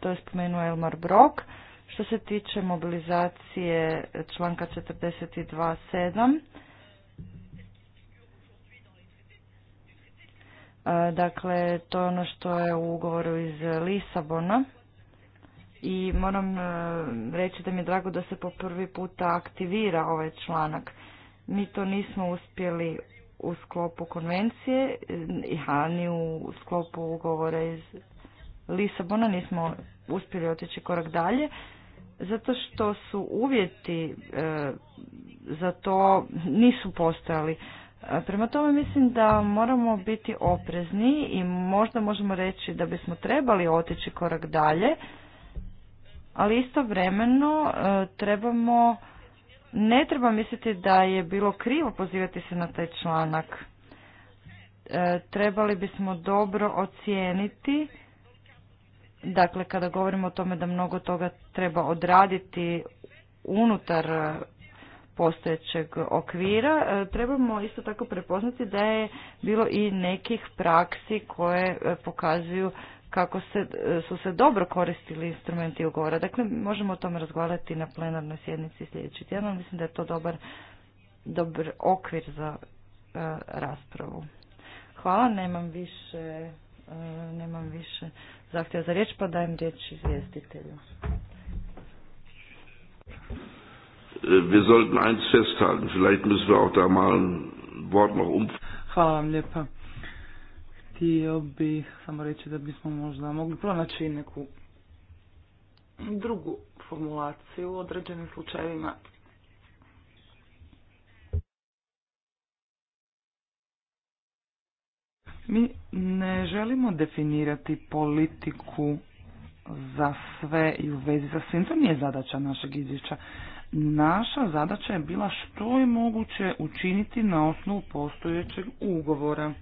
to je spomenuo Elmar Brok, što se tiče mobilizacije članka 42.7. Dakle, to je ono što je u ugovoru iz Lisabona i moram e, reći da mi je drago da se po prvi puta aktivira ovaj članak. Mi to nismo uspjeli u sklopu konvencije, a ni u sklopu ugovora iz Lisabona nismo uspjeli otići korak dalje, zato što su uvjeti e, za to nisu postojali. Prema tome mislim da moramo biti oprezni i možda možemo reći da bismo trebali otići korak dalje, ali istovremeno e, trebamo, ne treba misliti da je bilo krivo pozivati se na taj članak. E, trebali bismo dobro ocijeniti, dakle kada govorimo o tome da mnogo toga treba odraditi unutar postojećeg okvira, e, trebamo isto tako prepoznati da je bilo i nekih praksi koje e, pokazuju kako se, e, su se dobro koristili instrumenti ugovora. Dakle, možemo o tome razgovarati na plenarnoj sjednici sljedeći tjedan. Mislim da je to dobar, dobar okvir za raspravu. Hvala, nemam više, nemam više zahtjeva za riječ, pa dajem riječ izvjestitelju. Wir sollten eins festhalten, vielleicht müssen wir auch da mal ein Wort noch um. Hvala vam lijepa. Htio bih samo reći da bismo možda mogli pronaći neku drugu formulaciju u određenim slučajevima. Mi ne želimo definirati politiku za sve i u vezi sa svim. To nije zadaća našeg izvješća. Naša zadaća je bila što je moguće učiniti na osnovu postojećeg ugovora.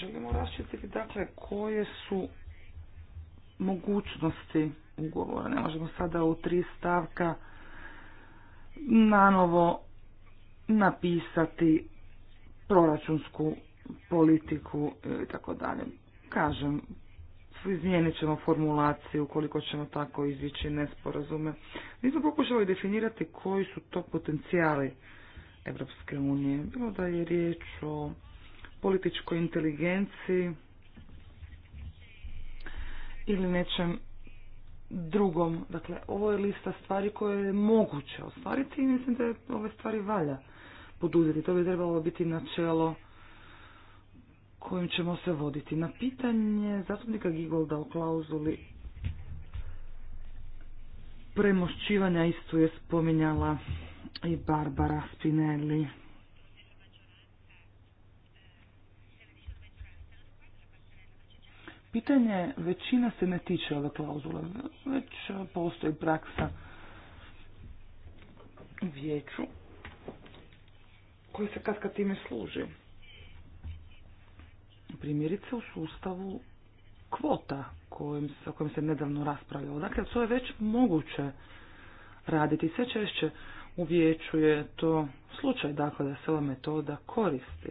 Želimo raščititi dakle koje su mogućnosti ugovora. Ne možemo sada u tri stavka nanovo napisati proračunsku politiku i tako dalje. Kažem, izmijenit ćemo formulaciju ukoliko ćemo tako izvići nesporazume. Mi smo pokušali definirati koji su to potencijali Evropske unije. Bilo da je riječ o političkoj inteligenciji ili nečem drugom. Dakle, ovo je lista stvari koje je moguće ostvariti i mislim da je ove stvari valja poduzeti. To bi trebalo biti načelo kojim ćemo se voditi. Na pitanje zastupnika Gigolda o klauzuli premošćivanja istu je spominjala i Barbara Spinelli. Pitanje većina se ne tiče ove klauzule, već postoji praksa u vijeću koji se kad kad time služi primjerice u sustavu kvota kojim, o kojem se nedavno raspravljalo. Dakle, to je već moguće raditi. Sve češće u vijeću je to slučaj dakle, da se ova metoda koristi.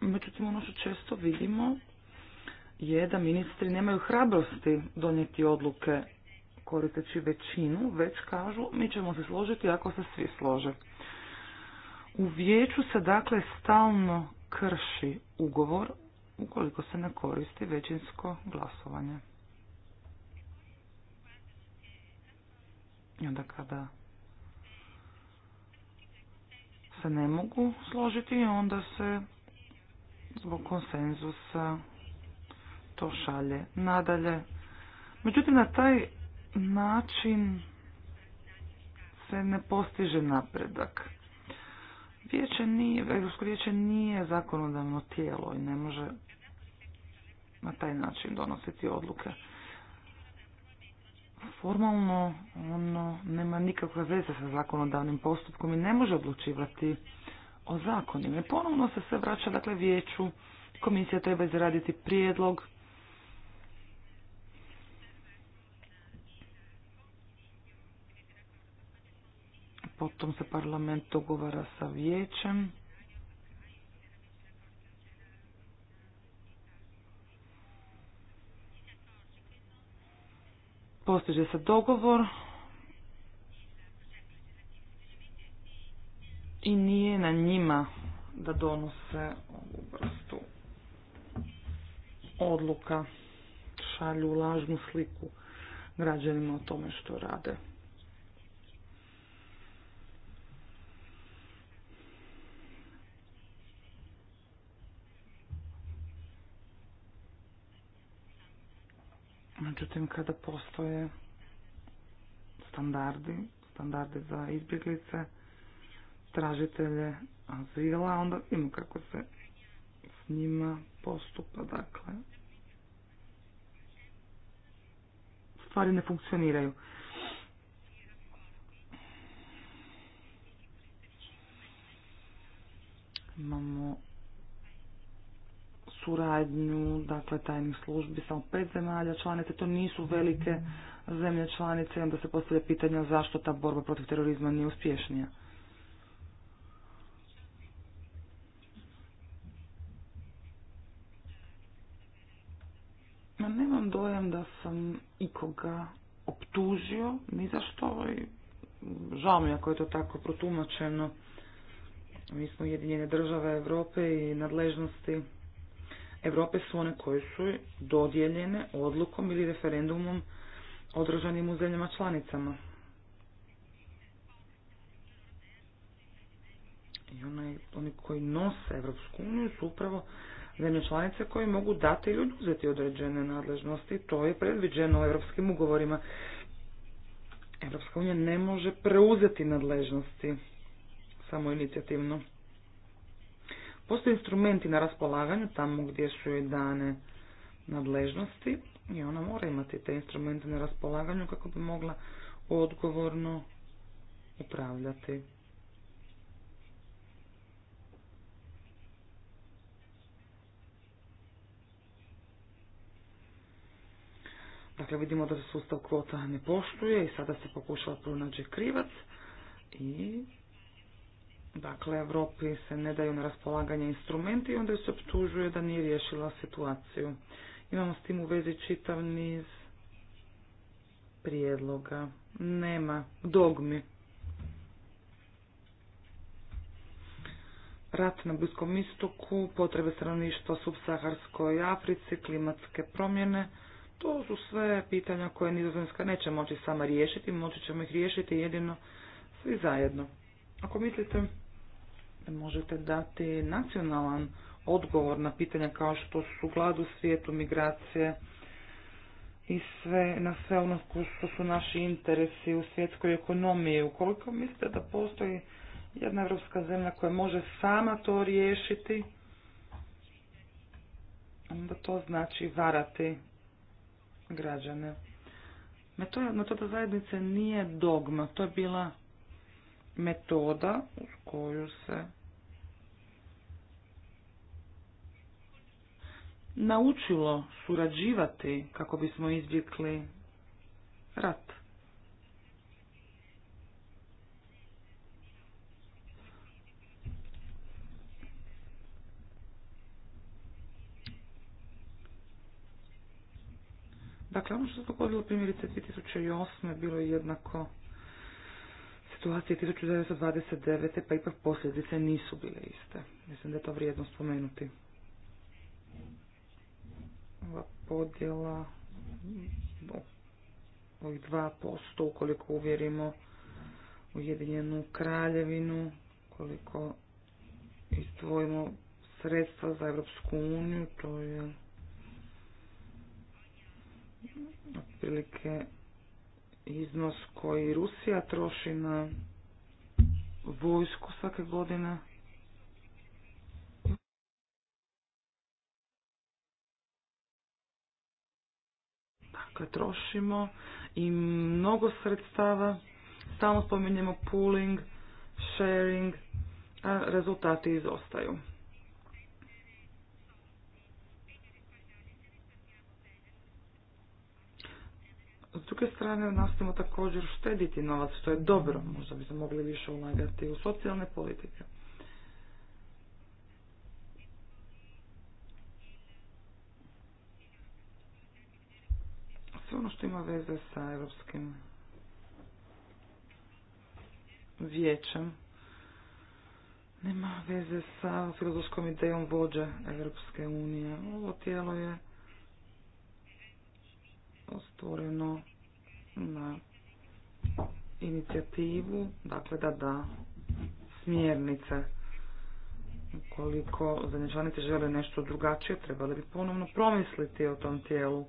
Međutim, ono što često vidimo je da ministri nemaju hrabrosti donijeti odluke koristeći većinu, već kažu mi ćemo se složiti ako se svi slože. U vijeću se dakle stalno krši ugovor ukoliko se ne koristi većinsko glasovanje. I onda kada se ne mogu složiti, onda se zbog konsenzusa to šalje nadalje. Međutim, na taj način se ne postiže napredak. Vijeće nije, Europsko vijeće nije zakonodavno tijelo i ne može na taj način donositi odluke. Formalno ono nema nikakve veze sa zakonodavnim postupkom i ne može odlučivati o zakonima. ponovno se sve vraća, dakle, vijeću. Komisija treba izraditi prijedlog potom se parlament dogovara sa vijećem. Postiže se dogovor i nije na njima da donose ovu vrstu odluka, šalju lažnu sliku građanima o tome što rade. Međutim, kada postoje standardi, standardi za izbjeglice, tražitelje azila, onda vidimo kako se s njima postupa. Dakle, stvari ne funkcioniraju. Imamo suradnju, dakle tajnih službi, samo pet zemalja članice, to nisu velike zemlje članice, onda se postavlja pitanja zašto ta borba protiv terorizma nije uspješnija. ma nemam dojam da sam ikoga optužio, ni zašto. i žao mi ako je to tako protumačeno. Mi smo jedinjene države Europe i nadležnosti Europe su one koje su dodijeljene odlukom ili referendumom održanim u zemljama članicama. I onaj, oni koji nose Evropsku uniju su upravo zemlje članice koje mogu dati ili oduzeti određene nadležnosti. To je predviđeno europskim ugovorima. Evropska unija ne može preuzeti nadležnosti samo inicijativno. Postoje instrumenti na raspolaganju tamo gdje su joj dane nadležnosti i ona mora imati te instrumente na raspolaganju kako bi mogla odgovorno upravljati. Dakle, vidimo da se sustav kvota ne poštuje i sada se pokušava pronaći krivac i Dakle, Europi se ne daju na raspolaganje instrumenti i onda se optužuje da nije riješila situaciju. Imamo s tim u vezi čitav niz prijedloga. Nema dogmi. Rat na Bliskom istoku, potrebe stanovništva u subsaharskoj Africi, klimatske promjene, to su sve pitanja koje Nizozemska neće moći sama riješiti, moći ćemo ih riješiti jedino svi zajedno. Ako mislite možete dati nacionalan odgovor na pitanja kao što su glad u svijetu, migracije i sve, na sve ono što su naši interesi u svjetskoj ekonomiji. Ukoliko mislite da postoji jedna evropska zemlja koja može sama to riješiti, onda to znači varati građane. Metoda, zajednice nije dogma, to je bila metoda u koju se naučilo surađivati kako bismo izbjegli rat. Dakle, ono što se dogodilo primjerice 2008. bilo je jednako situacije 1929. pa ipak posljedice nisu bile iste. Mislim da je to vrijedno spomenuti ova podjela ovih 2% ukoliko uvjerimo Ujedinjenu kraljevinu, koliko izdvojimo sredstva za Europsku uniju, to je otprilike iznos koji Rusija troši na vojsku svake godine. koje dakle, trošimo i mnogo sredstava. Stalno spominjemo pooling, sharing, a rezultati izostaju. S druge strane, nastavimo također štediti novac, što je dobro. Možda bi se mogli više ulagati u socijalne politike. ono što ima veze sa Europskim vijećem nema veze sa filozofskom idejom vođe Europske unije. Ovo tijelo je ostvoreno na inicijativu, dakle da da smjernice. Ukoliko zemlje žele nešto drugačije, trebali bi ponovno promisliti o tom tijelu.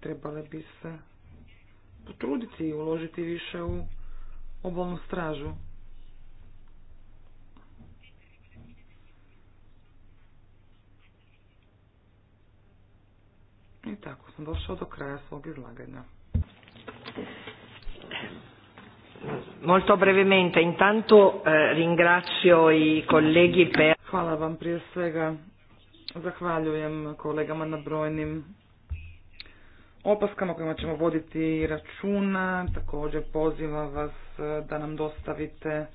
trebale bi se potruditi i uložiti više u obalnu stražu. I tako sam došao do kraja svog izlaganja. Molto brevemente, intanto eh, ringrazio i colleghi per... Hvala vam prije svega. Zahvaljujem kolegama na brojnim opaskama kojima ćemo voditi računa. Također pozivam vas e, da nam dostavite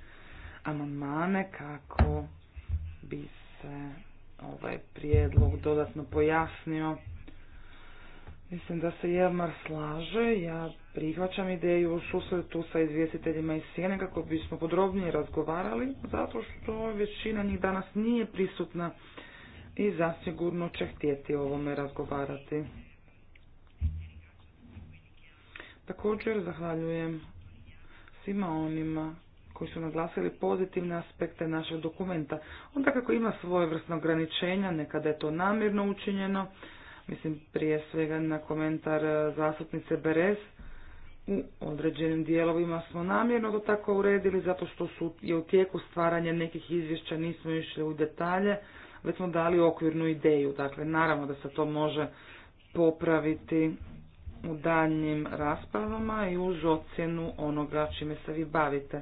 amandmane kako bi se ovaj prijedlog dodatno pojasnio. Mislim da se Jelmar slaže, ja prihvaćam ideju u susretu sa izvjestiteljima iz Sjene kako bismo podrobnije razgovarali, zato što većina njih danas nije prisutna i zasigurno će htjeti o ovome razgovarati. Također zahvaljujem svima onima koji su naglasili pozitivne aspekte našeg dokumenta. Onda kako ima svoje vrstne ograničenja, nekada je to namjerno učinjeno, mislim prije svega na komentar e, zastupnice Berez, u određenim dijelovima smo namjerno to tako uredili zato što su, je u tijeku stvaranje nekih izvješća, nismo išli u detalje, već smo dali okvirnu ideju. Dakle, naravno da se to može popraviti u daljnjim raspravama i uz ocjenu onoga čime se vi bavite.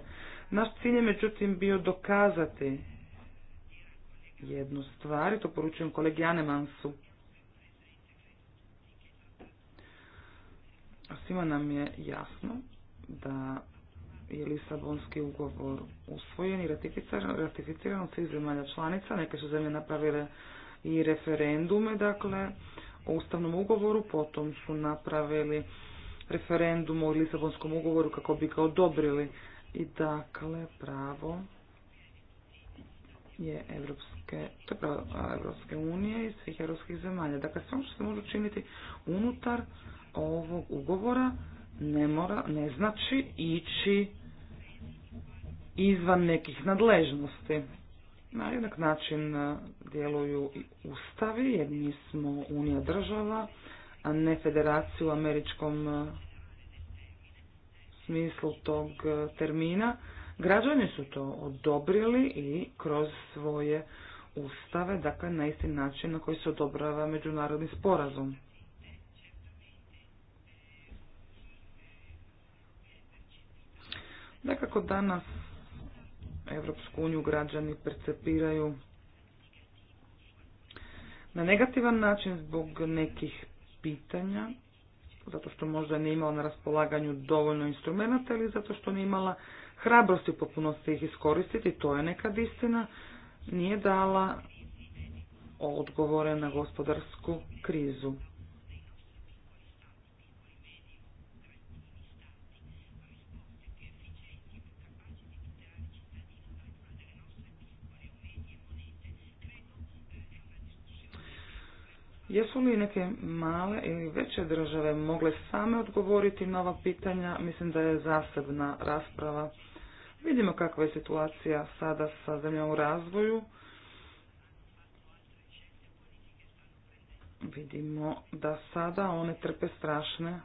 Naš cilj je međutim bio dokazati jednu stvar i to poručujem kolegi Anemansu. Svima nam je jasno da je Lisabonski ugovor usvojen i ratificiran, ratificiran od svih zemalja članica. Neke su zemlje napravile i referendume, dakle, o ustavnom ugovoru, potom su napravili referendum o Lisabonskom ugovoru kako bi ga odobrili. I dakle, pravo je Evropske, to pravo Evropske unije i svih europskih zemalja. Dakle, sve ono što se može učiniti unutar ovog ugovora ne mora, ne znači ići izvan nekih nadležnosti. Na jednak način e, djeluju i ustavi, jer mi smo unija država, a ne federaciju u američkom e, smislu tog e, termina. Građani su to odobrili i kroz svoje ustave, dakle na isti način na koji se odobrava međunarodni sporazum. Nekako danas Evropsku uniju građani percepiraju na negativan način zbog nekih pitanja, zato što možda nije imala na raspolaganju dovoljno instrumenta ili zato što nije imala hrabrosti u ih iskoristiti, to je nekad istina, nije dala odgovore na gospodarsku krizu. Jesu li neke male ili veće države mogle same odgovoriti na ova pitanja? Mislim da je zasebna rasprava. Vidimo kakva je situacija sada sa zemljom u razvoju. Vidimo da sada one trpe strašne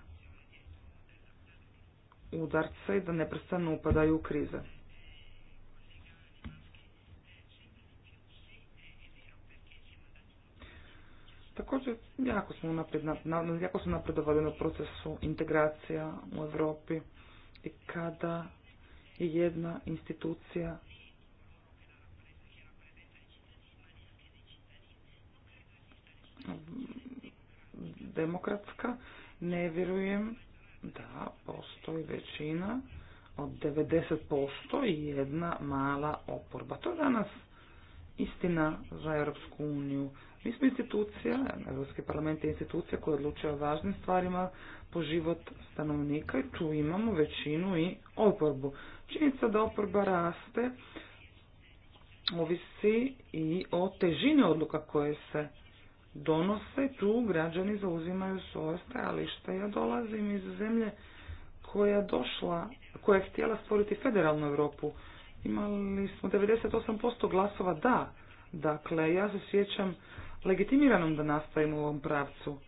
udarce i da neprestano upadaju u krize. jako smo, napred, jako smo napredovali na procesu integracija u Europi i kada je jedna institucija demokratska, ne vjerujem da postoji većina od 90% i jedna mala oporba. To je danas istina za Europsku uniju. Mi smo institucija, Europski parlament je institucija koja odlučuje o važnim stvarima po život stanovnika i tu imamo većinu i oporbu. Činjenica da oporba raste ovisi i o težini odluka koje se donose. Tu građani zauzimaju svoje stajalište. Ja dolazim iz zemlje koja je došla, koja je htjela stvoriti federalnu Europu. Imali smo 98% glasova da. Dakle, ja se sjećam legitimiranom da nastavimo u ovom pravcu.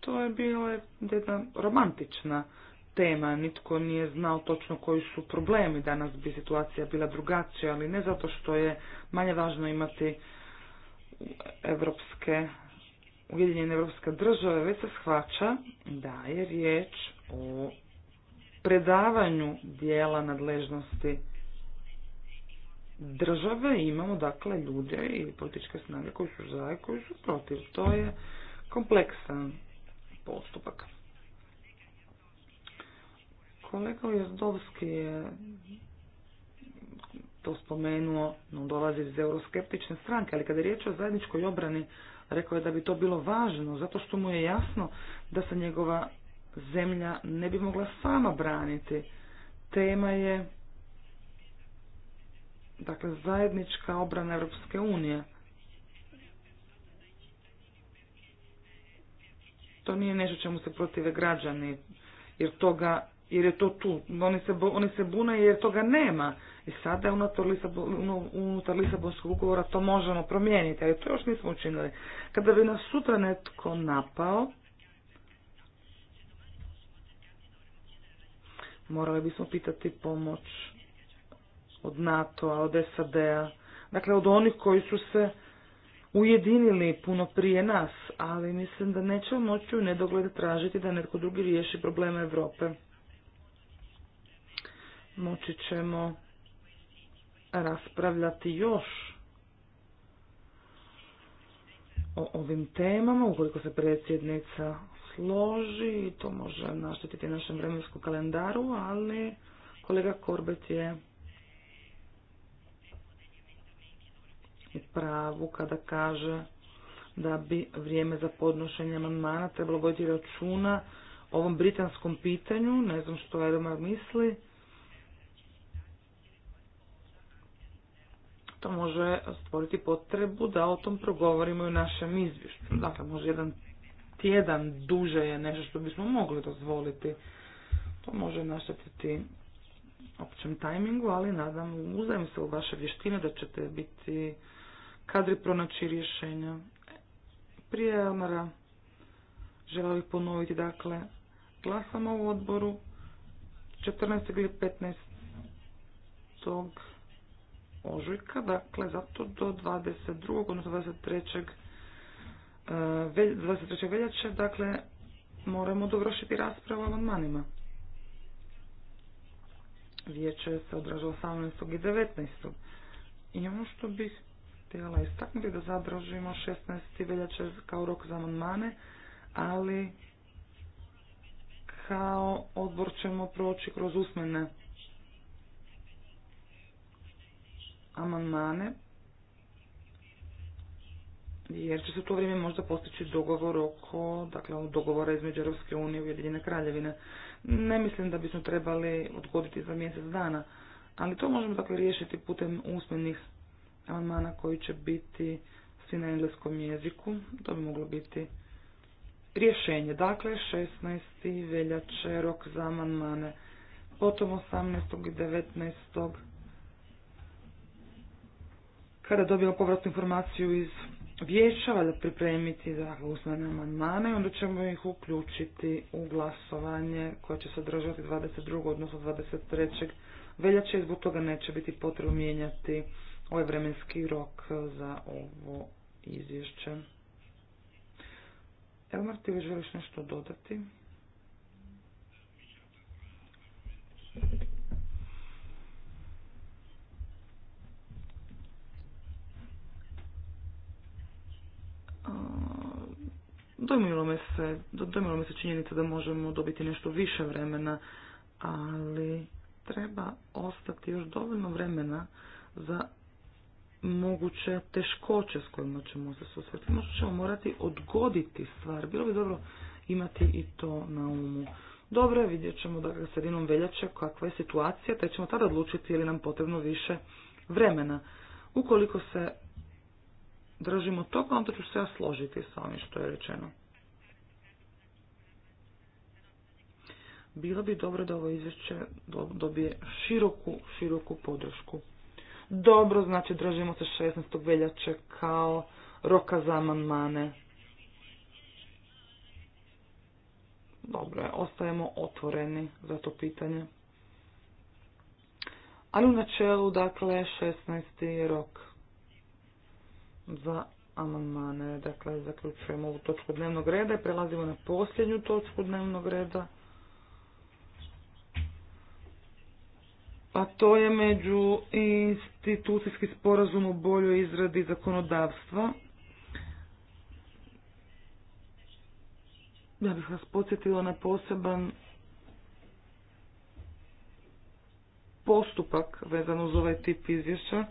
To je bila jedna romantična tema, nitko nije znao točno koji su problemi, danas bi situacija bila drugačija, ali ne zato što je manje važno imati evropske, ujedinjene evropske države, već se shvaća da je riječ o predavanju dijela nadležnosti države imamo dakle ljude i političke snage koji su i koji su protiv. To je kompleksan postupak. Kolega Jazdovski je to spomenuo, no dolazi iz euroskeptične stranke, ali kada je riječ o zajedničkoj obrani, rekao je da bi to bilo važno, zato što mu je jasno da se njegova zemlja ne bi mogla sama braniti. Tema je dakle zajednička obrana Europske unije. To nije nešto čemu se protive građani, jer toga jer je to tu. Oni se, oni se bune jer toga nema. I sada unutar, unutar Lisabonskog ugovora to možemo promijeniti, ali to još nismo učinili. Kada bi nas sutra netko napao, morali bismo pitati pomoć od NATO-a, od SAD-a, dakle od onih koji su se ujedinili puno prije nas, ali mislim da nećemo moći u nedogled tražiti da netko drugi riješi probleme Europe. Moći ćemo raspravljati još o ovim temama, ukoliko se predsjednica složi, to može naštetiti našem vremenskom kalendaru, ali kolega Korbet je je pravu kada kaže da bi vrijeme za podnošenje amandmana trebalo voditi računa o ovom britanskom pitanju, ne znam što doma misli. To može stvoriti potrebu da o tom progovorimo i u našem izvješću. Dakle, može jedan tjedan duže je nešto što bismo mogli dozvoliti. To može naštetiti općem tajmingu, ali nadam, uzajem se u vaše vještine da ćete biti kadri pronaći rješenja. Prije Amara želeo bih ponoviti, dakle, glasamo u odboru 14. ili 15. ožujka, dakle, zato do 22. odnosno 23. 23. E, veljače, dakle, moramo dovršiti raspravu o amandmanima. Vijeće se odražalo 18. i 19. I ono što bih htjela istaknuti da zadržimo 16. veljače kao rok za amandmane, ali kao odbor ćemo proći kroz usmene amandmane, jer će se u to vrijeme možda postići dogovor oko, dakle, dogovora između Europske unije i Ujedinjene kraljevine. Ne mislim da bismo trebali odgoditi za mjesec dana, ali to možemo dakle riješiti putem usmenih amandmana koji će biti svi na engleskom jeziku. To bi moglo biti rješenje. Dakle, 16. veljače rok za amandmane. Potom 18. i 19. Kada dobijemo povratnu informaciju iz vijeća, valjda pripremiti za usmene amandmane onda ćemo ih uključiti u glasovanje koje će se održati 22. odnosno 23. veljače i zbog toga neće biti potrebno mijenjati ovaj vremenski rok za ovo izvješće. Elmar, ti li želiš nešto dodati? Dojmilo me se, dojmilo me se činjenica da možemo dobiti nešto više vremena, ali treba ostati još dovoljno vremena za moguće teškoće s kojima ćemo se susretiti. Možda ćemo morati odgoditi stvar. Bilo bi dobro imati i to na umu. Dobro, vidjet ćemo da dakle, sredinom veljače kakva je situacija, te ćemo tada odlučiti je li nam potrebno više vremena. Ukoliko se držimo toga, onda ću se ja složiti sa ovim što je rečeno. Bilo bi dobro da ovo izvješće dobije široku, široku podršku. Dobro, znači držimo se 16. veljače kao roka za amandmane. Dobro ostajemo otvoreni za to pitanje. Ali u načelu, dakle, 16. rok za amandmane. Dakle, zaključujemo ovu točku dnevnog reda i prelazimo na posljednju točku dnevnog reda. a to je među institucijski sporazum o boljoj izradi zakonodavstva. Ja bih vas podsjetila na poseban postupak vezan uz ovaj tip izvješća.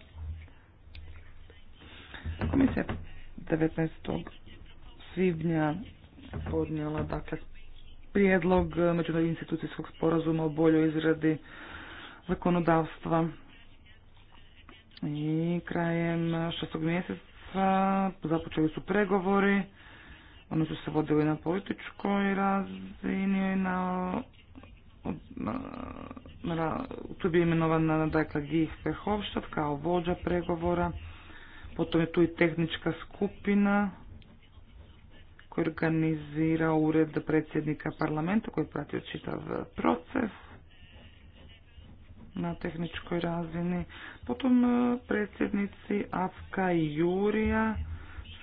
Komisija 19. svibnja podnijela dakle, prijedlog međunog institucijskog sporazuma o boljoj izradi zakonodavstva. I krajem šestog mjeseca započeli su pregovori, oni su se vodili na političkoj razini, na, na, na tu bi imenovana dakle Gih kao vođa pregovora, potom je tu i tehnička skupina koja organizira ured predsjednika parlamenta koji je pratio čitav proces na tehničkoj razini. Potom e, predsjednici Afka i Jurija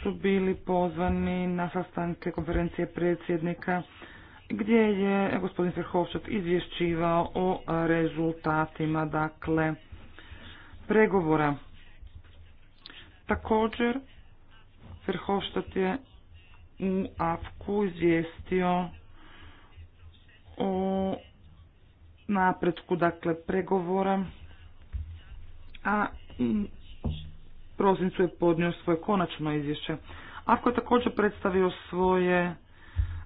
su bili pozvani na sastanke konferencije predsjednika gdje je gospodin Srhovšat izvješćivao o rezultatima dakle pregovora. Također Verhofstadt je u Afku izvijestio o napretku dakle pregovora, a prosincu je podnio svoje konačno izvješće. Ako je također predstavio svoje,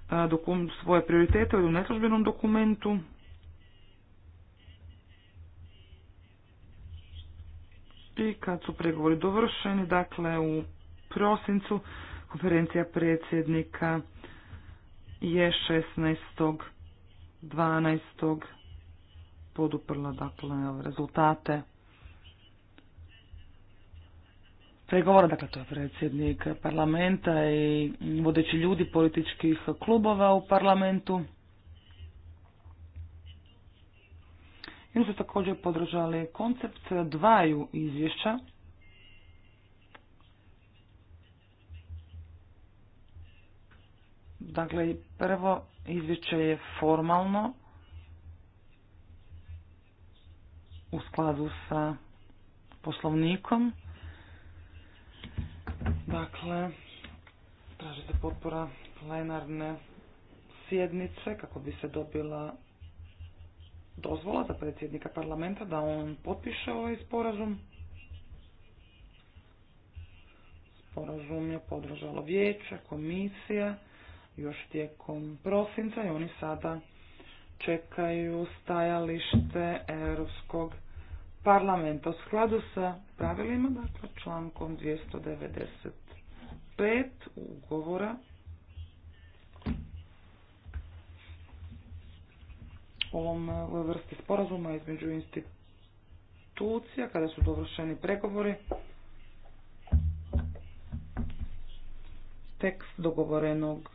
e, svoje prioritete u neslužbenom dokumentu, i kad su pregovori dovršeni, dakle u prosincu, konferencija predsjednika je 16. 12 poduprla dakle, rezultate pregovora, dakle to je predsjednik parlamenta i vodeći ljudi političkih klubova u parlamentu. I su također podržali koncept dvaju izvješća. Dakle, prvo izvješće je formalno u skladu sa poslovnikom. Dakle, traži se potpora plenarne sjednice kako bi se dobila dozvola za predsjednika parlamenta da on potpiše ovaj sporazum. Sporazum je podržalo vijeće, komisija, još tijekom prosinca i oni sada čekaju stajalište Europskog parlamenta u skladu sa pravilima, dakle člankom 295 ugovora ovom vrsti sporazuma između institucija kada su dovršeni pregovori. Tekst dogovorenog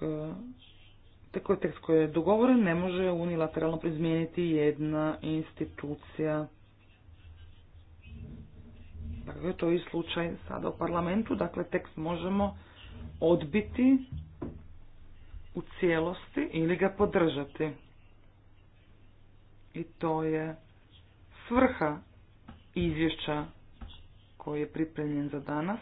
tako tekst koji je dogovoren ne može unilateralno prizmijeniti jedna institucija. Dakle, to je i slučaj sada u parlamentu. Dakle, tekst možemo odbiti u cijelosti ili ga podržati. I to je svrha izvješća koji je pripremljen za danas.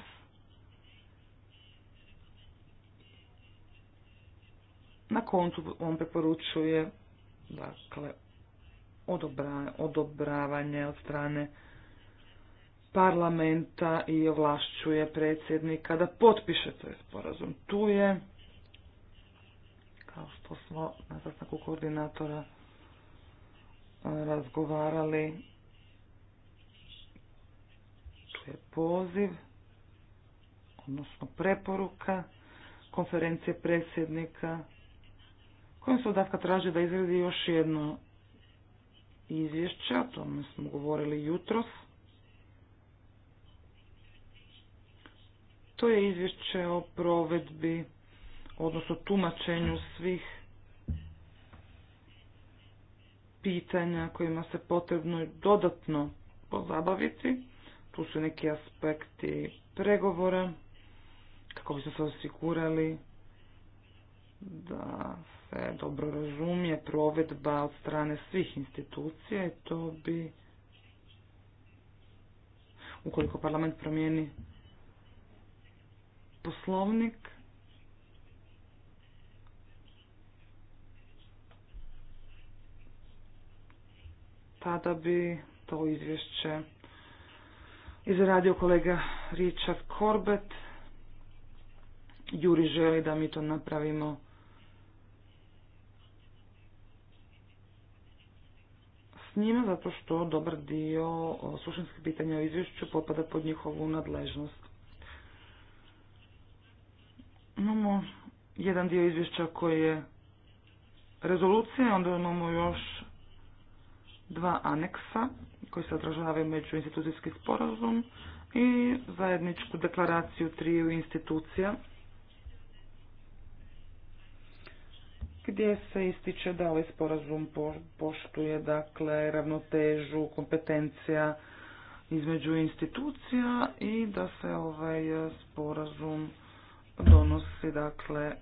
Na koncu on preporučuje dakle, odobra, odobravanje od strane parlamenta i ovlašćuje predsjednika da potpiše taj sporazum. Tu je, kao što smo na sastanku koordinatora e, razgovarali, tu je poziv, odnosno preporuka konferencije predsjednika kojim se odatka traži da izradi još jedno izvješće, o tome smo govorili jutros. To je izvješće o provedbi, odnosno tumačenju svih pitanja kojima se potrebno dodatno pozabaviti. Tu su neki aspekti pregovora, kako bi se osigurali da dobro razumije provedba od strane svih institucija i to bi ukoliko parlament promijeni poslovnik tada bi to izvješće izradio kolega Richard Corbett. Juri želi da mi to napravimo njima zato što dobar dio suštinskih pitanja u izvješću popada pod njihovu nadležnost. Imamo jedan dio izvješća koji je rezolucija, onda imamo još dva aneksa koji se među međuinstitucijski sporazum i zajedničku deklaraciju triju institucija gdje se ističe da ovaj sporazum poštuje dakle ravnotežu kompetencija između institucija i da se ovaj sporazum donosi dakle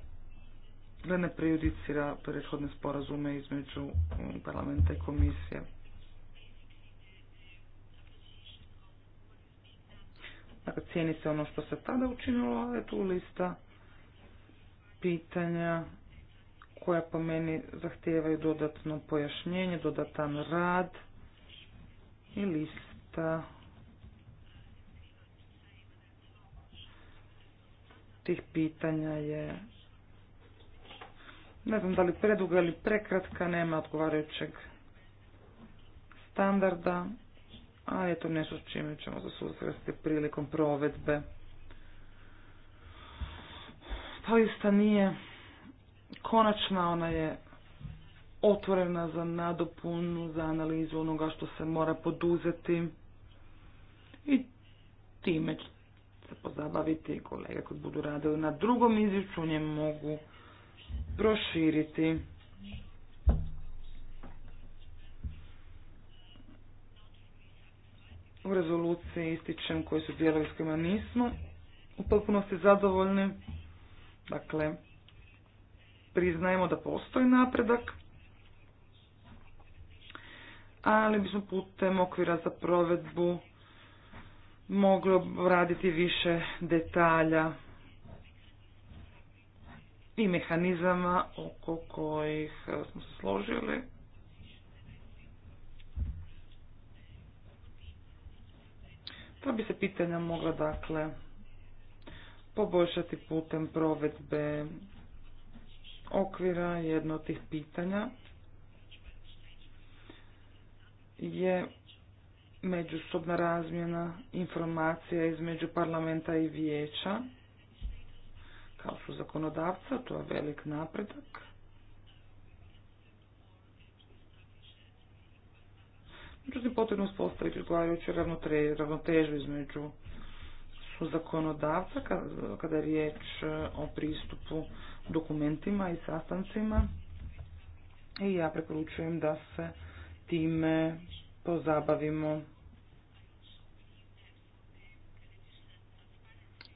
da ne prejudicira prethodne sporazume između um, parlamenta i komisije. Dakle, cijeni se ono što se tada učinilo, je tu lista pitanja koja po meni zahtijevaju dodatno pojašnjenje, dodatan rad i lista tih pitanja je ne znam da li preduga ili prekratka, nema odgovarajućeg standarda, a je to nešto s čime ćemo se susresti prilikom provedbe. Ta lista nije konačna, ona je otvorena za nadopunu, za analizu onoga što se mora poduzeti i time će se pozabaviti Kolega koji budu radili na drugom izvješću, nje mogu proširiti. U rezoluciji ističem koji su dijelovi s kojima nismo u potpunosti zadovoljni. Dakle, priznajemo da postoji napredak, ali bismo putem okvira za provedbu mogli obraditi više detalja i mehanizama oko kojih smo se složili. Ta bi se pitanja mogla dakle poboljšati putem provedbe okvira jedno od tih pitanja je međusobna razmjena informacija između parlamenta i vijeća kao su zakonodavca, to je velik napredak. Međutim, potrebno uspostaviti odgovarajuću ravnotežu između su zakonodavca kada je riječ e, o pristupu dokumentima i sastancima i ja preporučujem da se time pozabavimo.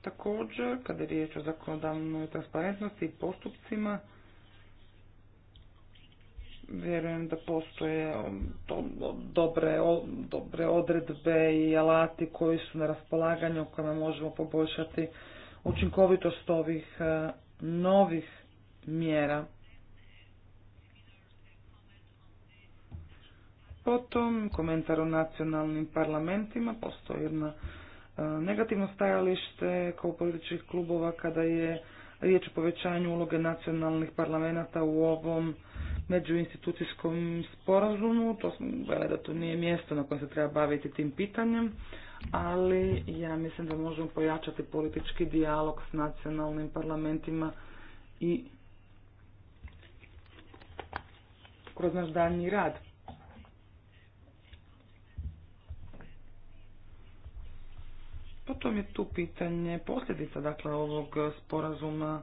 Također, kada je riječ o zakonodavnoj transparentnosti i postupcima, vjerujem da postoje dobre, dobre odredbe i alati koji su na raspolaganju kojima možemo poboljšati učinkovitost ovih novih mjera. Potom komentar o nacionalnim parlamentima, postoji jedna e, negativno stajalište kao političkih klubova kada je riječ o povećanju uloge nacionalnih parlamenta u ovom međuinstitucijskom sporazumu. To smo da to nije mjesto na kojem se treba baviti tim pitanjem ali ja mislim da možemo pojačati politički dijalog s nacionalnim parlamentima i kroz naš daljnji rad. Potom je tu pitanje posljedica dakle ovog sporazuma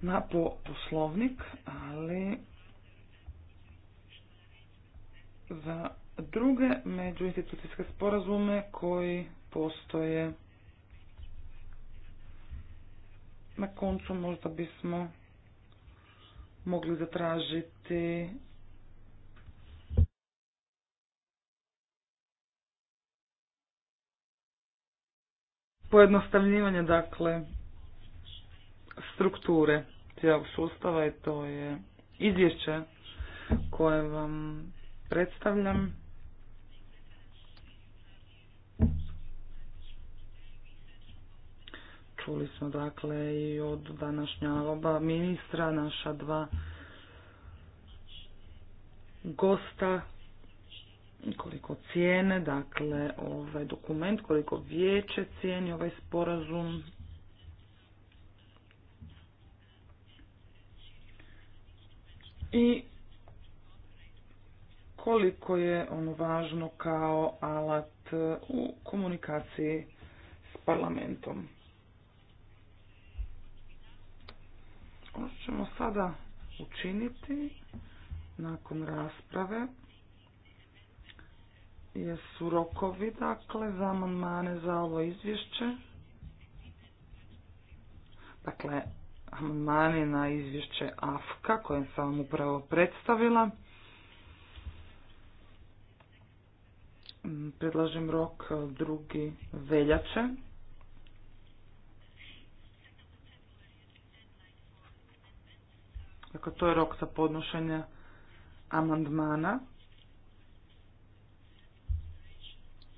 na poslovnik, ali za druge međuinstitucijske sporazume koji postoje. Na koncu možda bismo mogli zatražiti pojednostavljivanje dakle strukture cijelog sustava i to je izvješće koje vam predstavljam. Čuli smo dakle i od današnja oba ministra, naša dva gosta, koliko cijene, dakle ovaj dokument, koliko vijeće cijeni ovaj sporazum. I koliko je ono važno kao alat u komunikaciji s parlamentom. Ono što ćemo sada učiniti nakon rasprave jesu rokovi, dakle, za amandmane za ovo izvješće. Dakle, amandmane na izvješće AFKA kojem sam vam upravo predstavila. Mm, predlažem rok eh, drugi veljače. Dakle, to je rok za podnošenje amandmana.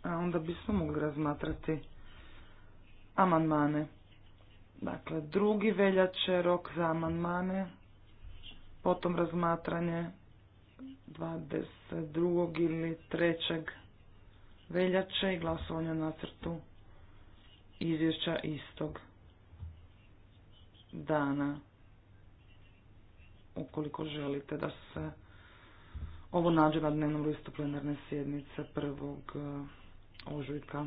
A onda bismo mogli razmatrati amandmane. Dakle, drugi veljače rok za amandmane, potom razmatranje 22. ili 3. veljače i glasovanje na crtu izvješća istog dana ukoliko želite da se ovo nađe na dnevnom listu plenarne sjednice 1. E, ožujka.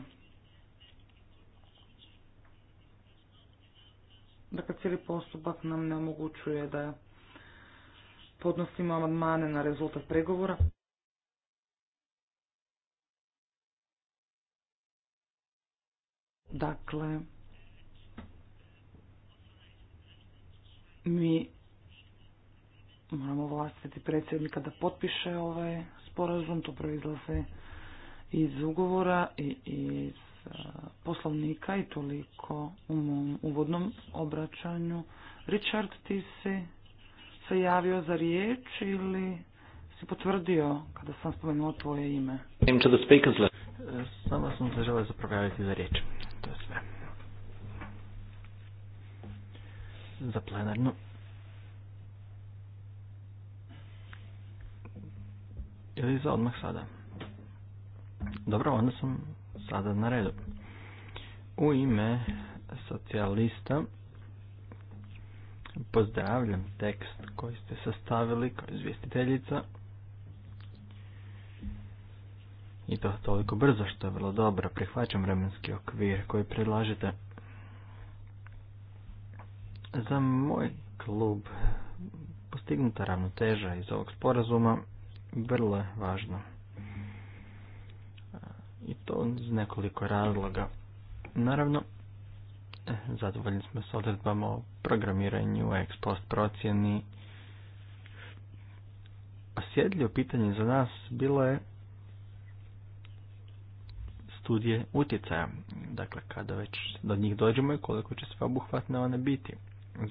Dakle, cijeli postupak nam ne omogućuje da podnosimo amandmane na rezultat pregovora. Dakle, mi moramo vlastiti predsjednika da potpiše ovaj sporazum, to proizlaze iz ugovora i iz e, poslovnika i toliko u mom uvodnom obraćanju. Richard, ti si se javio za riječ ili si potvrdio kada sam spomenuo tvoje ime? E, samo sam se želeo zapravljaviti za riječ. To je sve. Za plenarnu. Ili za odmah sada? Dobro, onda sam sada na redu. U ime socijalista pozdravljam tekst koji ste sastavili kao izvjestiteljica i to toliko brzo što je vrlo dobro. Prihvaćam vremenski okvir koji predlažete. Za moj klub postignuta ravnoteža iz ovog sporazuma vrlo je važno. I to iz nekoliko razloga. Naravno, zadovoljni smo s odredbama o programiranju, ex post procjeni. sjedljivo pitanje za nas bilo je studije utjecaja. Dakle, kada već do njih dođemo i koliko će sve obuhvatne one biti.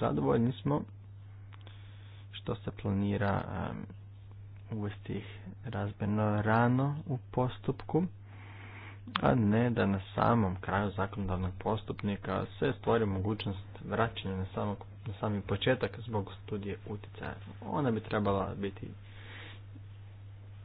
Zadovoljni smo što se planira uvesti ih razbeno rano u postupku, a ne da na samom kraju zakonodavnog postupnika se stvori mogućnost vraćanja na, na sami početak zbog studije utjecaja. Ona bi trebala biti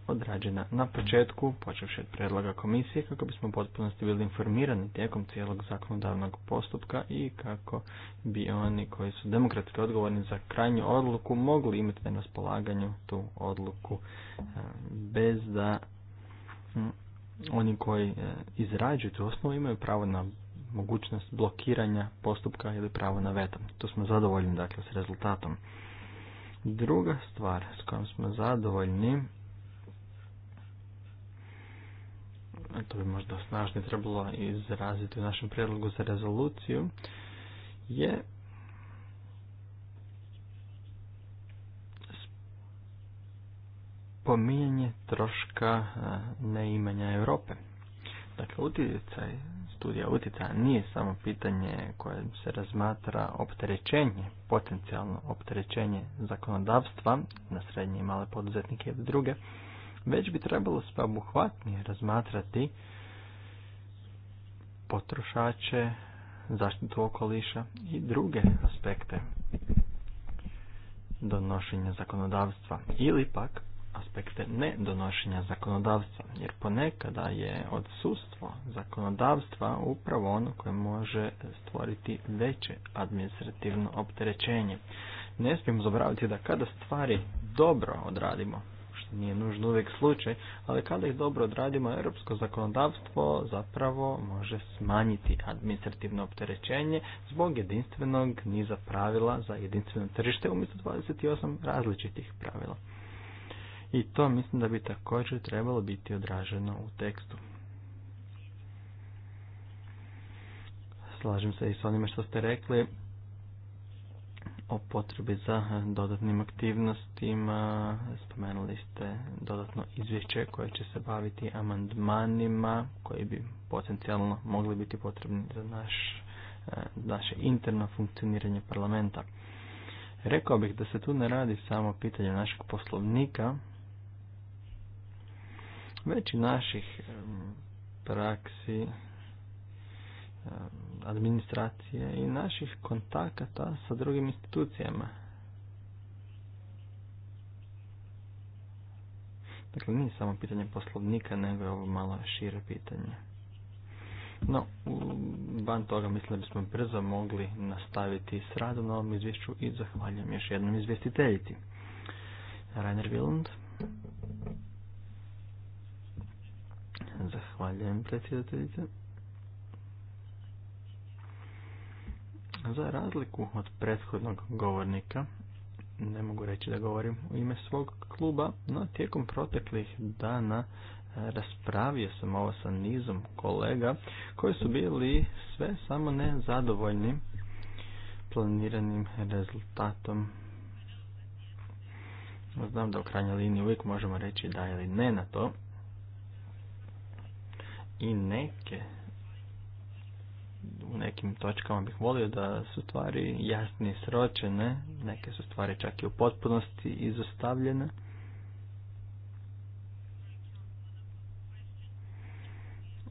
odrađena na početku, počevši od predloga komisije, kako bismo u potpunosti bili informirani tijekom cijelog zakonodavnog postupka i kako bi oni koji su demokratski odgovorni za krajnju odluku mogli imati na raspolaganju tu odluku e, bez da oni koji e, izrađuju tu osnovu imaju pravo na mogućnost blokiranja postupka ili pravo na veto. To smo zadovoljni dakle s rezultatom. Druga stvar s kojom smo zadovoljni to bi možda snažno trebalo izraziti u našem prijedlogu za rezoluciju, je spominjanje troška e, neimanja Europe. Dakle, utjecaj, studija utjecaja nije samo pitanje koje se razmatra opterećenje, potencijalno opterećenje zakonodavstva na srednje i male poduzetnike i druge, već bi trebalo sve obuhvatnije razmatrati potrošače, zaštitu okoliša i druge aspekte donošenja zakonodavstva ili pak aspekte ne donošenja zakonodavstva, jer ponekada je odsustvo zakonodavstva upravo ono koje može stvoriti veće administrativno opterećenje. Ne smijemo zaboraviti da kada stvari dobro odradimo, nije nužno uvijek slučaj, ali kada ih dobro odradimo, europsko zakonodavstvo zapravo može smanjiti administrativno opterećenje zbog jedinstvenog niza pravila za jedinstveno tržište umjesto 28 različitih pravila. I to mislim da bi također trebalo biti odraženo u tekstu. Slažem se i s onime što ste rekli o potrebi za e, dodatnim aktivnostima. Spomenuli ste dodatno izvješće koje će se baviti amandmanima koji bi potencijalno mogli biti potrebni za naš, e, naše interno funkcioniranje parlamenta. Rekao bih da se tu ne radi samo pitanje našeg poslovnika, već i naših praksi, administracije i naših kontakata sa drugim institucijama. Dakle, nije samo pitanje poslovnika, nego je ovo malo šire pitanje. No, van toga mislim da bismo brzo mogli nastaviti s radom na ovom izvješću i zahvaljujem još jednom izvjestiteljici. Rainer Willund. Zahvaljujem predsjedateljice. Za razliku od prethodnog govornika, ne mogu reći da govorim u ime svog kluba, no tijekom proteklih dana e, raspravio sam ovo sa nizom kolega koji su bili sve samo nezadovoljni planiranim rezultatom. Znam da u krajnjoj liniji uvijek možemo reći da ili ne na to. I neke u nekim točkama bih volio da su stvari i sročene, neke su stvari čak i u potpunosti izostavljene.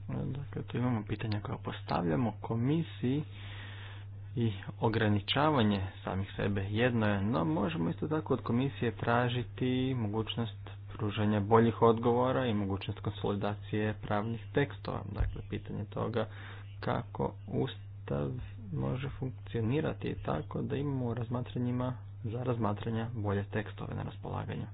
Dakle, tu imamo pitanja koja postavljamo komisiji i ograničavanje samih sebe jedno je, no možemo isto tako od komisije tražiti mogućnost pružanja boljih odgovora i mogućnost konsolidacije pravnih tekstova. Dakle, pitanje toga kako Ustav može funkcionirati tako da imamo u razmatranjima za razmatranja bolje tekstove na raspolaganju.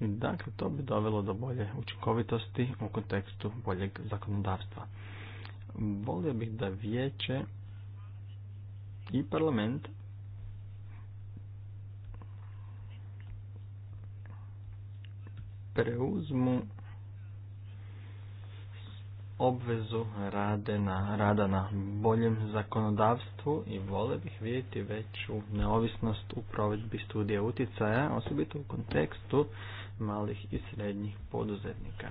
Dakle, to bi dovelo do bolje učinkovitosti u kontekstu boljeg zakonodavstva. Volio bih da vijeće i parlament preuzmu obvezu rade na, rada na boljem zakonodavstvu i vole bih vidjeti veću neovisnost u provedbi studija utjecaja, osobito u kontekstu malih i srednjih poduzetnika.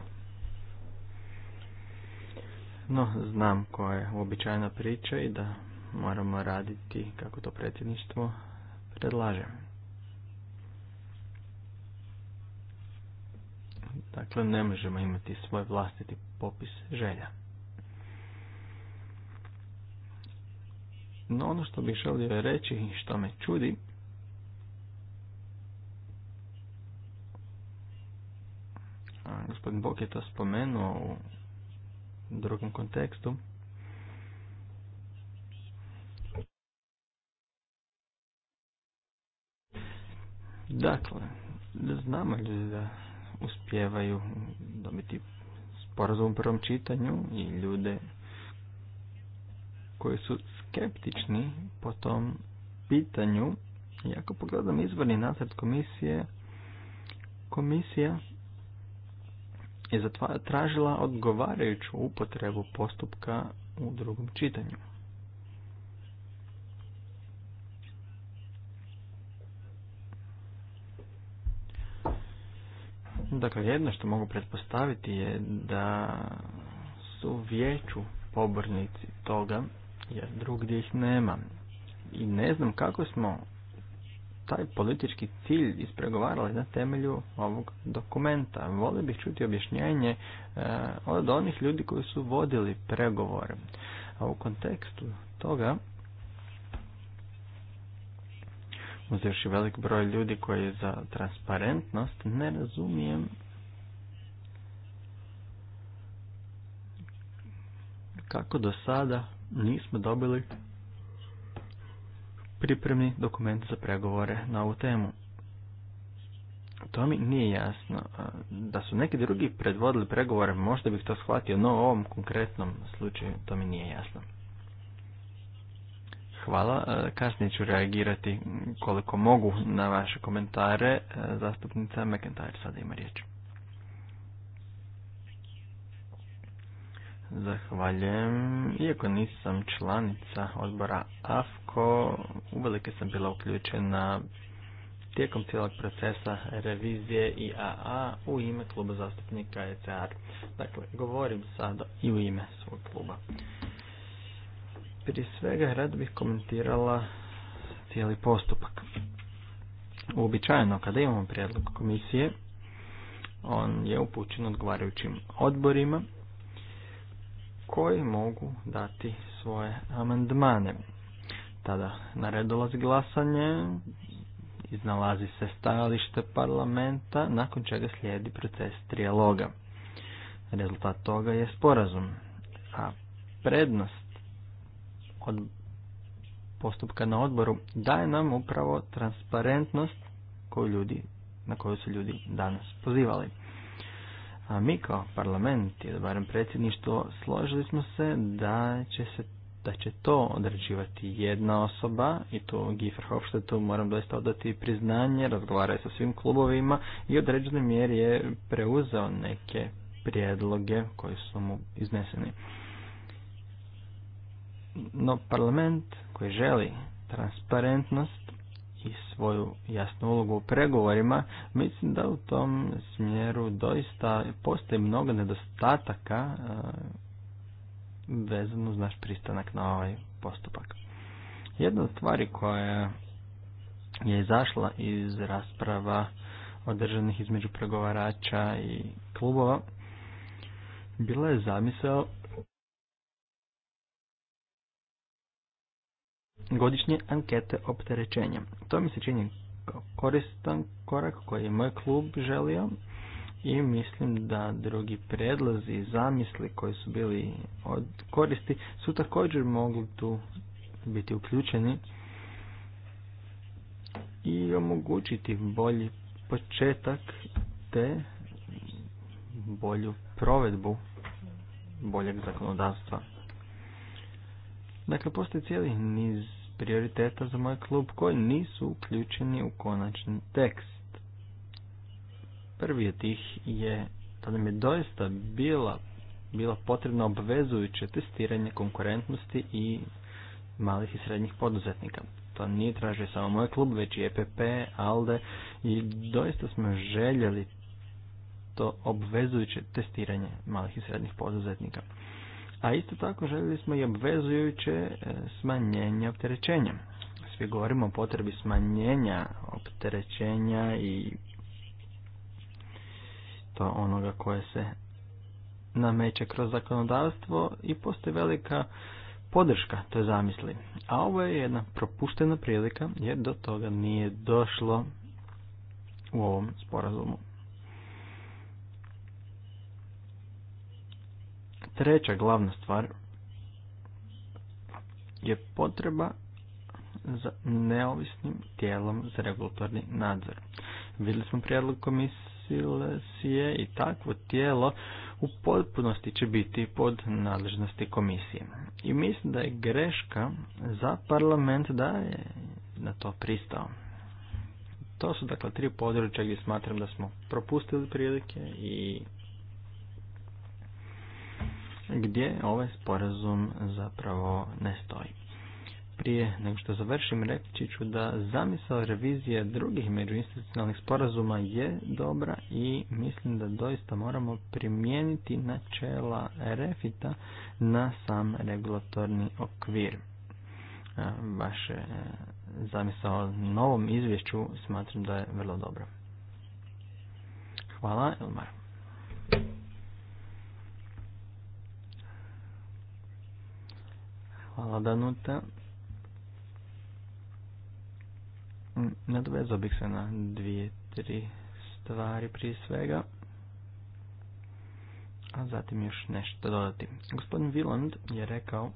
No, znam koja je uobičajena priča i da moramo raditi kako to predsjedništvo predlaže. Dakle, ne možemo imati svoj vlastiti popis želja. No ono što bih želio reći i što me čudi gospodin Bok je to spomenuo u drugom kontekstu. Dakle, znamo ljudi da uspijevaju dobiti sporazum u prvom čitanju i ljude koji su skeptični po tom pitanju. I ako pogledam izvorni nacrt komisije, komisija je tražila odgovarajuću upotrebu postupka u drugom čitanju. Dakle, jedno što mogu pretpostaviti je da su vijeću pobornici toga, jer drugdje ih nema. I ne znam kako smo taj politički cilj ispregovarali na temelju ovog dokumenta. Vole bih čuti objašnjenje e, od onih ljudi koji su vodili pregovore. A u kontekstu toga uz velik broj ljudi koji je za transparentnost, ne razumijem kako do sada nismo dobili pripremni dokument za pregovore na ovu temu. To mi nije jasno. Da su neki drugi predvodili pregovore, možda bih to shvatio, no u ovom konkretnom slučaju to mi nije jasno. Hvala. E, kasnije ću reagirati koliko mogu na vaše komentare. E, zastupnica McIntyre sada ima riječ. Zahvaljujem. Iako nisam članica odbora AFKO, uvelike sam bila uključena tijekom cijelog procesa revizije i a u ime kluba zastupnika ECR. Dakle, govorim sada i u ime svog kluba. Prije svega rad bih komentirala cijeli postupak. Uobičajeno kada imamo prijedlog komisije, on je upućen odgovarajućim odborima koji mogu dati svoje amandmane. Tada na red glasanje, iznalazi se stajalište parlamenta, nakon čega slijedi proces trijaloga. Rezultat toga je sporazum, a prednost od postupka na odboru daje nam upravo transparentnost koju ljudi, na koju su ljudi danas pozivali. A mi kao parlament, ili barem predsjedništvo, složili smo se da će se da će to određivati jedna osoba i to Gifer Hofstetu moram doista odati priznanje, razgovaraju sa svim klubovima i određenoj mjeri je preuzeo neke prijedloge koji su mu izneseni. No parlament koji želi transparentnost i svoju jasnu ulogu u pregovorima, mislim da u tom smjeru doista postoji mnogo nedostataka e, vezano uz naš pristanak na ovaj postupak. Jedna od stvari koja je izašla iz rasprava održanih između pregovarača i klubova bila je zamisao godišnje ankete opterećenja. To mi se čini koristan korak koji je moj klub želio i mislim da drugi predlazi i zamisli koji su bili od koristi su također mogli tu biti uključeni i omogućiti bolji početak te bolju provedbu boljeg zakonodavstva. Dakle, postoji cijeli niz prioriteta za moj klub koji nisu uključeni u konačni tekst. Prvi od tih je da nam je doista bila, bila potrebno obvezujuće testiranje konkurentnosti i malih i srednjih poduzetnika. To nije tražio samo moj klub, već i EPP, ALDE i doista smo željeli to obvezujuće testiranje malih i srednjih poduzetnika a isto tako željeli smo i obvezujuće e, smanjenje opterećenja. Svi govorimo o potrebi smanjenja opterećenja i to onoga koje se nameće kroz zakonodavstvo i postoji velika podrška toj zamisli. A ovo je jedna propuštena prilika jer do toga nije došlo u ovom sporazumu. Treća glavna stvar je potreba za neovisnim tijelom za regulatorni nadzor. Vidjeli smo prijedlog komisije i takvo tijelo u potpunosti će biti pod nadležnosti komisije. I mislim da je greška za parlament da je na to pristao. To su dakle tri područja gdje smatram da smo propustili prilike i gdje ovaj sporazum zapravo ne stoji. Prije nego što završim reći ću da zamisao revizije drugih međuinstitucionalnih sporazuma je dobra i mislim da doista moramo primijeniti načela refita na sam regulatorni okvir. Vaše e, zamisao o novom izvješću smatram da je vrlo dobro. Hvala Elmar. Hvala Danuta. Mm, Nadovezao bih se na dvije, tri stvari prije svega. A zatim još nešto dodati. Gospodin Viland je rekao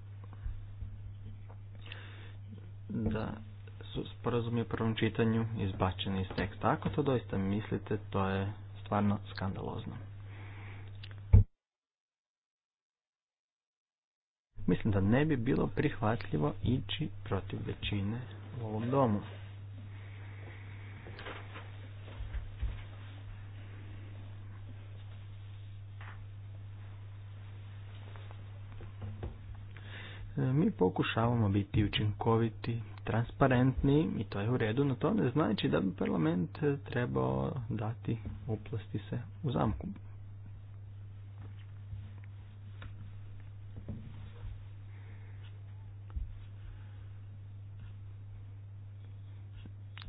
da su sporazumi u prvom čitanju izbačeni iz teksta. Ako to doista mislite, to je stvarno skandalozno. Mislim da ne bi bilo prihvatljivo ići protiv većine u ovom domu. E, mi pokušavamo biti učinkoviti, transparentni i to je u redu, no to ne znači da bi parlament e, trebao dati uplasti se u zamku.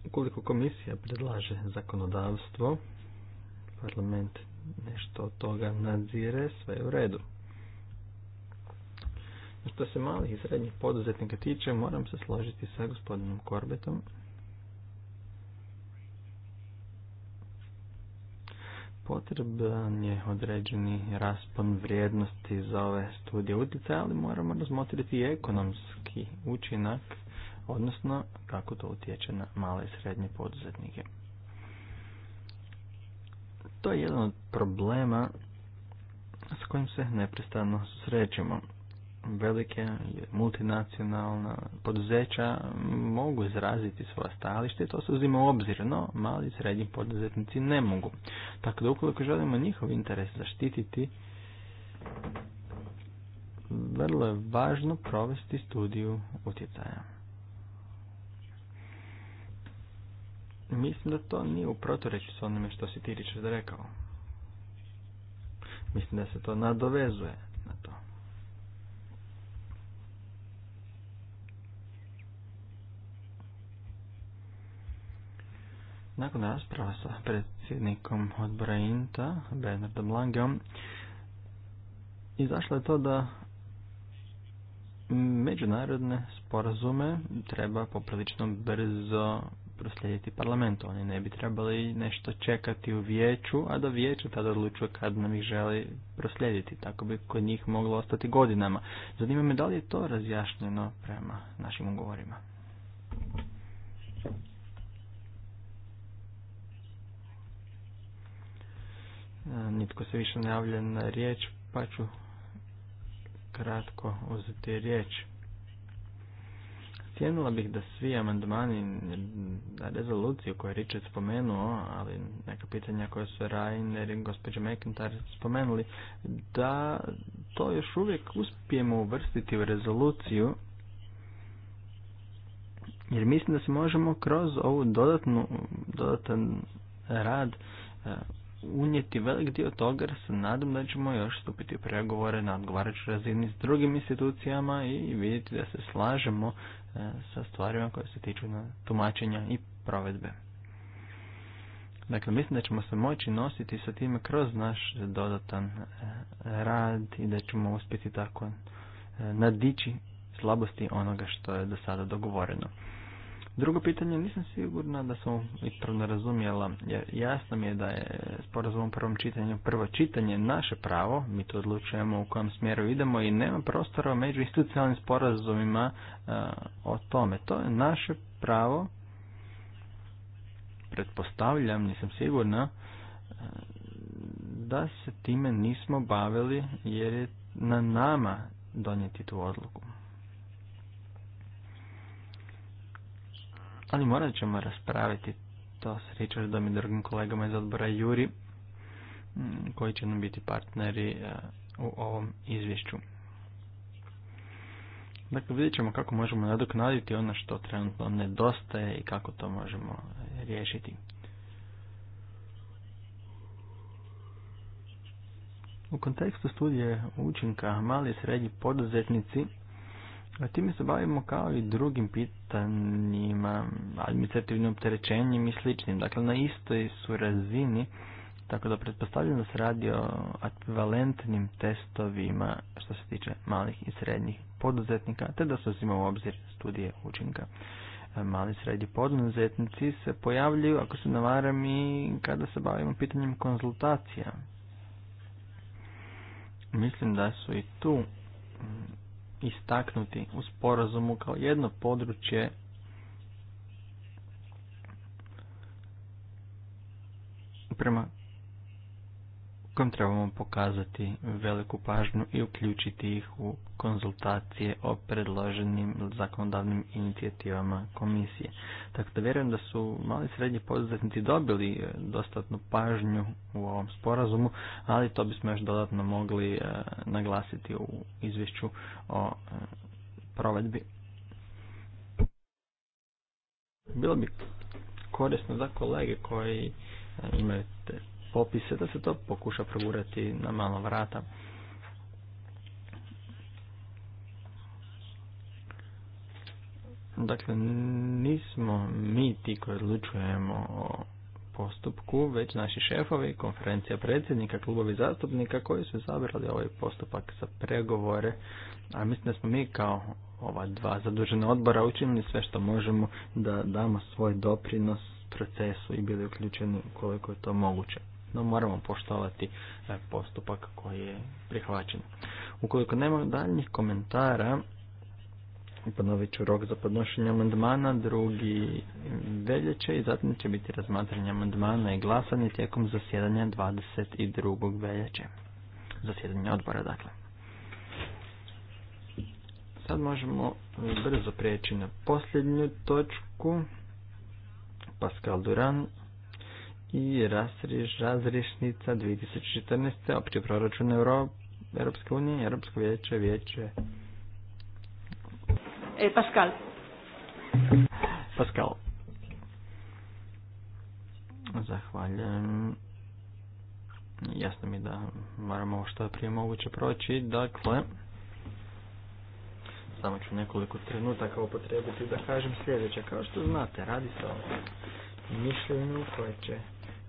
Ukoliko komisija predlaže zakonodavstvo, parlament nešto od toga nadzire, sve je u redu. Što se malih i srednjih poduzetnika tiče, moram se složiti sa gospodinom Korbetom. Potreban je određeni raspon vrijednosti za ove studije utjecaja, ali moramo razmotriti i ekonomski učinak odnosno kako to utječe na male i srednje poduzetnike. To je jedan od problema s kojim se neprestano susrećemo. Velike multinacionalna poduzeća mogu izraziti svoje stajalište i to se uzima u obzir, no mali i srednji poduzetnici ne mogu. Tako da ukoliko želimo njihov interes zaštititi, vrlo je važno provesti studiju utjecaja. Mislim da to nije u protoreći s onime što si Tirić rekao. Mislim da se to nadovezuje na to. Nakon rasprava sa predsjednikom odbora INTA, Bernardom Langeom, izašlo je to da međunarodne sporazume treba poprilično brzo proslijediti parlamentu. Oni ne bi trebali nešto čekati u vijeću, a da vijeće tada odlučuje kad nam ih želi proslijediti. Tako bi kod njih moglo ostati godinama. Zanima me da li je to razjašnjeno prema našim ugovorima. E, nitko se više ne javlja na riječ, pa ću kratko uzeti riječ. Cijenila bih da svi amandmani na rezoluciju koju je Richard spomenuo, ali neka pitanja koje su Rainer i gospođa McIntyre spomenuli, da to još uvijek uspijemo uvrstiti u rezoluciju, jer mislim da se možemo kroz ovu dodatnu, dodatan rad e, unijeti velik dio toga jer se nadam da ćemo još stupiti u pregovore na odgovarajućoj razini s drugim institucijama i vidjeti da se slažemo E, sa stvarima koje se tiču na tumačenja i provedbe. Dakle, mislim da ćemo se moći nositi sa time kroz naš dodatan e, rad i da ćemo uspjeti tako e, nadići slabosti onoga što je do sada dogovoreno. Drugo pitanje, nisam sigurna da sam ispravno razumjela, jer jasno mi je da je sporazum u prvom čitanju prvo čitanje naše pravo, mi to odlučujemo u kojem smjeru idemo i nema prostora među institucionalnim sporazumima e, o tome. To je naše pravo, pretpostavljam, nisam sigurna, e, da se time nismo bavili jer je na nama donijeti tu odluku. ali morat ćemo raspraviti to s Richardom i drugim kolegama iz odbora Juri mm, koji će nam biti partneri e, u ovom izvješću. Dakle, vidjet ćemo kako možemo nadoknaditi ono što trenutno nedostaje i kako to možemo riješiti. U kontekstu studije učinka mali i srednji poduzetnici a time se bavimo kao i drugim pitanjima, administrativnim opterećenjem i sličnim. Dakle, na istoj su razini, tako da pretpostavljam da se radi o ekvivalentnim testovima što se tiče malih i srednjih poduzetnika, te da se uzima u obzir studije učinka. E, mali i srednji poduzetnici se pojavljuju, ako se navaram, i kada se bavimo pitanjem konzultacija. Mislim da su i tu mm, istaknuti u sporazumu kao jedno područje prema kojim trebamo pokazati veliku pažnju i uključiti ih u konzultacije o predloženim zakonodavnim inicijativama komisije. Tako da vjerujem da su mali i srednji poduzetnici dobili e, dostatnu pažnju u ovom sporazumu, ali to bismo još dodatno mogli e, naglasiti u izvješću o e, provedbi. Bilo bi korisno za kolege koji imaju te popise, da se to pokuša progurati na malo vrata. Dakle, nismo mi ti koji odlučujemo o postupku, već naši šefovi, konferencija predsjednika, klubovi zastupnika koji su izabrali ovaj postupak za pregovore, a mislim da smo mi kao ova dva zadužena odbora učinili sve što možemo da damo svoj doprinos procesu i bili uključeni koliko je to moguće no moramo poštovati e, postupak koji je prihvaćen. Ukoliko nema daljnjih komentara, ponovit ću rok za podnošenje amandmana, drugi veljače i zatim će biti razmatranje amandmana i glasanje tijekom zasjedanja 22. veljače. Zasjedanje odbora, dakle. Sad možemo brzo prijeći na posljednju točku. Pascal Duran, i razrišnica 2014. opći proračun Euro, Europske unije, Europsko vijeće, vijeće. E, Pascal. Pascal. Zahvaljujem. Jasno mi da moramo što prije moguće proći. Dakle, samo ću nekoliko trenutaka upotrebiti da kažem sljedeće. Kao što znate, radi se o mišljenju koje će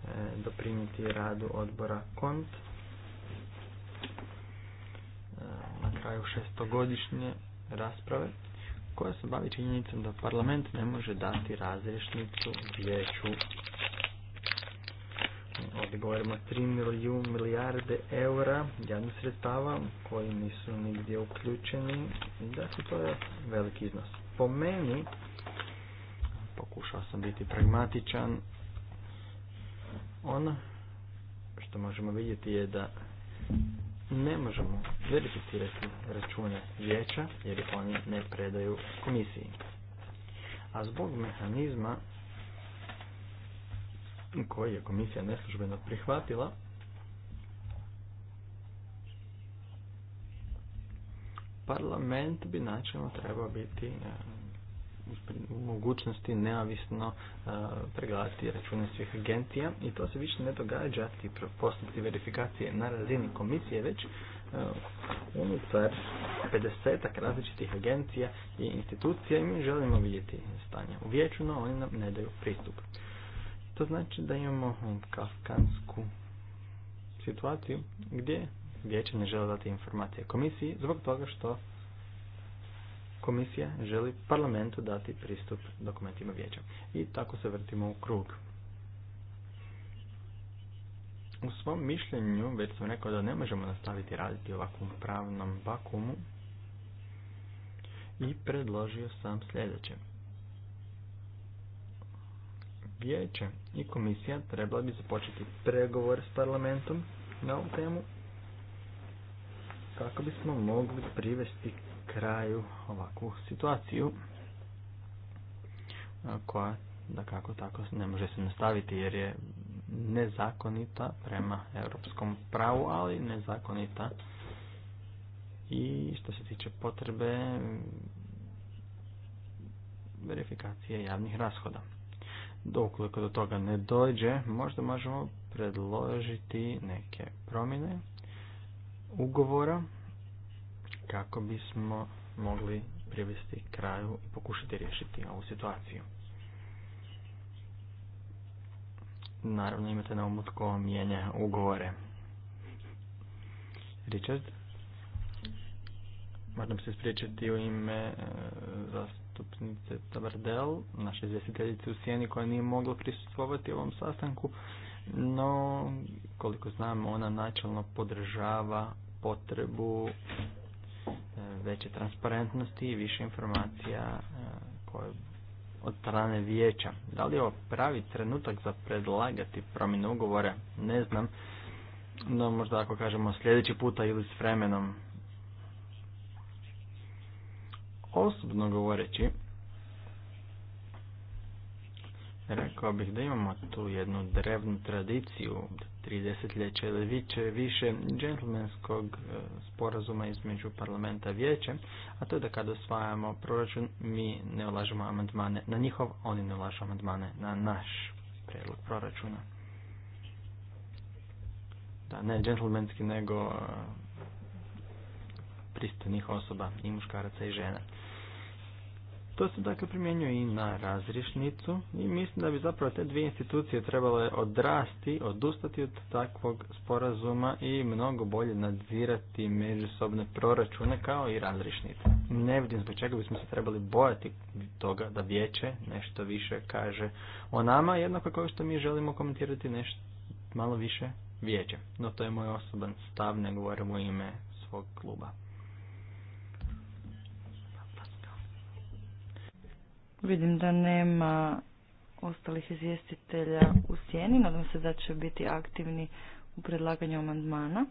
E, doprinijeti radu odbora KONT. E, na kraju šestogodišnje rasprave koja se bavi činjenicom da parlament ne može dati razrešnicu vijeću. Ovdje govorimo 3 milijarde eura javnih sredstava koji nisu nigdje uključeni i dakle to je veliki iznos. Po meni, pokušao sam biti pragmatičan, ono što možemo vidjeti je da ne možemo verificirati račune vijeća jer ih oni ne predaju komisiji. A zbog mehanizma koji je komisija neslužbeno prihvatila, parlament bi načelno trebao biti mogućnosti neovisno e, pregledati račune svih agencija i to se više ne događa ti postupci verifikacije na razini komisije već e, unutar 50 različitih agencija i institucija i mi želimo vidjeti stanje u vijeću, no oni nam ne daju pristup. To znači da imamo kafkansku situaciju gdje vijeće ne žele dati informacije komisiji zbog toga što komisija želi parlamentu dati pristup dokumentima vijeća. I tako se vrtimo u krug. U svom mišljenju već sam rekao da ne možemo nastaviti raditi ovakvom pravnom vakumu i predložio sam sljedeće. Vijeće i komisija trebala bi započeti pregovor s parlamentom na ovu temu kako bismo mogli privesti kraju ovakvu situaciju koja da kako tako ne može se nastaviti jer je nezakonita prema europskom pravu, ali nezakonita i što se tiče potrebe mm, verifikacije javnih rashoda. Dokoliko do toga ne dođe, možda možemo predložiti neke promjene ugovora kako bismo mogli privesti kraju i pokušati riješiti ovu situaciju. Naravno imate na umu tko mijenja ugovore. Richard? Moram se spriječiti u ime e, zastupnice Tabardel, naše izvjestiteljice u Sijeni, koja nije mogla prisustvovati ovom sastanku, no koliko znam ona načelno podržava potrebu veće transparentnosti i više informacija e, koje od strane vijeća. Da li je ovo pravi trenutak za predlagati promjenu ugovora? Ne znam. No možda ako kažemo sljedeći puta ili s vremenom. Osobno govoreći, rekao bih da imamo tu jednu drevnu tradiciju tri desetljeće, ili više džentlmenskog e, sporazuma između parlamenta vijeće, a to je da kada osvajamo proračun mi ne ulažemo amandmane na njihov, oni ne ulažu amandmane na naš prijedlog proračuna. Da, ne džentlmenski, nego e, pristojnih osoba i muškaraca i žena. To se dakle primjenjuje i na razrišnicu i mislim da bi zapravo te dvije institucije trebale odrasti, odustati od takvog sporazuma i mnogo bolje nadzirati međusobne proračune kao i razrišnice. Ne vidim zbog čega bismo se trebali bojati toga da vijeće nešto više kaže o nama, jednako kao što mi želimo komentirati nešto malo više vijeće. No to je moj osoban stav, ne govorim u ime svog kluba. Vidim da nema ostalih izvjestitelja u sjeni. Nadam se da će biti aktivni u predlaganju amandmana.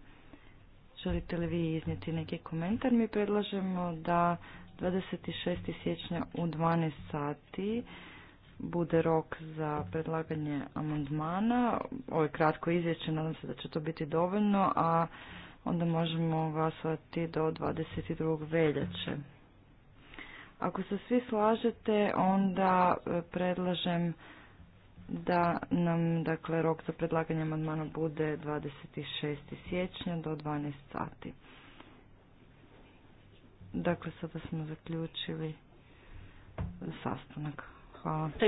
Želite li vi iznijeti neki komentar? Mi predlažemo da 26. siječnja u 12 sati bude rok za predlaganje amandmana. Ovo je kratko izvješće, nadam se da će to biti dovoljno, a onda možemo glasovati do 22. veljače. Ako se svi slažete, onda e, predlažem da nam dakle rok za predlaganje amandmana bude 26. siječnja do 12 sati. Dakle, sada smo zaključili sastanak. Hvala.